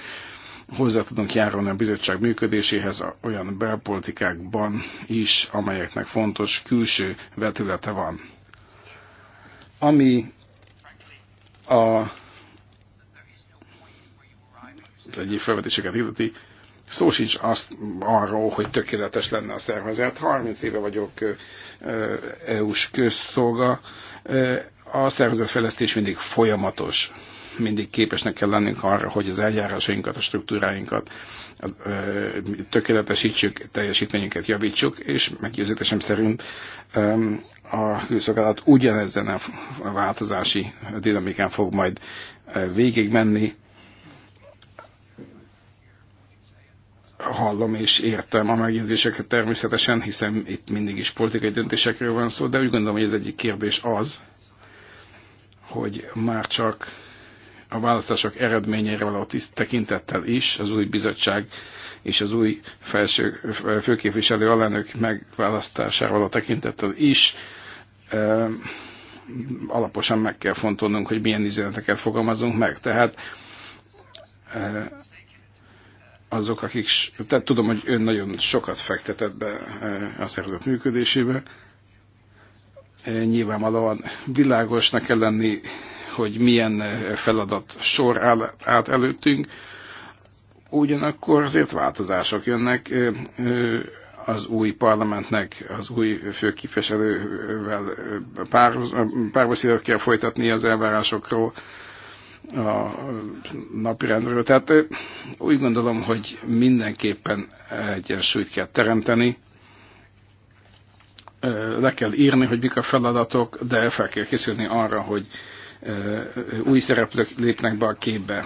hozzá tudunk járulni a bizottság működéséhez olyan belpolitikákban is, amelyeknek fontos külső vetülete van. Ami a az egyik felvetéseket illeti, szó sincs azt arról, hogy tökéletes lenne a szervezet. 30 éve vagyok EU-s közszolga. A szervezetfejlesztés mindig folyamatos mindig képesnek kell lennünk arra, hogy az eljárásainkat, a struktúráinkat az, ö, tökéletesítsük, teljesítményünket javítsuk, és meggyőződésem szerint ö, a külszolgálat ugyanezen a változási dinamikán fog majd végigmenni. Hallom és értem a megjegyzéseket természetesen, hiszen itt mindig is politikai döntésekről van szó, de úgy gondolom, hogy ez egyik kérdés az, hogy már csak a választások eredményeire való tekintettel is az új bizottság és az új felső, főképviselő alelnök megválasztására való tekintettel is e, alaposan meg kell fontolnunk, hogy milyen üzeneteket fogalmazunk meg. Tehát e, azok, akik, tehát tudom, hogy ön nagyon sokat fektetett be a szervezet működésébe, nyilvánvalóan világosnak kell lenni hogy milyen eh, feladat sor áll állt előttünk, ugyanakkor azért változások jönnek eh, eh, az új parlamentnek, az új főképviselővel párbeszédet kell folytatni az elvárásokról, a napirendről. Tehát úgy gondolom, hogy mindenképpen egyensúlyt kell teremteni, le kell írni, hogy mik a feladatok, de fel kell készülni arra, hogy új szereplők lépnek be a képbe,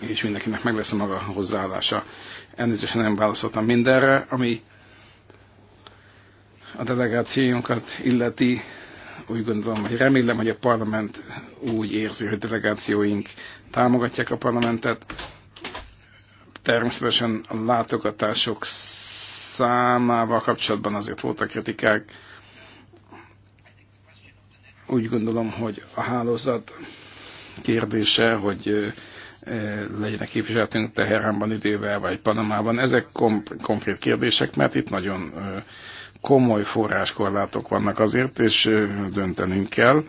és mindenkinek meg lesz a maga hozzáállása. Elnézést, nem válaszoltam mindenre, ami a delegációnkat illeti, úgy gondolom, hogy remélem, hogy a parlament úgy érzi, hogy delegációink támogatják a parlamentet. Természetesen a látogatások számával kapcsolatban azért voltak kritikák, úgy gondolom, hogy a hálózat kérdése, hogy legyenek képviseltünk Teheránban idővel, vagy Panamában. Ezek kom- konkrét kérdések, mert itt nagyon komoly forráskorlátok vannak azért, és döntenünk kell.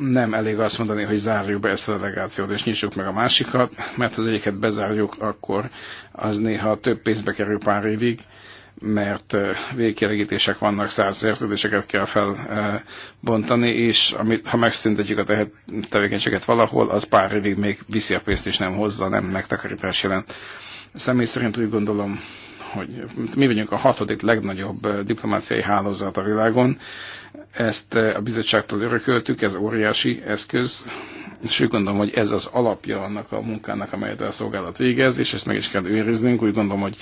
Nem elég azt mondani, hogy zárjuk be ezt a delegációt, és nyissuk meg a másikat, mert ha az egyiket bezárjuk, akkor az néha több pénzbe kerül pár évig, mert végkielégítések vannak, száz szerződéseket kell felbontani, és amit, ha megszüntetjük a tehet, tevékenységet valahol, az pár évig még viszi a pénzt, és nem hozza, nem megtakarítás jelent. Személy szerint úgy gondolom, hogy mi vagyunk a hatodik legnagyobb diplomáciai hálózat a világon. Ezt a bizottságtól örököltük, ez óriási eszköz, és úgy gondolom, hogy ez az alapja annak a munkának, amelyet a szolgálat végez, és ezt meg is kell őriznünk. Úgy gondolom, hogy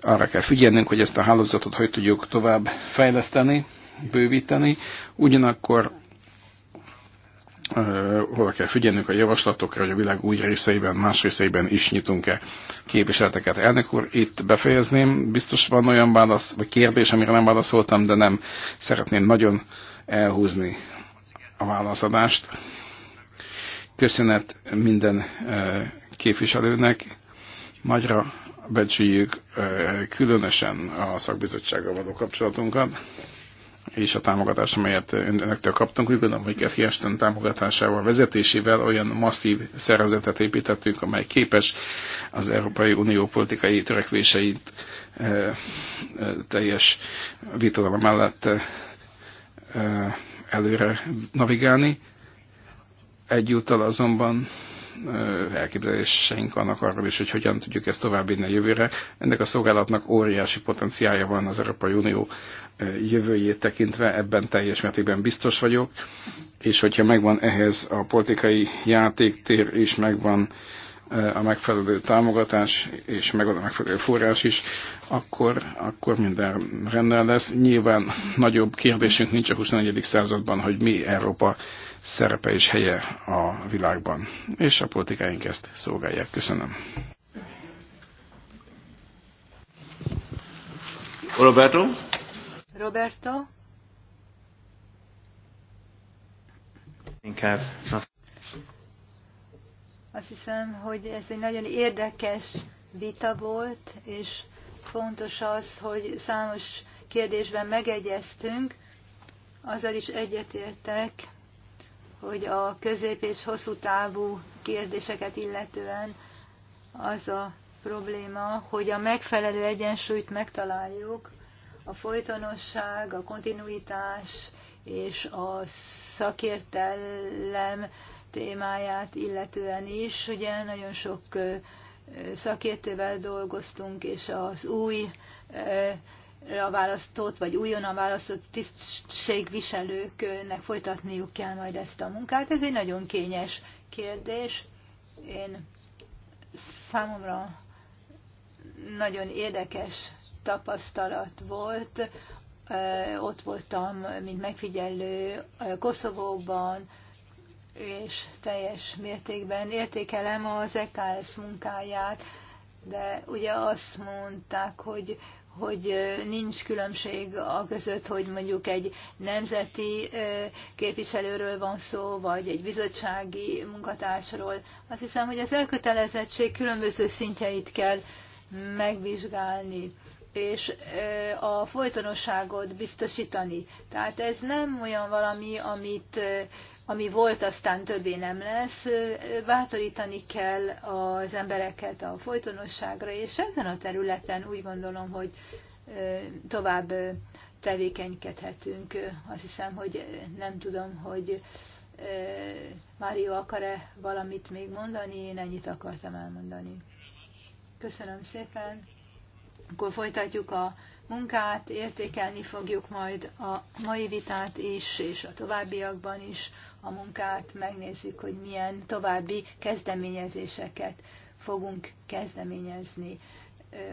arra kell figyelnünk, hogy ezt a hálózatot hogy tudjuk tovább fejleszteni, bővíteni, ugyanakkor hova kell figyelnünk a javaslatokra, hogy a világ új részeiben, más részeiben is nyitunk-e képviseleteket. Elnök úr, itt befejezném. Biztos van olyan válasz, vagy kérdés, amire nem válaszoltam, de nem szeretném nagyon elhúzni a válaszadást. Köszönet minden képviselőnek. Nagyra becsüljük különösen a szakbizottsággal való kapcsolatunkat, és a támogatás, amelyet önöktől kaptunk. Úgy gondolom, hogy Kathy Ashton támogatásával, vezetésével olyan masszív szervezetet építettünk, amely képes az Európai Unió politikai törekvéseit teljes vitalom mellett előre navigálni. Egyúttal azonban elképzeléseink vannak arról is, hogy hogyan tudjuk ezt tovább a jövőre. Ennek a szolgálatnak óriási potenciája van az Európai Unió jövőjét tekintve, ebben teljes mértékben biztos vagyok, és hogyha megvan ehhez a politikai játéktér, és megvan a megfelelő támogatás, és megvan a megfelelő forrás is, akkor, akkor minden rendben lesz. Nyilván nagyobb kérdésünk nincs a 24. században, hogy mi Európa szerepe és helye a világban, és a politikáink ezt szolgálják. Köszönöm. Roberto? Roberto? Inkább. Azt hiszem, hogy ez egy nagyon érdekes vita volt, és fontos az, hogy számos kérdésben megegyeztünk, azzal is egyetértek, hogy a közép és hosszú távú kérdéseket illetően az a probléma, hogy a megfelelő egyensúlyt megtaláljuk, a folytonosság, a kontinuitás és a szakértelem témáját illetően is. Ugye nagyon sok szakértővel dolgoztunk, és az új a választott, vagy újonnan választott tisztségviselőknek folytatniuk kell majd ezt a munkát. Ez egy nagyon kényes kérdés. Én számomra nagyon érdekes tapasztalat volt. Ott voltam, mint megfigyelő Koszovóban, és teljes mértékben értékelem az EKS munkáját, de ugye azt mondták, hogy hogy nincs különbség a között, hogy mondjuk egy nemzeti képviselőről van szó, vagy egy bizottsági munkatársról. Azt hiszem, hogy az elkötelezettség különböző szintjeit kell megvizsgálni és a folytonosságot biztosítani. Tehát ez nem olyan valami, amit ami volt, aztán többé nem lesz. Bátorítani kell az embereket a folytonosságra, és ezen a területen úgy gondolom, hogy tovább tevékenykedhetünk. Azt hiszem, hogy nem tudom, hogy Mário akar-e valamit még mondani, én ennyit akartam elmondani. Köszönöm szépen. Akkor folytatjuk a munkát, értékelni fogjuk majd a mai vitát is, és a továbbiakban is a munkát, megnézzük, hogy milyen további kezdeményezéseket fogunk kezdeményezni.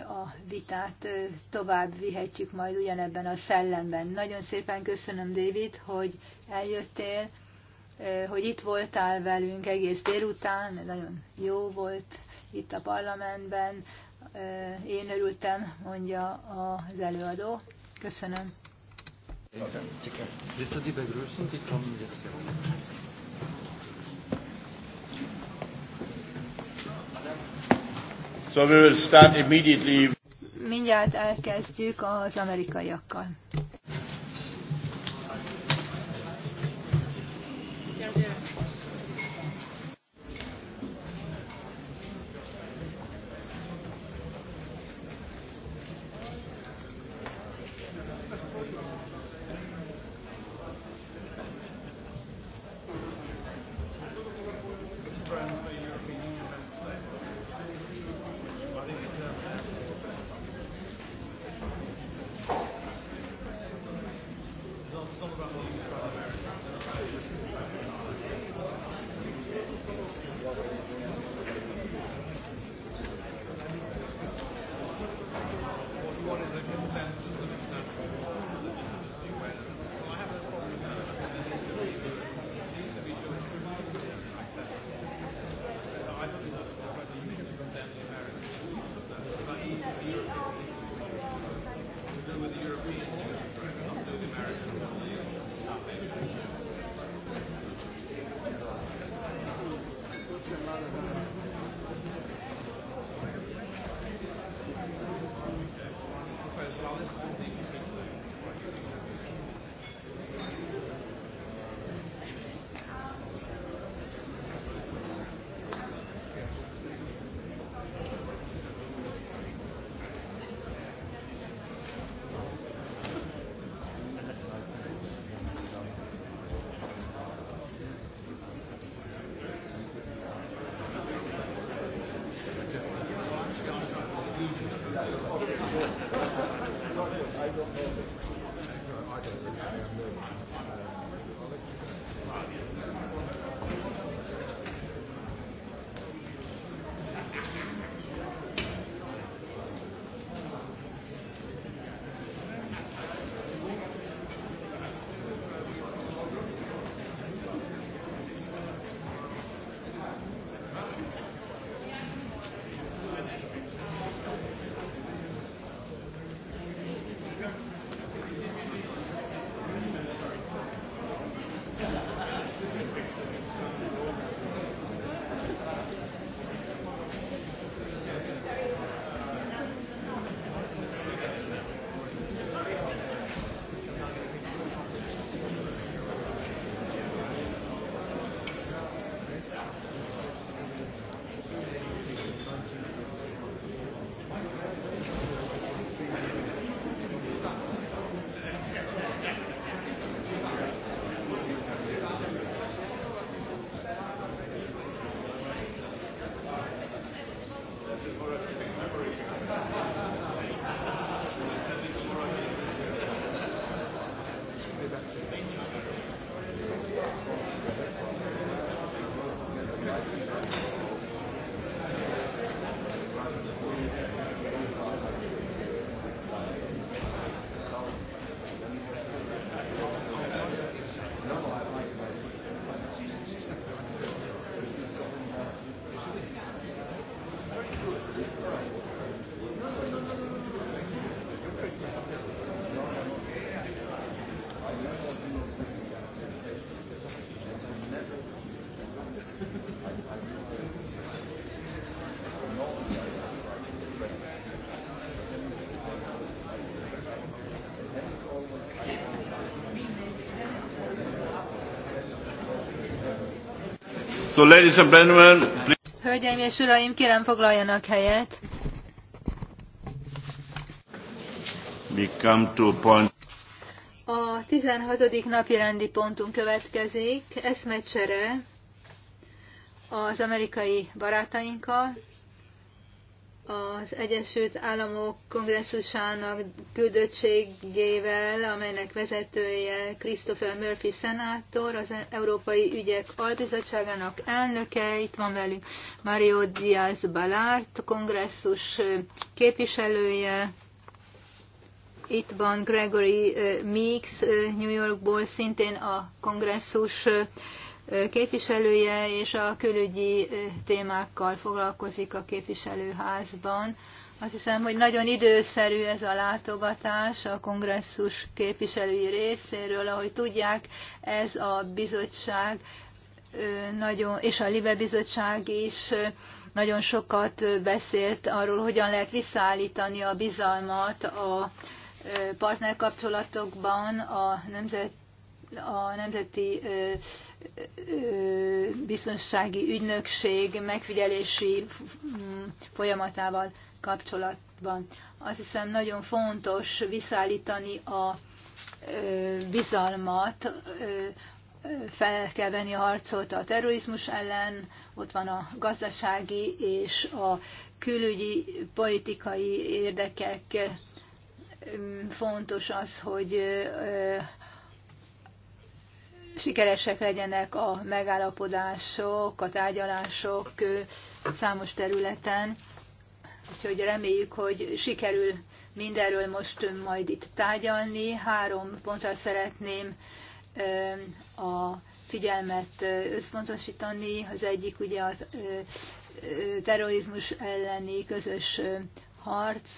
A vitát tovább vihetjük majd ugyanebben a szellemben. Nagyon szépen köszönöm, David, hogy eljöttél, hogy itt voltál velünk egész délután, nagyon jó volt itt a parlamentben. Én örültem, mondja az előadó. Köszönöm. Liste die begrüßen, die kommen jetzt hier hoch. So we will start immediately. Mindjárt elkezdjük az amerikaiakkal. So, ladies and gentlemen, please. Hölgyeim és uraim, kérem foglaljanak helyet. We come to point. A 16. napi rendi pontunk következik, eszmecsere az amerikai barátainkkal az Egyesült Államok kongresszusának küldöttségével, amelynek vezetője Christopher Murphy szenátor, az Európai Ügyek Albizottságának elnöke, itt van velünk Mario Diaz Balárt, kongresszus képviselője, itt van Gregory eh, Meeks eh, New Yorkból, szintén a kongresszus eh, képviselője, és a külügyi témákkal foglalkozik a képviselőházban. Azt hiszem, hogy nagyon időszerű ez a látogatás a kongresszus képviselői részéről, ahogy tudják, ez a bizottság nagyon, és a Libe bizottság is nagyon sokat beszélt arról, hogyan lehet visszaállítani a bizalmat a partnerkapcsolatokban a nemzet a Nemzeti Biztonsági Ügynökség megfigyelési folyamatával kapcsolatban. Azt hiszem nagyon fontos visszaállítani a bizalmat, fel kell venni a harcot a terrorizmus ellen, ott van a gazdasági és a külügyi politikai érdekek. Fontos az, hogy sikeresek legyenek a megállapodások, a tárgyalások számos területen. Úgyhogy reméljük, hogy sikerül mindenről most majd itt tárgyalni. Három pontra szeretném a figyelmet összpontosítani. Az egyik ugye a terrorizmus elleni közös harc,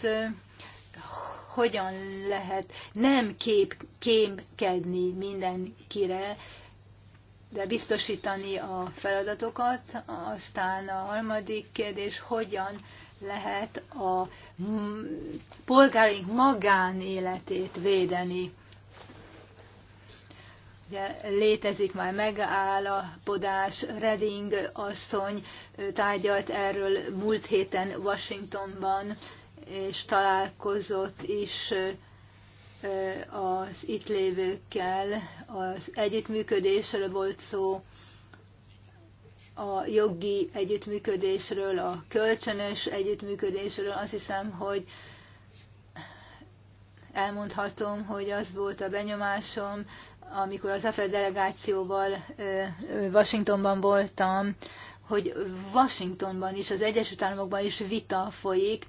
hogyan lehet nem kép, kémkedni mindenkire, de biztosítani a feladatokat. Aztán a harmadik kérdés, hogyan lehet a polgárink magánéletét védeni. Ugye létezik már megállapodás, Reding asszony tárgyalt erről múlt héten Washingtonban és találkozott is az itt lévőkkel. Az együttműködésről volt szó, a jogi együttműködésről, a kölcsönös együttműködésről. Azt hiszem, hogy elmondhatom, hogy az volt a benyomásom, amikor az efe delegációval Washingtonban voltam, hogy Washingtonban is, az Egyesült Államokban is vita folyik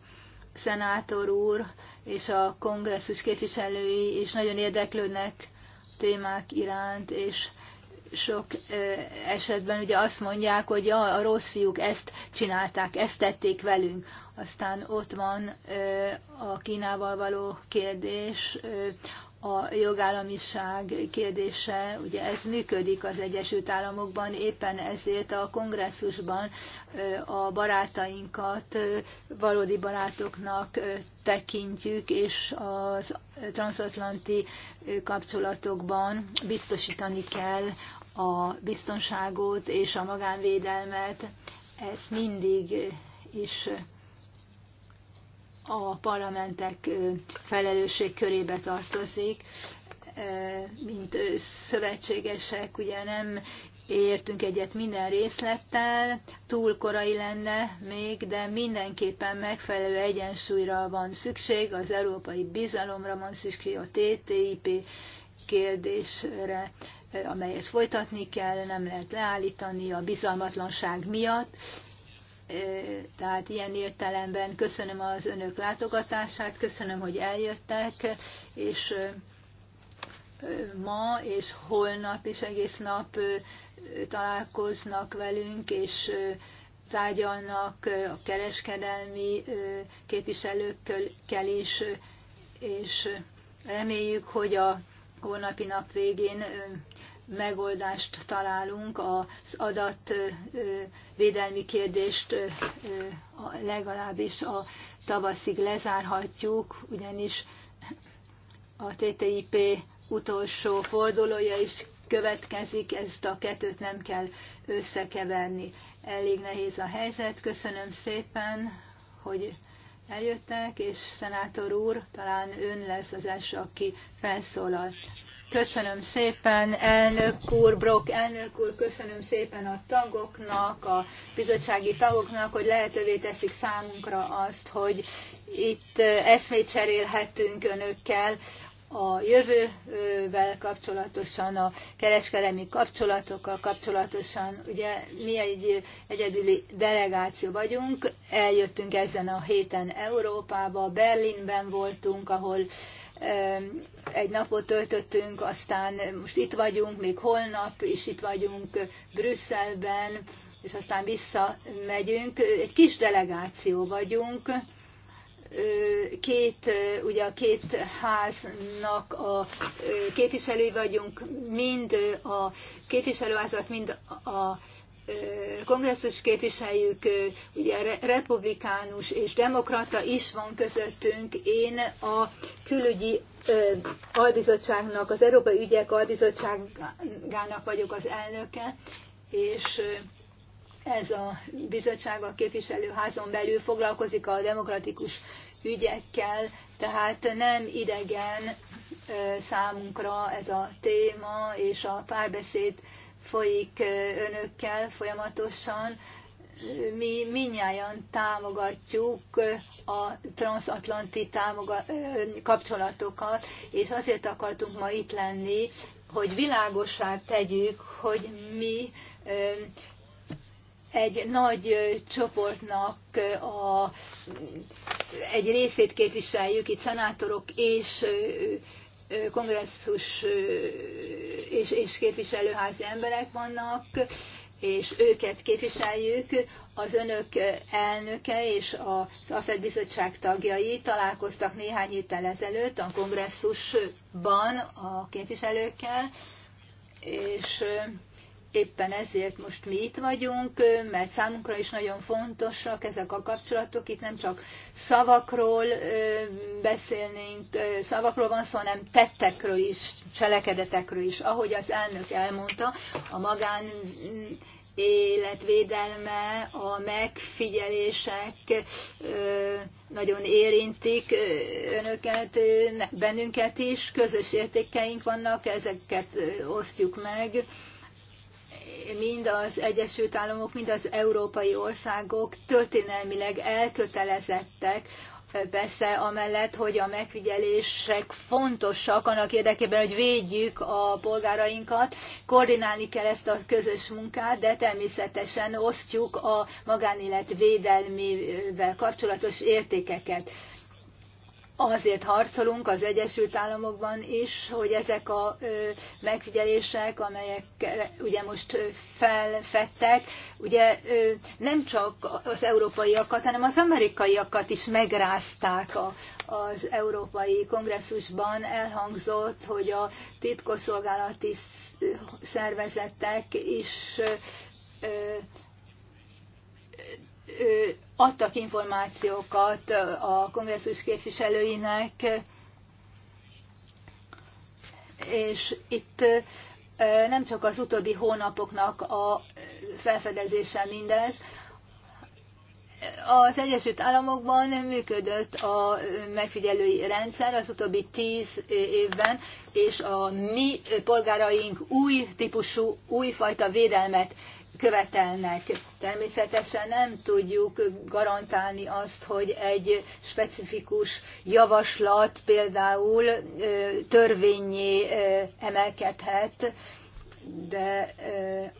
szenátor úr és a kongresszus képviselői is nagyon érdeklődnek témák iránt, és sok esetben ugye azt mondják, hogy ja, a rossz fiúk ezt csinálták, ezt tették velünk. Aztán ott van a Kínával való kérdés, a jogállamiság kérdése, ugye ez működik az Egyesült Államokban, éppen ezért a kongresszusban a barátainkat valódi barátoknak tekintjük, és a transatlanti kapcsolatokban biztosítani kell a biztonságot és a magánvédelmet. Ez mindig is a parlamentek felelősség körébe tartozik, mint szövetségesek, ugye nem értünk egyet minden részlettel, túl korai lenne még, de mindenképpen megfelelő egyensúlyra van szükség, az európai bizalomra van szükség, a TTIP kérdésre, amelyet folytatni kell, nem lehet leállítani a bizalmatlanság miatt, tehát ilyen értelemben köszönöm az önök látogatását, köszönöm, hogy eljöttek, és ma és holnap is egész nap találkoznak velünk, és tárgyalnak a kereskedelmi képviselőkkel is, és reméljük, hogy a holnapi nap végén megoldást találunk az adatvédelmi kérdést legalábbis a tavaszig lezárhatjuk, ugyanis a TTIP utolsó fordulója is következik, ezt a kettőt nem kell összekeverni. Elég nehéz a helyzet. Köszönöm szépen, hogy eljöttek, és szenátor úr, talán ön lesz az első, aki felszólalt. Köszönöm szépen, elnök úr, Brock elnök úr, köszönöm szépen a tagoknak, a bizottsági tagoknak, hogy lehetővé teszik számunkra azt, hogy itt eszmét cserélhetünk önökkel a jövővel kapcsolatosan, a kereskedelmi kapcsolatokkal kapcsolatosan. Ugye mi egy egyedüli delegáció vagyunk, eljöttünk ezen a héten Európába, Berlinben voltunk, ahol egy napot töltöttünk, aztán most itt vagyunk, még holnap is itt vagyunk eh, Brüsszelben, és aztán visszamegyünk. Egy kis delegáció vagyunk, két, eh, ugye a két háznak a eh, képviselői vagyunk, mind a képviselőházat, mind a kongresszus képviseljük, ugye republikánus és demokrata is van közöttünk. Én a külügyi albizottságnak, az Európai Ügyek Albizottságának vagyok az elnöke, és ez a bizottság a képviselőházon belül foglalkozik a demokratikus ügyekkel, tehát nem idegen számunkra ez a téma, és a párbeszéd folyik önökkel folyamatosan. Mi minnyáján támogatjuk a transatlanti kapcsolatokat, és azért akartunk ma itt lenni, hogy világosá tegyük, hogy mi egy nagy csoportnak a, egy részét képviseljük, itt szenátorok és kongresszus és, és képviselőházi emberek vannak, és őket képviseljük, az önök elnöke és az AFED bizottság tagjai találkoztak néhány héttel ezelőtt a kongresszusban a képviselőkkel, és éppen ezért most mi itt vagyunk, mert számunkra is nagyon fontosak ezek a kapcsolatok. Itt nem csak szavakról beszélnénk, szavakról van szó, hanem tettekről is, cselekedetekről is. Ahogy az elnök elmondta, a magán mm, életvédelme, a megfigyelések nagyon érintik önöket, bennünket is, közös értékeink vannak, ezeket osztjuk meg mind az Egyesült Államok, mind az európai országok történelmileg elkötelezettek persze amellett, hogy a megfigyelések fontosak annak érdekében, hogy védjük a polgárainkat, koordinálni kell ezt a közös munkát, de természetesen osztjuk a magánélet védelmével kapcsolatos értékeket azért harcolunk az Egyesült Államokban is, hogy ezek a megfigyelések, amelyek ugye most felfedtek, ugye nem csak az európaiakat, hanem az amerikaiakat is megrázták a, az Európai Kongresszusban elhangzott, hogy a titkosszolgálati szervezetek is adtak információkat a kongresszus képviselőinek, és itt nem csak az utóbbi hónapoknak a felfedezése mindez, az Egyesült Államokban működött a megfigyelői rendszer az utóbbi tíz évben, és a mi polgáraink új típusú, újfajta védelmet követelnek. Természetesen nem tudjuk garantálni azt, hogy egy specifikus javaslat például törvényé emelkedhet, de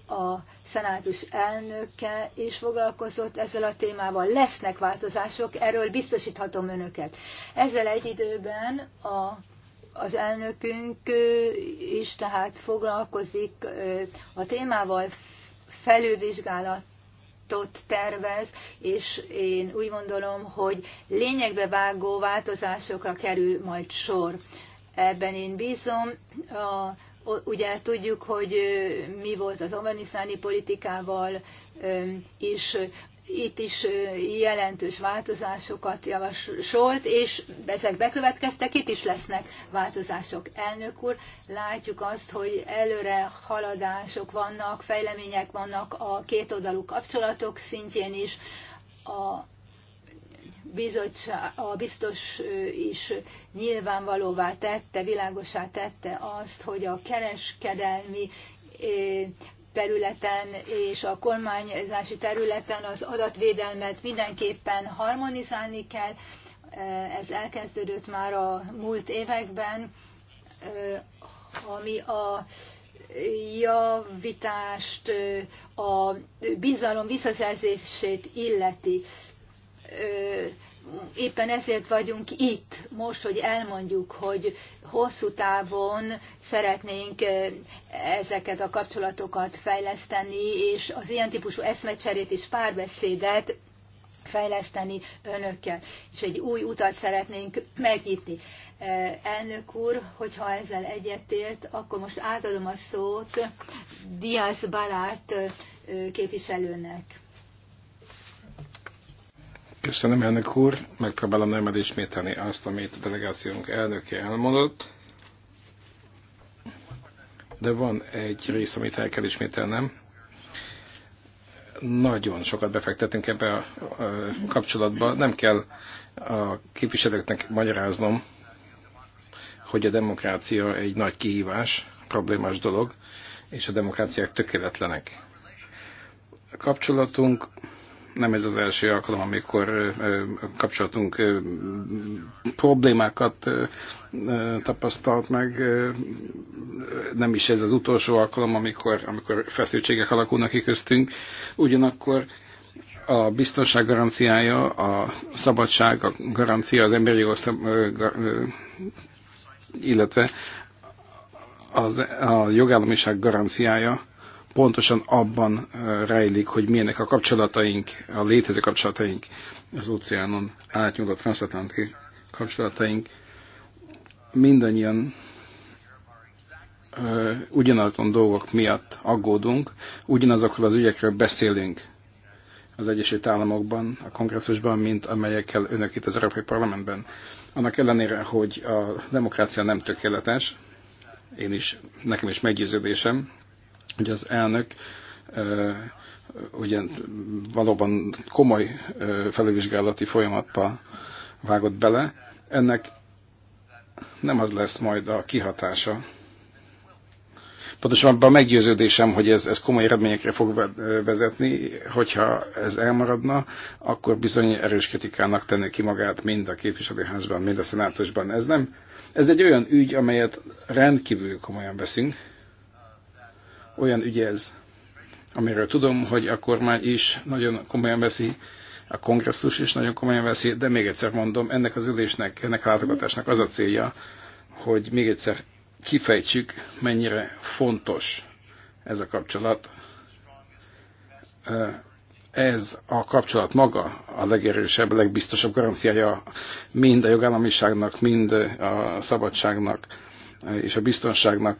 a szenátus elnöke is foglalkozott ezzel a témával. Lesznek változások, erről biztosíthatom önöket. Ezzel egy időben a az elnökünk is tehát foglalkozik a témával, felülvizsgálatot tervez, és én úgy gondolom, hogy lényegbe vágó változásokra kerül majd sor. Ebben én bízom. A, ugye tudjuk, hogy mi volt az omaniszáni politikával is itt is jelentős változásokat javasolt, és ezek bekövetkeztek, itt is lesznek változások. Elnök úr, látjuk azt, hogy előre haladások vannak, fejlemények vannak a kétoldalú kapcsolatok szintjén is, a bizottság, a biztos is nyilvánvalóvá tette, világosá tette azt, hogy a kereskedelmi területen és a kormányzási területen az adatvédelmet mindenképpen harmonizálni kell. Ez elkezdődött már a múlt években, ami a javítást, a bizalom visszaszerzését illeti éppen ezért vagyunk itt, most, hogy elmondjuk, hogy hosszú távon szeretnénk eh, ezeket a kapcsolatokat fejleszteni, és az ilyen típusú eszmecserét és párbeszédet fejleszteni önökkel, és egy új utat szeretnénk megnyitni. Eh, elnök úr, hogyha ezzel egyetért, akkor most átadom a szót Diaz Balárt eh, képviselőnek. Köszönöm, elnök úr. Megpróbálom nem elismételni azt, amit a delegációnk elnöke elmondott. De van egy rész, amit el kell ismételnem. Nagyon sokat befektetünk ebbe a kapcsolatba. Nem kell a képviselőknek magyaráznom, hogy a demokrácia egy nagy kihívás, problémás dolog, és a demokráciák tökéletlenek. A kapcsolatunk nem ez az első alkalom, amikor kapcsolatunk problémákat tapasztalt meg. Nem is ez az utolsó alkalom, amikor, amikor feszültségek alakulnak ki köztünk. Ugyanakkor a biztonság garanciája, a szabadság a garancia, az emberi jogos illetve az, a jogállamiság garanciája pontosan abban eh, rejlik, hogy milyenek a kapcsolataink, a létező kapcsolataink, az óceánon átnyúló transatlanti kapcsolataink. Mindannyian eh, ugyanazon dolgok miatt aggódunk, ugyanazokról az ügyekről beszélünk az Egyesült Államokban, a kongresszusban, mint amelyekkel önök itt az Európai Parlamentben. Annak ellenére, hogy a demokrácia nem tökéletes, én is, nekem is meggyőződésem, hogy az elnök ugye valóban komoly felülvizsgálati folyamatba vágott bele, ennek nem az lesz majd a kihatása. a meggyőződésem, hogy ez, ez komoly eredményekre fog vezetni, hogyha ez elmaradna, akkor bizony erős kritikának tenni ki magát mind a képviselőházban, mind a szenátusban. Ez nem, ez egy olyan ügy, amelyet rendkívül komolyan veszünk, olyan ügy ez, amiről tudom, hogy a kormány is nagyon komolyan veszi, a kongresszus is nagyon komolyan veszi, de még egyszer mondom, ennek az ülésnek, ennek a látogatásnak az a célja, hogy még egyszer kifejtsük, mennyire fontos ez a kapcsolat. Ez a kapcsolat maga a legerősebb, legbiztosabb garanciája mind a jogállamiságnak, mind a szabadságnak és a biztonságnak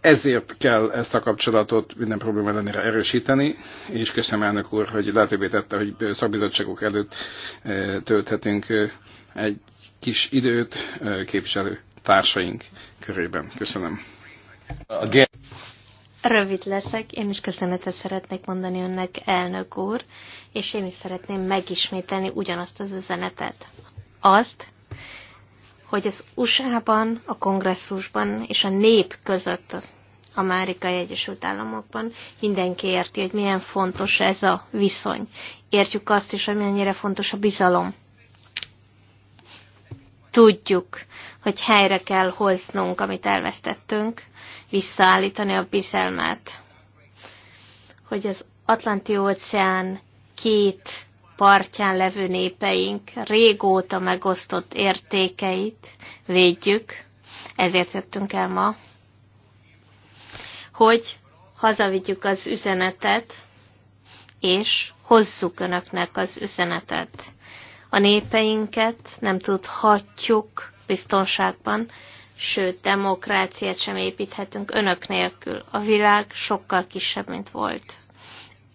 ezért kell ezt a kapcsolatot minden probléma ellenére erősíteni, és köszönöm elnök úr, hogy lehetővé tette, hogy szakbizottságok előtt eh, tölthetünk eh, egy kis időt eh, képviselő társaink körében. Köszönöm. Rövid leszek, én is köszönetet szeretnék mondani önnek, elnök úr, és én is szeretném megismételni ugyanazt az üzenetet. Azt, hogy az USA-ban, a kongresszusban és a nép között az Amerikai Egyesült Államokban mindenki érti, hogy milyen fontos ez a viszony. Értjük azt is, hogy mennyire fontos a bizalom. Tudjuk, hogy helyre kell hoznunk, amit elvesztettünk, visszaállítani a bizalmát, hogy az Atlanti óceán két partján levő népeink régóta megosztott értékeit védjük, ezért jöttünk el ma, hogy hazavigyük az üzenetet, és hozzuk önöknek az üzenetet. A népeinket nem tudhatjuk biztonságban, sőt, demokráciát sem építhetünk önök nélkül. A világ sokkal kisebb, mint volt.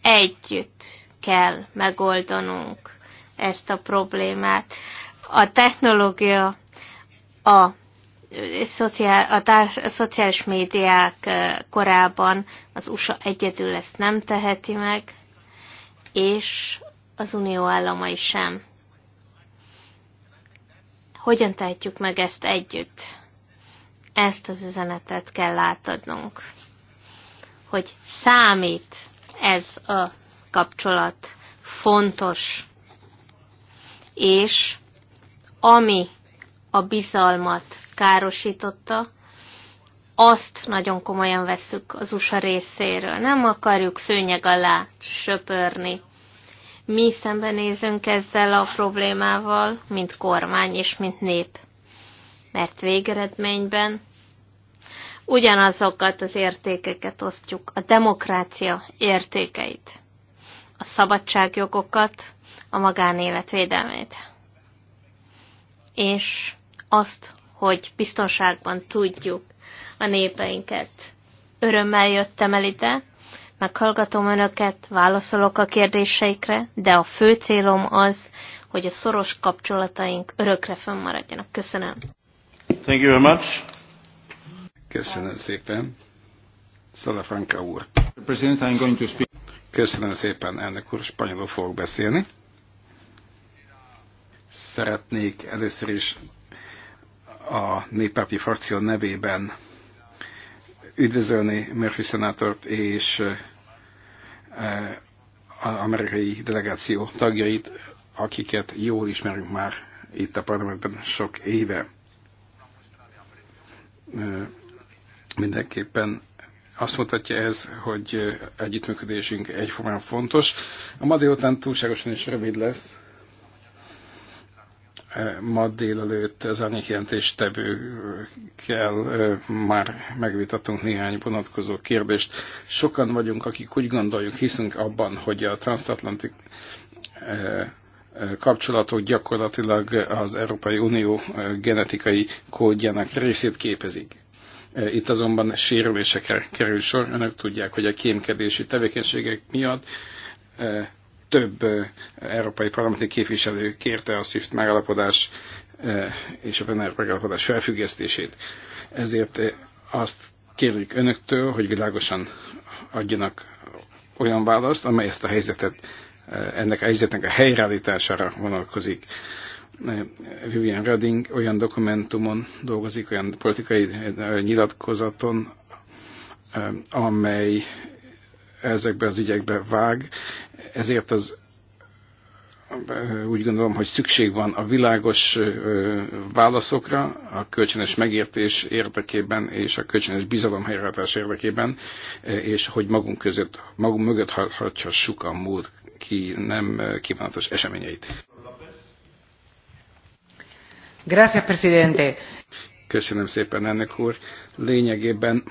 Együtt kell megoldanunk ezt a problémát. A technológia, a, szociál, a, társ, a szociális médiák korában az USA egyedül ezt nem teheti meg, és az unió államai sem. Hogyan tehetjük meg ezt együtt? Ezt az üzenetet kell átadnunk, hogy számít ez a kapcsolat fontos, és ami a bizalmat károsította, azt nagyon komolyan vesszük az USA részéről. Nem akarjuk szőnyeg alá söpörni. Mi szembenézünk ezzel a problémával, mint kormány és mint nép. Mert végeredményben ugyanazokat az értékeket osztjuk, a demokrácia értékeit a szabadságjogokat, a magánélet védelmét. És azt, hogy biztonságban tudjuk a népeinket. Örömmel jöttem el ide, meghallgatom önöket, válaszolok a kérdéseikre, de a fő célom az, hogy a szoros kapcsolataink örökre fönnmaradjanak. Köszönöm. Thank you very much. Köszönöm szépen. Szalafranka úr. President, I'm going to speak Köszönöm szépen, elnök úr, spanyolul fogok beszélni. Szeretnék először is a néppárti frakció nevében üdvözölni Murphy szenátort és eh, az amerikai delegáció tagjait, akiket jól ismerünk már itt a parlamentben sok éve. Eh, mindenképpen azt mutatja ez, hogy együttműködésünk egyformán fontos. A ma délután túlságosan is rövid lesz. Ma délelőtt az kell már megvitatunk néhány vonatkozó kérdést. Sokan vagyunk, akik úgy gondoljuk, hiszünk abban, hogy a transatlantik kapcsolatok gyakorlatilag az Európai Unió genetikai kódjának részét képezik E, itt azonban sérülésekre kerül sor. Önök tudják, hogy a kémkedési tevékenységek miatt e, több e, európai parlamenti képviselő kérte a SWIFT megalapodás és a PNR megalapodás felfüggesztését. Ezért azt kérjük önöktől, hogy világosan adjanak olyan választ, amely ezt a helyzetet, ennek a helyzetnek a helyreállítására vonatkozik. Eh, Vivian Redding olyan dokumentumon dolgozik, olyan politikai eh, nyilatkozaton, eh, amely ezekbe az ügyekbe vág, ezért az úgy gondolom, hogy szükség van a világos válaszokra, a kölcsönös megértés érdekében és a kölcsönös bizalom helyreállítás érdekében, és hogy magunk között, magunk mögött hagyhassuk a múlt ki nem kívánatos eseményeit. Gracias, presidente. Köszönöm szépen, ennek úr. Lényegében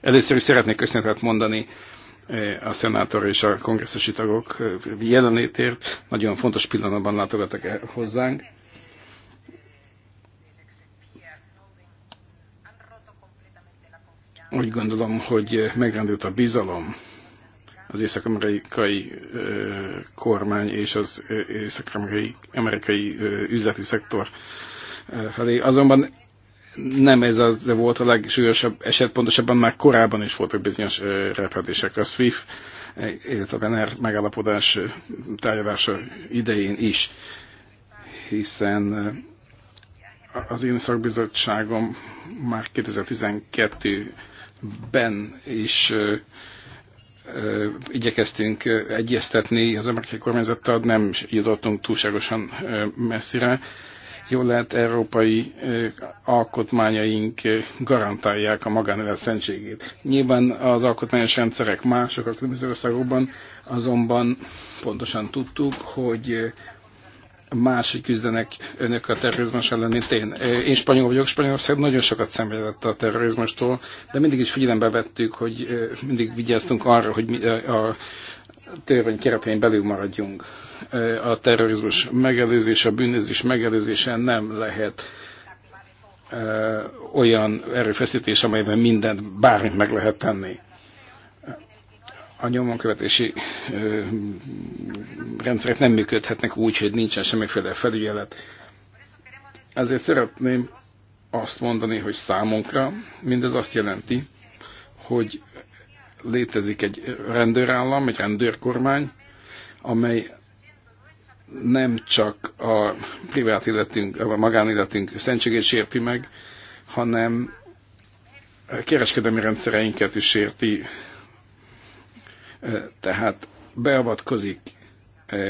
először is szeretnék köszönetet mondani eh, a szenátor és a kongresszusi tagok eh, jelenlétért. Nagyon fontos pillanatban látogatok el hozzánk. Úgy gondolom, hogy megrendült a bizalom az észak-amerikai kormány és az észak-amerikai amerikai üzleti szektor felé. Azonban nem ez az volt a legsúlyosabb eset, pontosabban már korábban is voltak bizonyos repedések. A SWIFT, illetve a NR megállapodás tárgyalása idején is, hiszen az én szakbizottságom már 2012-ben is igyekeztünk egyeztetni az amerikai kormányzattal, nem jutottunk túlságosan messzire. Jól lehet, európai alkotmányaink garantálják a magánélet szentségét. Nyilván az alkotmányos rendszerek mások a különböző országokban, azonban pontosan tudtuk, hogy másik küzdenek önök a terrorizmus ellen, mint én. Én spanyol vagyok, Spanyolország nagyon sokat szenvedett a terrorizmustól, de mindig is figyelembe vettük, hogy mindig vigyáztunk arra, hogy mi a törvény keretein belül maradjunk. A terrorizmus megelőzése, a bűnözés megelőzése nem lehet olyan erőfeszítés, amelyben mindent, bármit meg lehet tenni a nyomonkövetési rendszerek nem működhetnek úgy, hogy nincsen semmiféle felügyelet. Ezért szeretném azt mondani, hogy számunkra mindez azt jelenti, hogy létezik egy rendőrállam, egy rendőrkormány, amely nem csak a privát életünk, a magánéletünk szentségét sérti meg, hanem kereskedelmi rendszereinket is sérti, tehát beavatkozik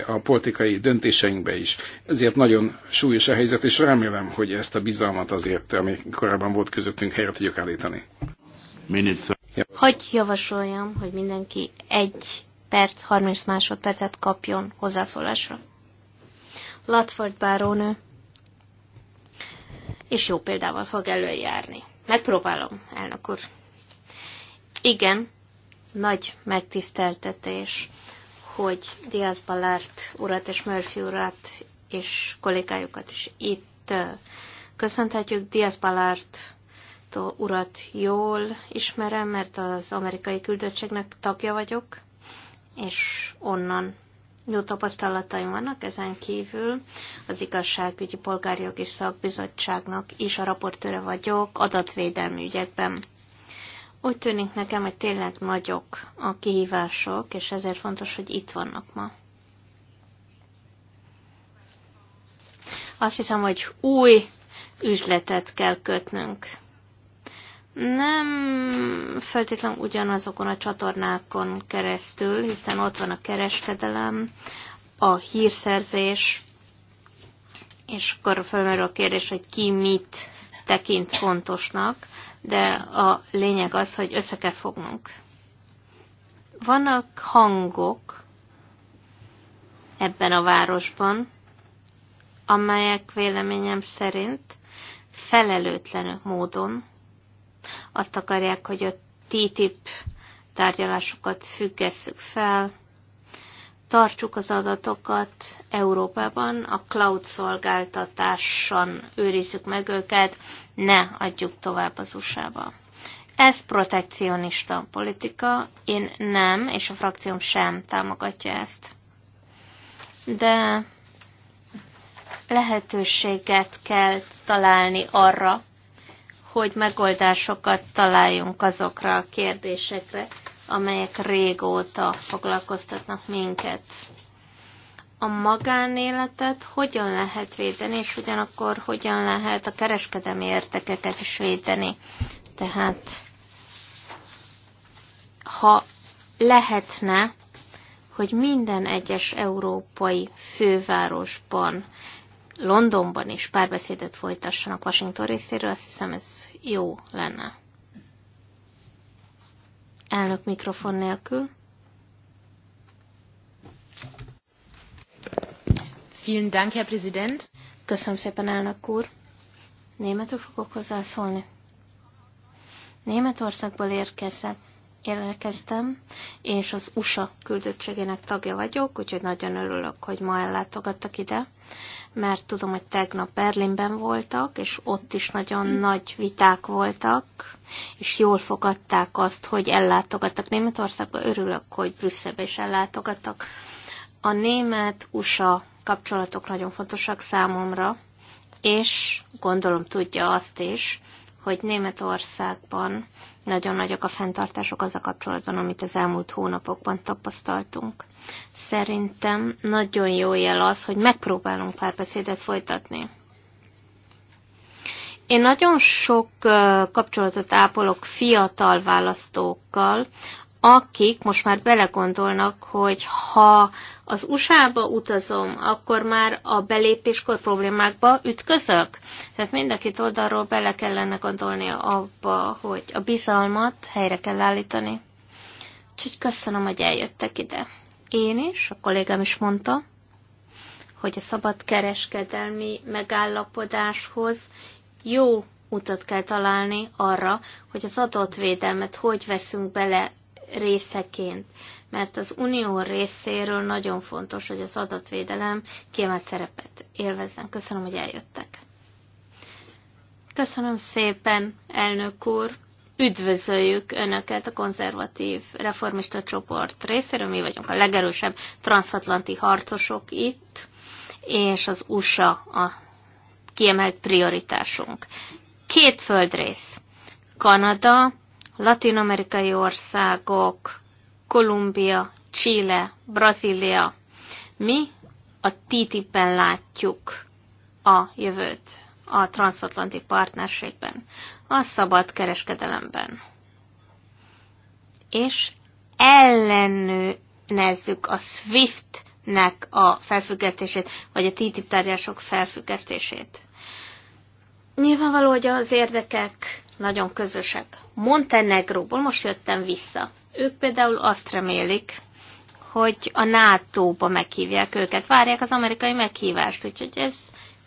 a politikai döntéseinkbe is. Ezért nagyon súlyos a helyzet, és remélem, hogy ezt a bizalmat azért, ami korábban volt közöttünk, helyre tudjuk állítani. Hogy javasoljam, hogy mindenki egy perc, 30 másodpercet kapjon hozzászólásra. Latford bárónő, és jó példával fog előjárni. Megpróbálom, elnök úr. Igen, nagy megtiszteltetés, hogy Diaz Balárt urat és Murphy urat és kollégájukat is itt uh, köszönhetjük. Diaz Balárt urat jól ismerem, mert az amerikai küldöttségnek tagja vagyok, és onnan jó tapasztalataim vannak, ezen kívül az igazságügyi polgárjogi szakbizottságnak is a raportőre vagyok adatvédelmi ügyekben. Úgy tűnik nekem, hogy tényleg nagyok a kihívások, és ezért fontos, hogy itt vannak ma. Azt hiszem, hogy új üzletet kell kötnünk. Nem feltétlenül ugyanazokon a csatornákon keresztül, hiszen ott van a kereskedelem, a hírszerzés, és akkor felmerül a kérdés, hogy ki mit tekint fontosnak, de a lényeg az, hogy össze kell fognunk. Vannak hangok ebben a városban, amelyek véleményem szerint felelőtlen módon azt akarják, hogy a TTIP tárgyalásokat függesszük fel, tartsuk az adatokat Európában, a cloud szolgáltatáson őrizzük meg őket, ne adjuk tovább az USA-ba. Ez protekcionista politika, én nem, és a frakcióm sem támogatja ezt. De lehetőséget kell találni arra, hogy megoldásokat találjunk azokra a kérdésekre, amelyek régóta foglalkoztatnak minket. A magánéletet hogyan lehet védeni, és ugyanakkor hogyan lehet a kereskedelmi értekeket is védeni. Tehát, ha lehetne, hogy minden egyes európai fővárosban, Londonban is párbeszédet folytassanak Washington részéről, azt hiszem ez jó lenne. Elnök mikrofon nélkül. Vielen Dank, Herr Präsident. Köszönöm szépen, elnök úr. Németül fogok hozzászólni. Németországból érkezett jelentkeztem, és az USA küldöttségének tagja vagyok, úgyhogy nagyon örülök, hogy ma ellátogattak ide, mert tudom, hogy tegnap Berlinben voltak, és ott is nagyon hm. nagy viták voltak, és jól fogadták azt, hogy ellátogattak Németországba. Örülök, hogy Brüsszelbe is ellátogattak. A német-USA kapcsolatok nagyon fontosak számomra, és gondolom tudja azt is, hogy Németországban nagyon nagyok a fenntartások az a kapcsolatban, amit az elmúlt hónapokban tapasztaltunk. Szerintem nagyon jó jel az, hogy megpróbálunk párbeszédet folytatni. Én nagyon sok kapcsolatot ápolok fiatal választókkal, akik most már belegondolnak, hogy ha az USA-ba utazom, akkor már a belépéskor problémákba ütközök. Tehát mindenkit oldalról bele kellene gondolni abba, hogy a bizalmat helyre kell állítani. Úgyhogy köszönöm, hogy eljöttek ide. Én is, a kollégám is mondta, hogy a szabad kereskedelmi megállapodáshoz jó utat kell találni arra, hogy az adott védelmet hogy veszünk bele részeként, mert az unió részéről nagyon fontos, hogy az adatvédelem kiemelt szerepet élvezzen. Köszönöm, hogy eljöttek. Köszönöm szépen, elnök úr. Üdvözöljük Önöket a konzervatív reformista csoport részéről. Mi vagyunk a legerősebb transatlanti harcosok itt, és az USA a kiemelt prioritásunk. Két földrész. Kanada latinamerikai országok, Kolumbia, Chile, Brazília. Mi a TTIP-ben látjuk a jövőt, a transatlanti partnerségben, a szabad kereskedelemben. És ellenőnezzük a SWIFT-nek a felfüggesztését, vagy a TTIP tárgyások felfüggesztését. Nyilvánvaló, hogy az érdekek nagyon közösek. Montenegróból most jöttem vissza. Ők például azt remélik, hogy a NATO-ba meghívják őket. Várják az amerikai meghívást, úgyhogy ez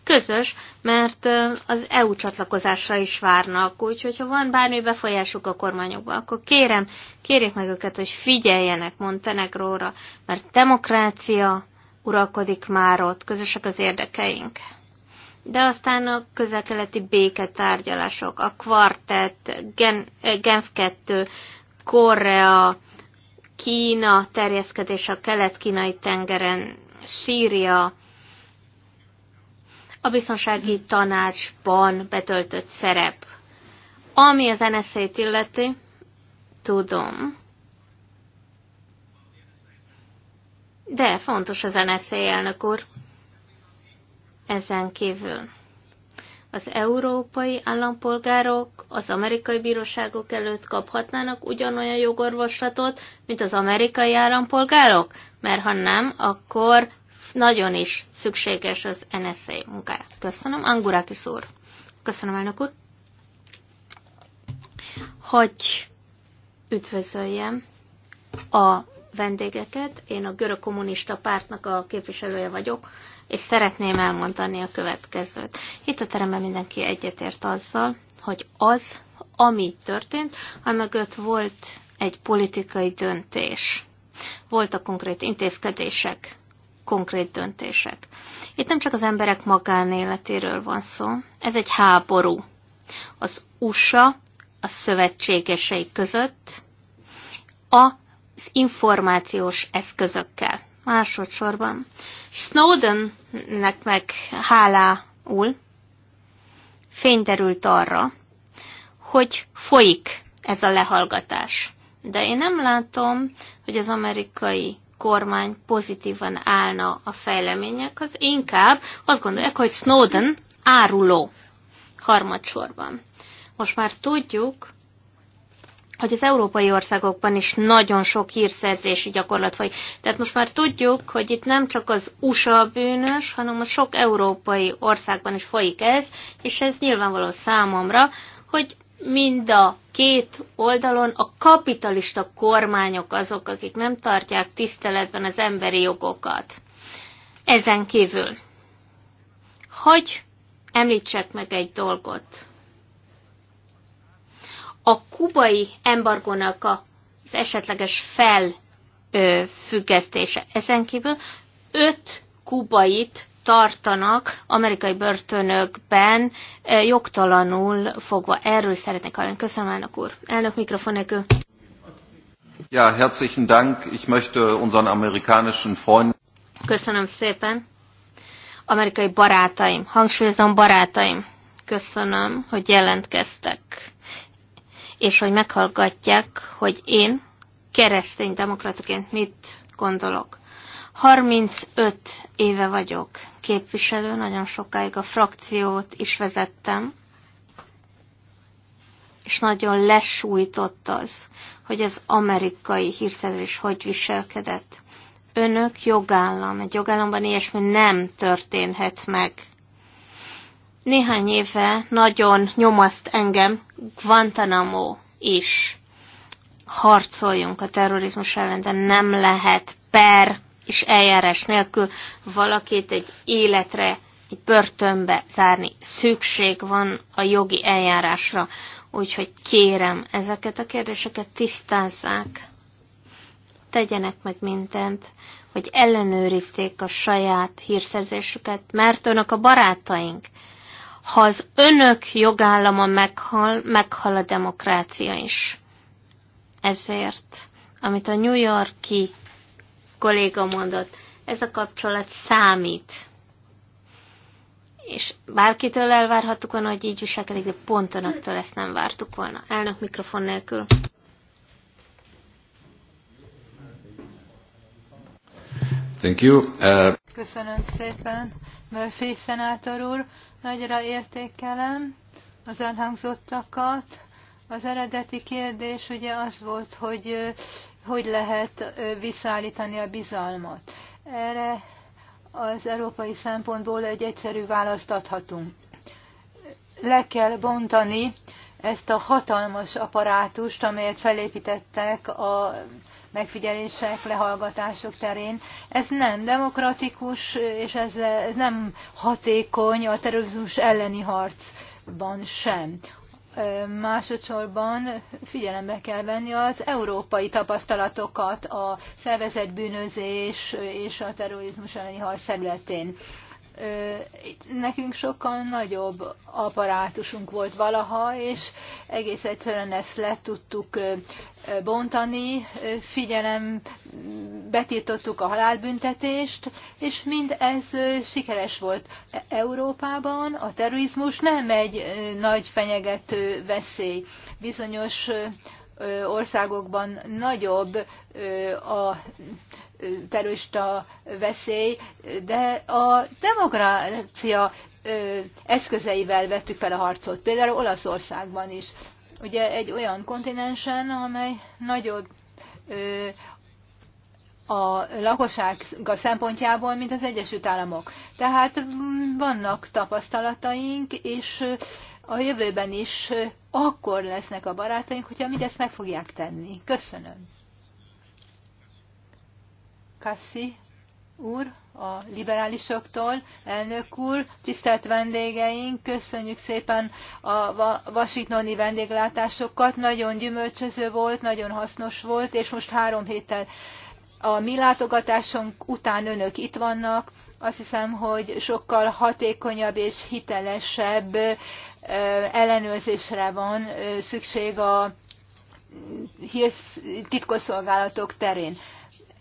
közös, mert az EU csatlakozásra is várnak, úgyhogy ha van bármi befolyásuk a kormányokba, akkor kérem, kérjék meg őket, hogy figyeljenek Montenegróra, mert demokrácia uralkodik már ott, közösek az érdekeink de aztán a közel-keleti béketárgyalások, a kvartett, Gen, eh, Genf 2, Korea, Kína terjeszkedés a kelet-kínai tengeren, Szíria, a biztonsági tanácsban betöltött szerep. Ami az NSZ-t illeti, tudom. De fontos az NSZ elnök úr. Ezen kívül az európai állampolgárok az amerikai bíróságok előtt kaphatnának ugyanolyan jogorvoslatot, mint az amerikai állampolgárok? Mert ha nem, akkor nagyon is szükséges az NSA munkája. Köszönöm, Angurakis úr. Köszönöm, elnök úr. Hogy üdvözöljem a vendégeket. Én a görög kommunista pártnak a képviselője vagyok és szeretném elmondani a következőt. Itt a teremben mindenki egyetért azzal, hogy az, ami történt, amögött volt egy politikai döntés. Voltak konkrét intézkedések, konkrét döntések. Itt nem csak az emberek magánéletéről van szó, ez egy háború. Az USA a szövetségesei között az információs eszközökkel. Másodszorban. Snowdennek meg hálául derült arra, hogy folyik ez a lehallgatás. De én nem látom, hogy az amerikai kormány pozitívan állna a fejleményekhez, inkább azt gondolják, hogy Snowden áruló harmadsorban. Most már tudjuk, hogy az európai országokban is nagyon sok hírszerzési gyakorlat vagy. Tehát most már tudjuk, hogy itt nem csak az USA bűnös, hanem a sok európai országban is folyik ez, és ez nyilvánvaló számomra, hogy mind a két oldalon a kapitalista kormányok azok, akik nem tartják tiszteletben az emberi jogokat. Ezen kívül, hogy említsek meg egy dolgot a kubai embargónak az esetleges felfüggesztése. Ezen kívül öt kubait tartanak amerikai börtönökben jogtalanul fogva. Erről szeretnék hallani. Köszönöm, elnök úr. Elnök mikrofon nélkül. Ja, herzlichen Dank. Ich möchte unseren amerikanischen Freunden. Köszönöm szépen. Amerikai barátaim, hangsúlyozom barátaim, köszönöm, hogy jelentkeztek és hogy meghallgatják, hogy én keresztény demokrataként mit gondolok. 35 éve vagyok képviselő, nagyon sokáig a frakciót is vezettem, és nagyon lesújtott az, hogy az amerikai hírszerzés hogy viselkedett. Önök jogállam, egy jogállamban ilyesmi nem történhet meg. Néhány éve nagyon nyomaszt engem Guantanamo is. Harcoljunk a terrorizmus ellen, de nem lehet per és eljárás nélkül valakit egy életre, egy börtönbe zárni. Szükség van a jogi eljárásra. Úgyhogy kérem, ezeket a kérdéseket tisztázzák. Tegyenek meg mindent, hogy ellenőrizték a saját hírszerzésüket, mert önök a barátaink ha az önök jogállama meghal, meghal a demokrácia is. Ezért, amit a New Yorki kolléga mondott, ez a kapcsolat számít. És bárkitől elvárhattuk volna, hogy így viselkedik, de pont önöktől ezt nem vártuk volna. Elnök mikrofon nélkül. Thank you. Uh... Köszönöm szépen, Murphy szenátor úr. Nagyra értékelem az elhangzottakat. Az eredeti kérdés ugye az volt, hogy hogy lehet visszaállítani a bizalmat. Erre az európai szempontból egy egyszerű választ adhatunk. Le kell bontani ezt a hatalmas apparátust, amelyet felépítettek a megfigyelések, lehallgatások terén. Ez nem demokratikus, és ez nem hatékony a terrorizmus elleni harcban sem. Másodszorban figyelembe kell venni az európai tapasztalatokat a szervezett bűnözés és a terrorizmus elleni harc területén nekünk sokkal nagyobb apparátusunk volt valaha, és egész egyszerűen ezt le tudtuk bontani, figyelem, betiltottuk a halálbüntetést, és mind ez sikeres volt. Európában a terrorizmus nem egy nagy fenyegető veszély. Bizonyos országokban nagyobb a terrorista veszély, de a demokrácia eszközeivel vettük fel a harcot, például Olaszországban is. Ugye egy olyan kontinensen, amely nagyobb a lakosság szempontjából, mint az Egyesült Államok. Tehát mm, vannak tapasztalataink, és a jövőben is akkor lesznek a barátaink, hogyha mindezt meg fogják tenni. Köszönöm. Kassi úr, a liberálisoktól, elnök úr, tisztelt vendégeink, köszönjük szépen a washingtoni vendéglátásokat, nagyon gyümölcsöző volt, nagyon hasznos volt, és most három héttel a mi látogatásunk után önök itt vannak, azt hiszem, hogy sokkal hatékonyabb és hitelesebb ellenőrzésre van szükség a mm, hírtitkosszolgálatok terén.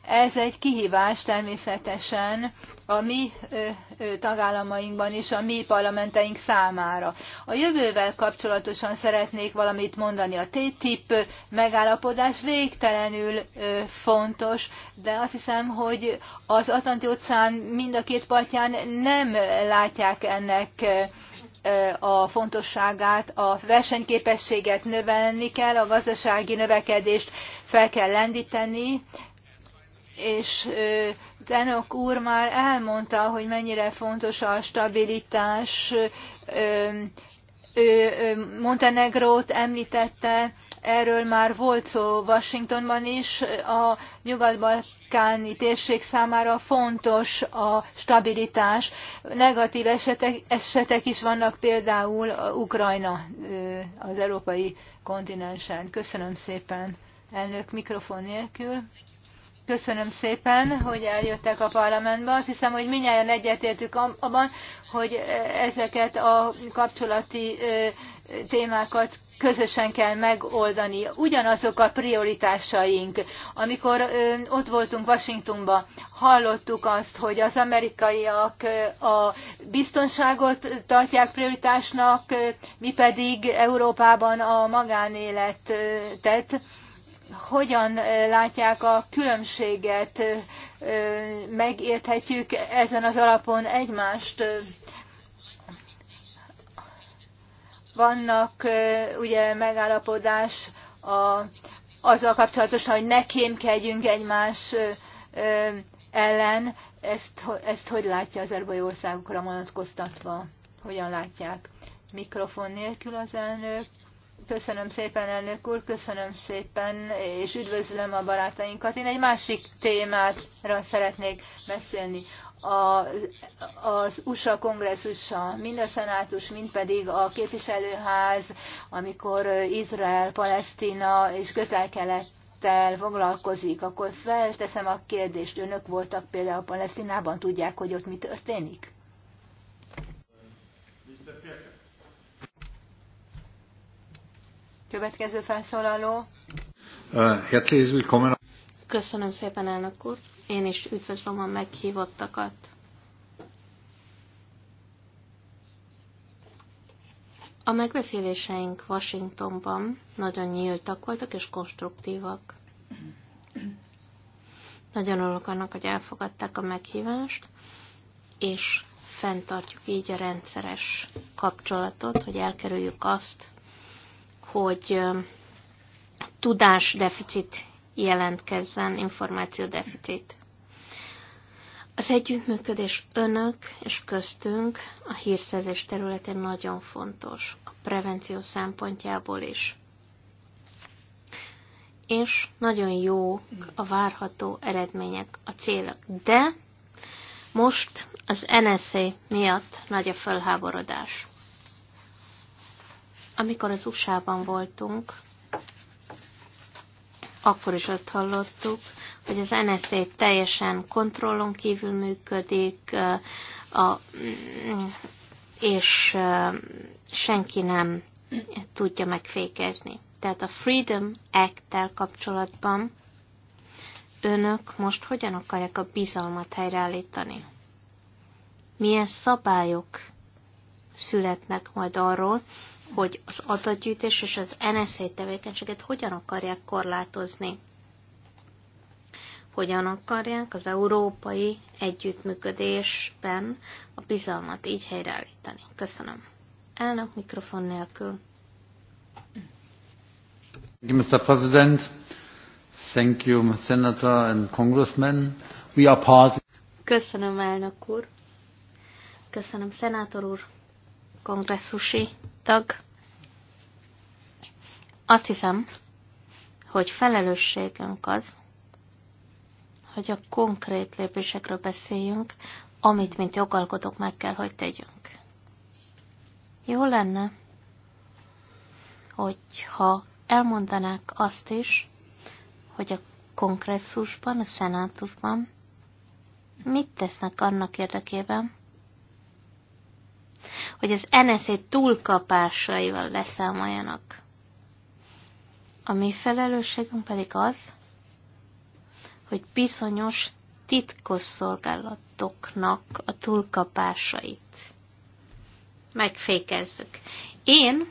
Ez egy kihívás természetesen a mi tagállamainkban és a mi parlamenteink számára. A jövővel kapcsolatosan szeretnék valamit mondani. A TTIP megállapodás végtelenül fontos, de azt hiszem, hogy az Atlanti-óceán mind a két partján nem látják ennek a fontosságát, a versenyképességet növelni kell, a gazdasági növekedést fel kell lendíteni, és Tenok úr már elmondta, hogy mennyire fontos a stabilitás. Ő Montenegrót említette, erről már volt szó Washingtonban is, a nyugat-balkáni térség számára fontos a stabilitás. Negatív esetek, esetek is vannak például Ukrajna az európai kontinensen. Köszönöm szépen, elnök mikrofon nélkül. Köszönöm szépen, hogy eljöttek a parlamentbe. Azt hiszem, hogy minnyáján egyetértük abban, hogy e, ezeket a kapcsolati e, témákat közösen kell megoldani. Ugyanazok a prioritásaink. Amikor e, ott voltunk Washingtonban, hallottuk azt, hogy az amerikaiak a biztonságot tartják prioritásnak, mi pedig Európában a magánéletet hogyan látják a különbséget, megérthetjük ezen az alapon egymást. Vannak ugye megállapodás a, azzal kapcsolatosan, hogy ne kémkedjünk egymás ellen. Ezt, ezt hogy látja az erbai országokra vonatkoztatva? Hogyan látják? Mikrofon nélkül az elnök. Köszönöm szépen, elnök úr, köszönöm szépen, és üdvözlöm a barátainkat. Én egy másik témára szeretnék beszélni. A, az USA kongresszusa, mind a szenátus, mind pedig a képviselőház, amikor Izrael, Palesztina és közel-kelet foglalkozik, akkor felteszem a kérdést, önök voltak például Palesztinában, tudják, hogy ott mi történik? Következő felszólaló. willkommen. Köszönöm szépen, elnök úr. Én is üdvözlöm a meghívottakat. A megbeszéléseink Washingtonban nagyon nyíltak voltak és konstruktívak. Nagyon örülök annak, hogy elfogadták a meghívást, és fenntartjuk így a rendszeres kapcsolatot, hogy elkerüljük azt, hogy tudásdeficit jelentkezzen, információdeficit. Az együttműködés önök és köztünk a hírszerzés területén nagyon fontos, a prevenció szempontjából is. És nagyon jó a várható eredmények, a célok. De most az NSA miatt nagy a fölháborodás. Amikor az USA-ban voltunk, akkor is azt hallottuk, hogy az NSZ teljesen kontrollon kívül működik, a, mm, és senki nem tudja megfékezni. Tehát a Freedom Act-tel kapcsolatban önök most hogyan akarják a bizalmat helyreállítani? Milyen szabályok születnek majd arról, hogy az adatgyűjtés és az NSZ tevékenységet hogyan akarják korlátozni. Hogyan akarják az európai együttműködésben a bizalmat így helyreállítani. Köszönöm. Elnök mikrofon nélkül. Mr. President, thank you, Senator and Congressman. We are part... Köszönöm, elnök úr. Köszönöm, szenátor úr, kongresszusi tag. Azt hiszem, hogy felelősségünk az, hogy a konkrét lépésekről beszéljünk, amit, mint jogalkotók meg kell, hogy tegyünk. Jó lenne, hogyha elmondanák azt is, hogy a kongresszusban, a szenátusban mit tesznek annak érdekében, hogy az NSZ túlkapásaival leszámoljanak. A mi felelősségünk pedig az, hogy bizonyos titkos szolgálatoknak a túlkapásait megfékezzük. Én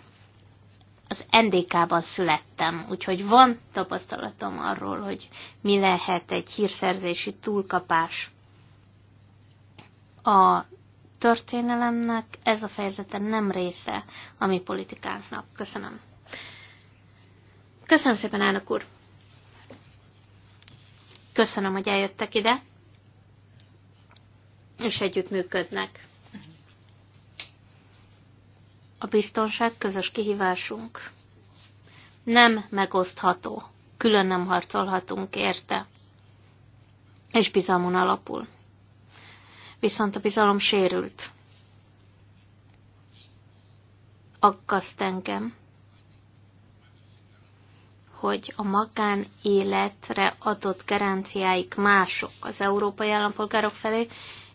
az NDK-ban születtem, úgyhogy van tapasztalatom arról, hogy mi lehet egy hírszerzési túlkapás. A történelemnek ez a fejezete nem része a mi politikánknak. Köszönöm. Köszönöm szépen, elnök úr. Köszönöm, hogy eljöttek ide, és együttműködnek. A biztonság közös kihívásunk. Nem megosztható, külön nem harcolhatunk érte, és bizalmon alapul viszont a bizalom sérült. Aggaszt engem, hogy a magánéletre adott garanciáik mások az európai állampolgárok felé,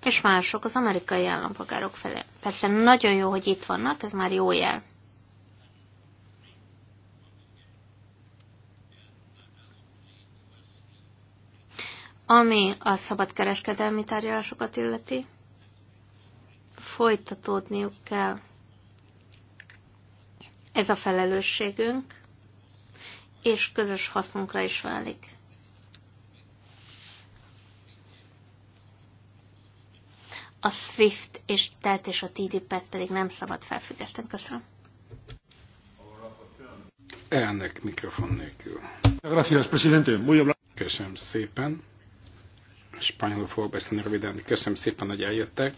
és mások az amerikai állampolgárok felé. Persze nagyon jó, hogy itt vannak, ez már jó jel. Ami a szabadkereskedelmi tárgyalásokat illeti, folytatódniuk kell. Ez a felelősségünk, és közös hasznunkra is válik. A SWIFT és TET e és a tdp pedig nem szabad felfüggeszteni. Köszönöm. Elnök mikrofon nélkül. Gracias, presidente. Köszönöm szépen. Spanyolul fogok beszélni röviden. Köszönöm szépen, hogy eljöttek.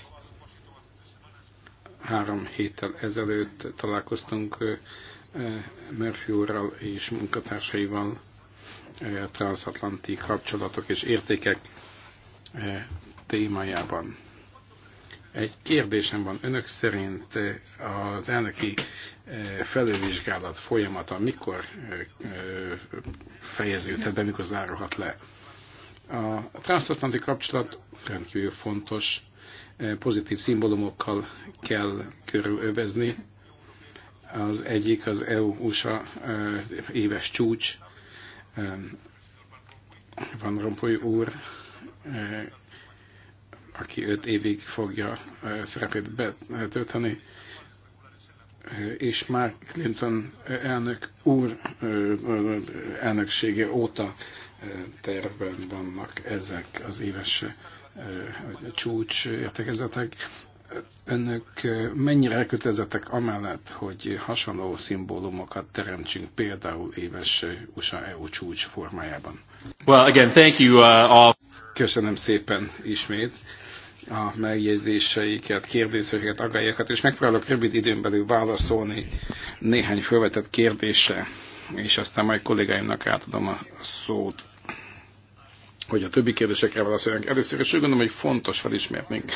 Három héttel ezelőtt találkoztunk Murphy úrral és munkatársaival a transatlanti kapcsolatok és értékek témájában. Egy kérdésem van önök szerint az elnöki felővizsgálat folyamata mikor fejeződhet be, mikor zárulhat le? A transatlanti kapcsolat rendkívül fontos, eh, pozitív szimbólumokkal kell körülövezni. Az egyik az EU-USA eh, éves csúcs, eh, Van Rompuy úr, aki öt évig fogja szerepét betölteni, és már Clinton elnök úr elnöksége óta tervben vannak ezek az éves csúcs értekezetek. Önök mennyire elkötelezettek amellett, hogy hasonló szimbólumokat teremtsünk például éves USA-EU csúcs formájában? Well, again, thank you, uh, all... Köszönöm szépen ismét a megjegyzéseiket, kérdéseiket, agályokat, és megpróbálok rövid időn belül válaszolni néhány felvetett kérdésre, és aztán majd kollégáimnak átadom a szót hogy a többi kérdésekre válaszoljunk. Először is úgy gondolom, hogy fontos felismernünk,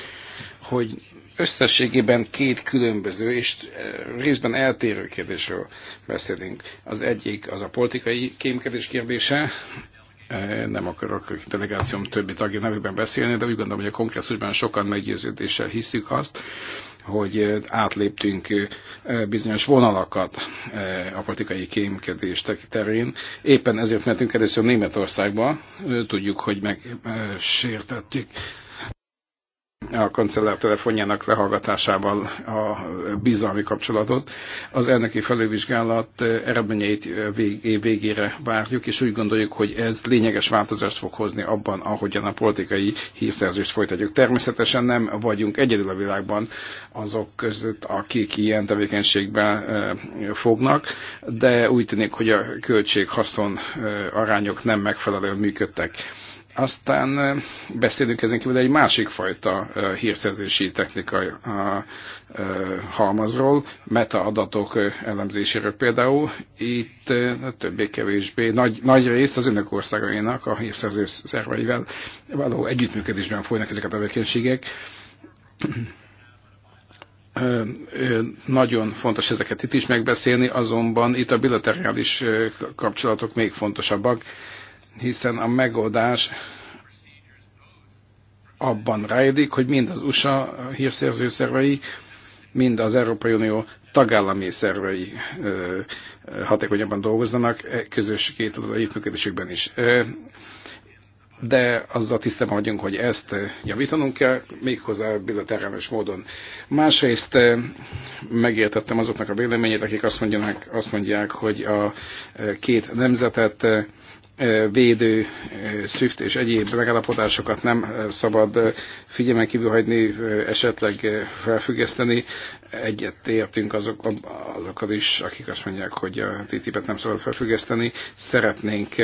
hogy összességében két különböző és e, részben eltérő kérdésről beszélünk. Az egyik az a politikai kémkedés kérdése, Eh, nem akarok a delegációm többi tagja nevében beszélni, de úgy gondolom, hogy a kongresszusban sokan meggyőződéssel hiszük azt, hogy eh, átléptünk eh, bizonyos vonalakat a politikai kémkedés terén. Éppen ezért mentünk először Németországba, tudjuk, hogy megsértettük a kancellár telefonjának lehallgatásával a bizalmi kapcsolatot. Az elnöki felővizsgálat eredményeit végére várjuk, és úgy gondoljuk, hogy ez lényeges változást fog hozni abban, ahogyan a politikai hírszerzést folytatjuk. Természetesen nem vagyunk egyedül a világban azok között, akik ilyen tevékenységben eh, fognak, de úgy tűnik, hogy a költség-haszon eh, arányok nem megfelelően működtek aztán beszélünk ezen kívül egy másik fajta hírszerzési technikai halmazról, metaadatok elemzéséről például. Itt többé-kevésbé nagy, nagy részt az önök országainak a hírszerző szerveivel való együttműködésben folynak ezek a tevékenységek nagyon fontos ezeket itt is megbeszélni, azonban itt a bilaterális kapcsolatok még fontosabbak, hiszen a megoldás abban rejlik, hogy mind az USA hírszerző szervei, mind az Európai Unió tagállami szervei hatékonyabban dolgoznak, e közös két működésükben is. De azzal tisztában vagyunk, hogy ezt javítanunk kell, méghozzá bilaterális módon. Másrészt megértettem azoknak a véleményét, akik azt, mondják, azt mondják, hogy a két nemzetet védő, SWIFT és egyéb megállapodásokat nem szabad figyelmen kívül hagyni, esetleg felfüggeszteni. Egyet értünk azok, azokat is, akik azt mondják, hogy a TTIP-et nem szabad felfüggeszteni. Szeretnénk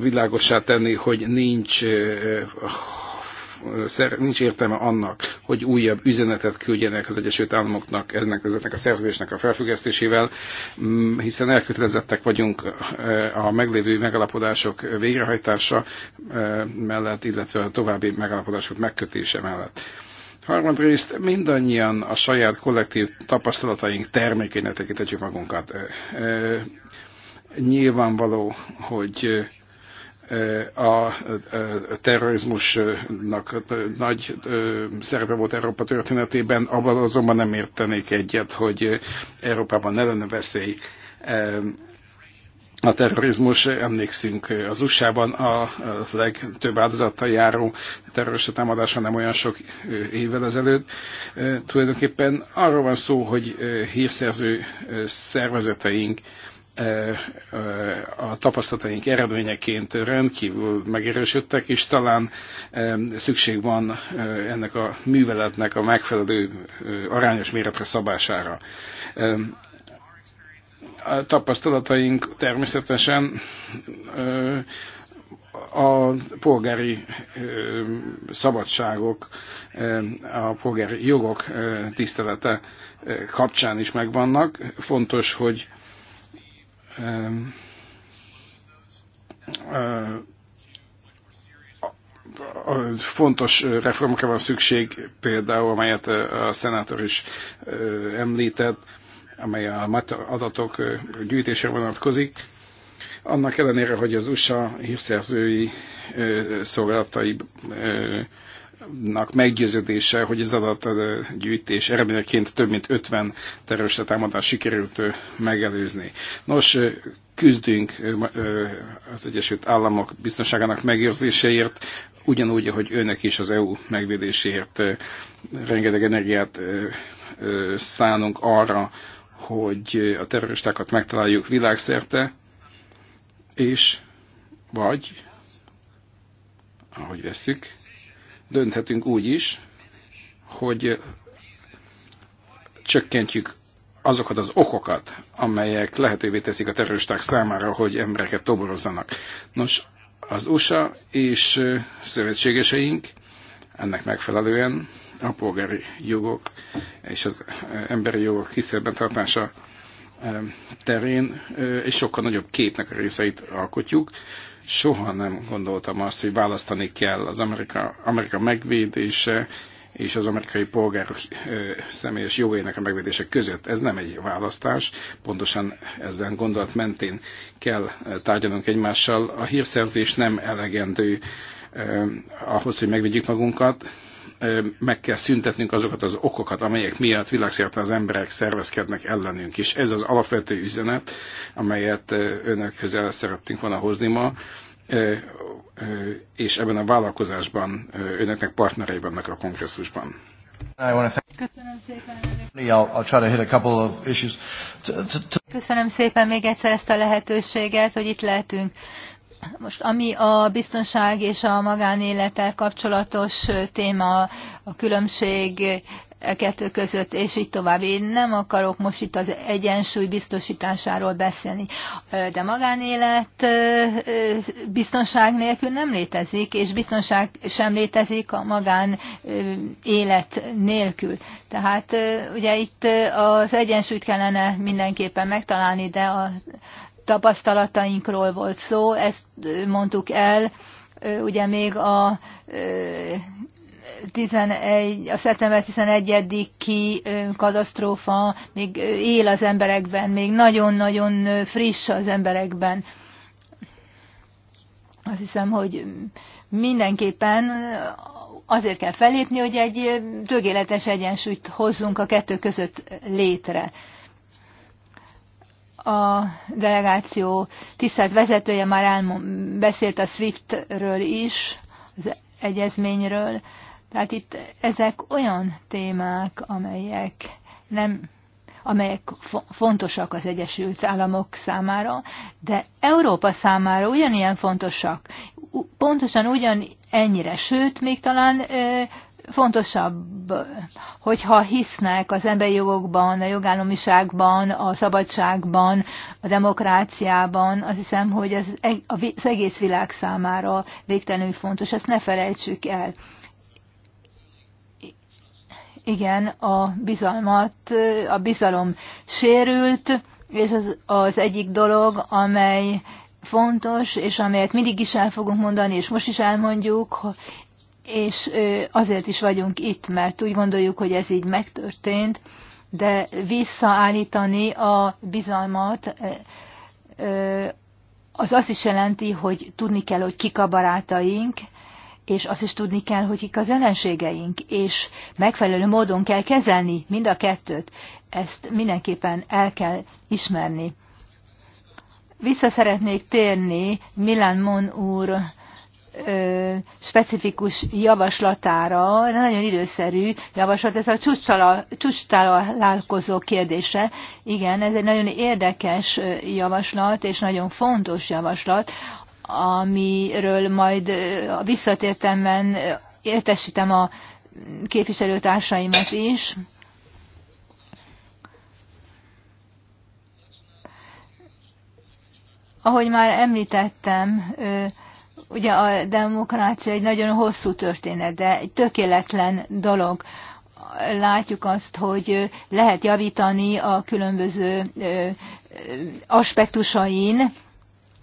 világosá tenni, hogy nincs nincs értelme annak, hogy újabb üzenetet küldjenek az Egyesült Államoknak ennek, ezeknek a szerződésnek a felfüggesztésével, mm, hiszen elkötelezettek vagyunk eh, a meglévő megalapodások végrehajtása eh, mellett, illetve a további megalapodások megkötése mellett. Harmadrészt mindannyian a saját kollektív tapasztalataink termékének tekintetjük magunkat. Eh, nyilvánvaló, hogy a terrorizmusnak nagy szerepe volt Európa történetében, abban azonban nem értenék egyet, hogy Európában ne lenne veszély a terrorizmus, emlékszünk az USA-ban a legtöbb áldozattal járó terrorista támadása nem olyan sok évvel ezelőtt. Tulajdonképpen arról van szó, hogy hírszerző szervezeteink E, e, a tapasztalataink eredményeként rendkívül megerősödtek, és talán e, szükség van ennek a műveletnek a megfelelő arányos méretre szabására. A tapasztalataink természetesen a polgári szabadságok, a polgári jogok tisztelete kapcsán is megvannak. Fontos, hogy fontos reformokra van szükség, például amelyet a szenátor is említett, amely a adatok gyűjtése vonatkozik. Annak ellenére, hogy az USA hírszerzői szolgálatai nak meggyőződése, hogy az adatgyűjtés eredményeként több mint 50 terrorista támadást sikerült megelőzni. Nos, küzdünk az Egyesült Államok biztonságának megőrzéséért, ugyanúgy, ahogy önök is az EU megvédéséért rengeteg energiát szánunk arra, hogy a terroristákat megtaláljuk világszerte, és vagy, ahogy veszük, dönthetünk úgy is, hogy csökkentjük azokat az okokat, amelyek lehetővé teszik a terroristák számára, hogy embereket toborozzanak. Nos, az USA és szövetségeseink ennek megfelelően a polgári jogok és az emberi jogok tiszteletben tartása eh, terén és eh, sokkal nagyobb képnek a részeit alkotjuk, soha nem gondoltam azt, hogy választani kell az Amerika, Amerika megvédése és az amerikai polgárok személyes jogainak a megvédése között. Ez nem egy választás, pontosan ezen gondolat mentén kell tárgyalnunk egymással. A hírszerzés nem elegendő ahhoz, hogy megvédjük magunkat, meg kell szüntetnünk azokat az okokat, amelyek miatt világszerte az emberek szervezkednek ellenünk. És ez az alapvető üzenet, amelyet önök el szerettünk volna hozni ma, és ebben a vállalkozásban önöknek partnerei vannak a kongresszusban. Köszönöm szépen még egyszer ezt a lehetőséget, hogy itt lehetünk. Most ami a biztonság és a magánélettel kapcsolatos téma, a különbség a e kettő között, és így tovább. Én nem akarok most itt az egyensúly biztosításáról beszélni, de magánélet biztonság nélkül nem létezik, és biztonság sem létezik a magánélet nélkül. Tehát ugye itt az egyensúlyt kellene mindenképpen megtalálni, de a tapasztalatainkról volt szó, ezt mondtuk el, ugye még a 11, a szeptember 11-i katasztrófa még él az emberekben, még nagyon-nagyon friss az emberekben. Azt hiszem, hogy mindenképpen azért kell felépni, hogy egy tökéletes egyensúlyt hozzunk a kettő között létre a delegáció tisztelt vezetője már beszélt a SWIFT-ről is, az egyezményről. Tehát itt ezek olyan témák, amelyek nem amelyek fontosak az Egyesült Államok számára, de Európa számára ugyanilyen fontosak, pontosan ugyan ennyire, sőt, még talán fontosabb, hogyha hisznek az emberi jogokban, a jogállamiságban, a szabadságban, a demokráciában, azt hiszem, hogy ez e- az egész világ számára végtelenül fontos, ezt ne felejtsük el. Igen, a bizalmat, a bizalom sérült, és az, az egyik dolog, amely fontos, és amelyet mindig is el fogunk mondani, és most is elmondjuk, és azért is vagyunk itt, mert úgy gondoljuk, hogy ez így megtörtént, de visszaállítani a bizalmat az azt is jelenti, hogy tudni kell, hogy kik a barátaink, és azt is tudni kell, hogy kik az ellenségeink, és megfelelő módon kell kezelni mind a kettőt. Ezt mindenképpen el kell ismerni. Vissza szeretnék térni Milan Mon úr specifikus javaslatára, nagyon időszerű javaslat, ez a csúcstalálkozó kérdése. Igen, ez egy nagyon érdekes javaslat, és nagyon fontos javaslat, amiről majd a visszatértemben értesítem a képviselőtársaimat is. Ahogy már említettem, Ugye a demokrácia egy nagyon hosszú történet, de egy tökéletlen dolog. Látjuk azt, hogy lehet javítani a különböző aspektusain,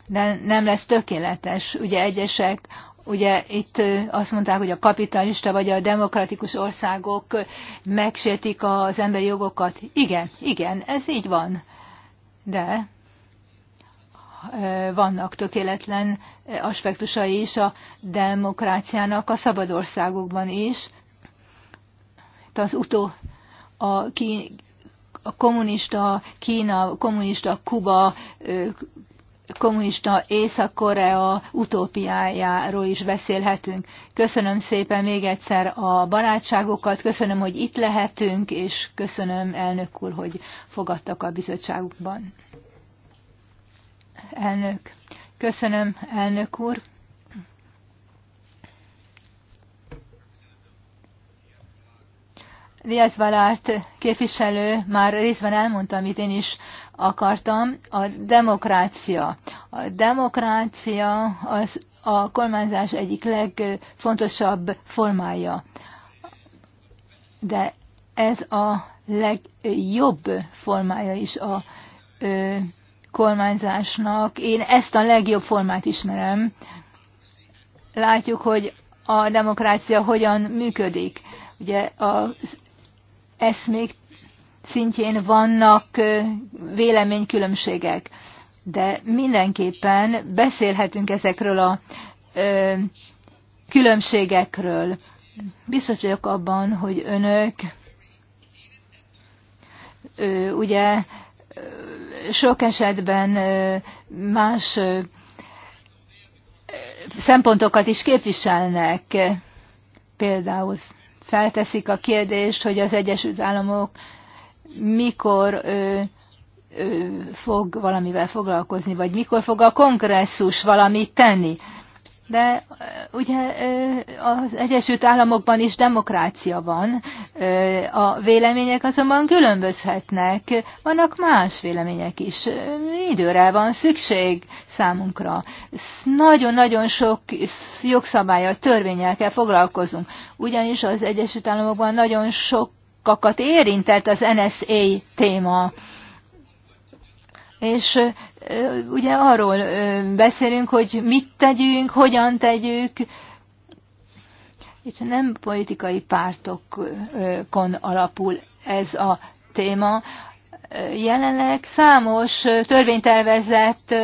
de nem lesz tökéletes. Ugye egyesek ugye itt azt mondták, hogy a kapitalista vagy a demokratikus országok megsértik az emberi jogokat. Igen, igen, ez így van. De vannak tökéletlen aspektusai is a demokráciának a szabad országokban is. tehát az utó a, ki, a kommunista Kína, kommunista Kuba, kommunista Észak-Korea utópiájáról is beszélhetünk. Köszönöm szépen még egyszer a barátságokat, köszönöm, hogy itt lehetünk, és köszönöm elnök úr, hogy fogadtak a bizottságukban elnök. Köszönöm, elnök úr. Diaz Valárt képviselő már részben elmondta, amit én is akartam, a demokrácia. A demokrácia az a kormányzás egyik legfontosabb formája. De ez a legjobb formája is a ö, kormányzásnak. Én ezt a legjobb formát ismerem. Látjuk, hogy a demokrácia hogyan működik. Ugye az eszmék szintjén vannak véleménykülönbségek, de mindenképpen beszélhetünk ezekről a ö, különbségekről. Biztos vagyok abban, hogy önök ö, ugye sok esetben más szempontokat is képviselnek. Például felteszik a kérdést, hogy az Egyesült Államok mikor ö, ö, fog valamivel foglalkozni, vagy mikor fog a kongresszus valamit tenni de ugye az Egyesült Államokban is demokrácia van, a vélemények azonban különbözhetnek, vannak más vélemények is. Időre van szükség számunkra. Nagyon-nagyon sok jogszabályal, törvényel kell foglalkozunk, ugyanis az Egyesült Államokban nagyon sokakat érintett az NSA téma és ugye arról beszélünk, hogy mit tegyünk, hogyan tegyük. Itt nem politikai pártokon alapul ez a téma. Jelenleg számos törvénytervezet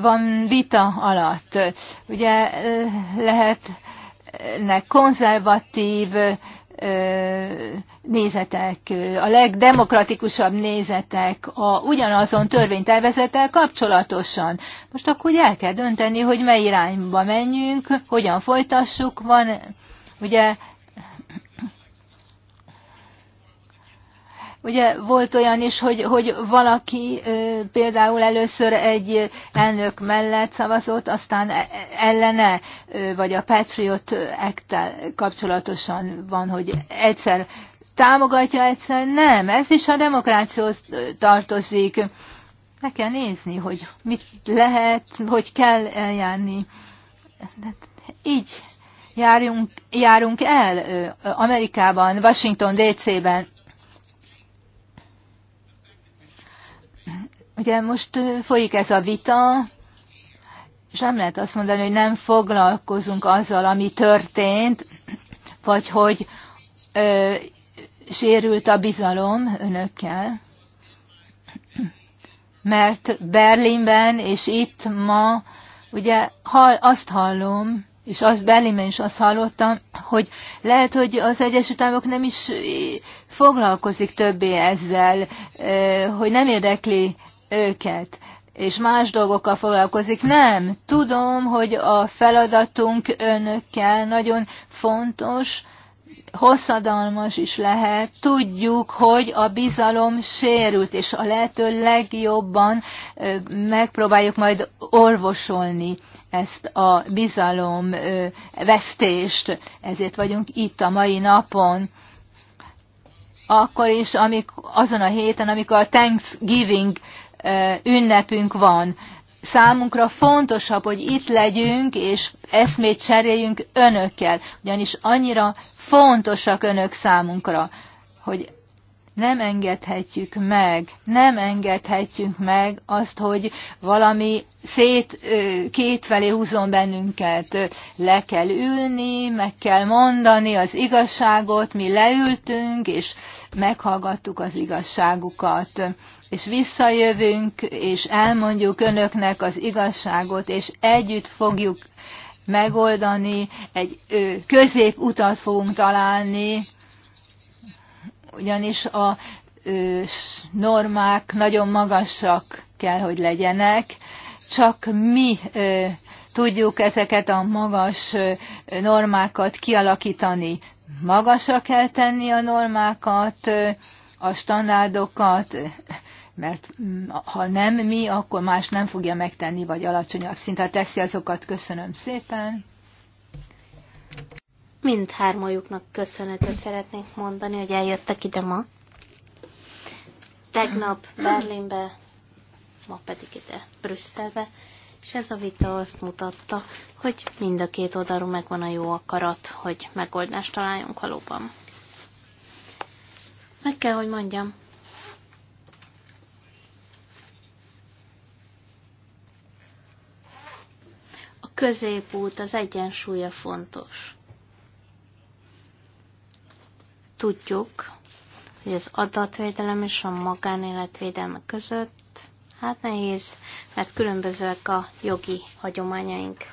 van vita alatt. Ugye lehetnek konzervatív nézetek, a legdemokratikusabb nézetek a ugyanazon törvénytervezettel kapcsolatosan. Most akkor el kell dönteni, hogy mely irányba menjünk, hogyan folytassuk, van ugye Ugye volt olyan is, hogy, hogy valaki például először egy elnök mellett szavazott, aztán e, ellene, vagy a Patriot act kapcsolatosan van, hogy egyszer támogatja, egyszer nem. Ez is a demokrációhoz tartozik. Meg kell nézni, hogy mit lehet, hogy kell eljárni. Hát így járunk, járunk el Amerikában, Washington DC-ben. Ugye most folyik ez a vita, és nem lehet azt mondani, hogy nem foglalkozunk azzal, ami történt, vagy hogy ö, sérült a bizalom önökkel. Mert Berlinben és itt ma, ugye hall, azt hallom, és azt Berlinben is azt hallottam, hogy lehet, hogy az Egyesült Államok nem is foglalkozik többé ezzel, hogy nem érdekli őket, és más dolgokkal foglalkozik. Nem, tudom, hogy a feladatunk önökkel nagyon fontos, hosszadalmas is lehet. Tudjuk, hogy a bizalom sérült, és a lehető legjobban megpróbáljuk majd orvosolni ezt a bizalom vesztést. Ezért vagyunk itt a mai napon akkor is, amik, azon a héten, amikor a Thanksgiving ünnepünk van. Számunkra fontosabb, hogy itt legyünk, és eszmét cseréljünk önökkel, ugyanis annyira fontosak önök számunkra, hogy nem engedhetjük meg, nem engedhetjük meg azt, hogy valami szét kétfelé húzom bennünket. Le kell ülni, meg kell mondani az igazságot, mi leültünk, és meghallgattuk az igazságukat és visszajövünk, és elmondjuk önöknek az igazságot, és együtt fogjuk megoldani, egy középutat fogunk találni, ugyanis a normák nagyon magasak kell, hogy legyenek, csak mi tudjuk ezeket a magas normákat kialakítani. Magasra kell tenni a normákat, a standardokat, mert mm, ha nem mi, akkor más nem fogja megtenni, vagy alacsonyabb szinten teszi azokat. Köszönöm szépen. Mindhármajuknak köszönetet szeretnék mondani, hogy eljöttek ide ma. Tegnap Berlinbe, ma pedig ide Brüsszelbe, és ez a vita azt mutatta, hogy mind a két oldalról megvan a jó akarat, hogy megoldást találjunk valóban. Meg kell, hogy mondjam, középút, az egyensúlya fontos. Tudjuk, hogy az adatvédelem és a magánéletvédelme között hát nehéz, mert különbözőek a jogi hagyományaink,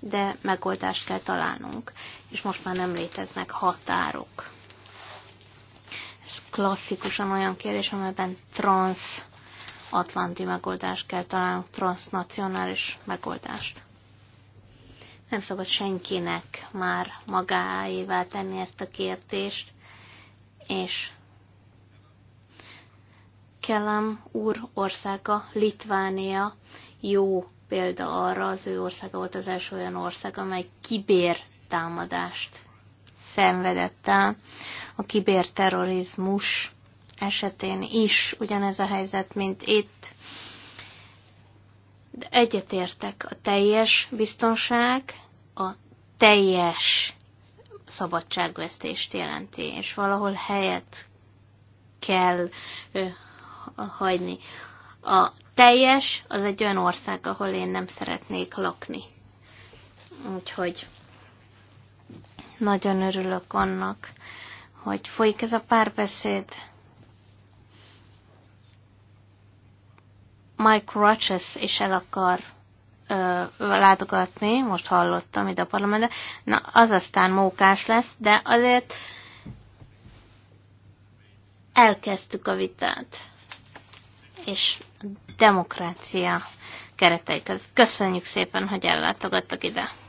de megoldást kell találnunk, és most már nem léteznek határok. Ez klasszikusan olyan kérdés, amelyben transz atlanti megoldást kell találnunk, transznacionális megoldást. Nem szabad senkinek már magáévá tenni ezt a kértést, és Kelem úr országa, Litvánia jó példa arra, az ő országa volt az első olyan ország, amely támadást, szenvedett el. A kibérterrorizmus esetén is ugyanez a helyzet, mint itt. De egyetértek, a teljes biztonság a teljes szabadságvesztést jelenti, és valahol helyet kell hagyni. A teljes az egy olyan ország, ahol én nem szeretnék lakni. Úgyhogy nagyon örülök annak, hogy folyik ez a párbeszéd. Mike Rogers is el akar látogatni, most hallottam ide a parlamentben, na az aztán mókás lesz, de azért elkezdtük a vitát, és a demokrácia keretei között. Köszönjük szépen, hogy ellátogattak ide.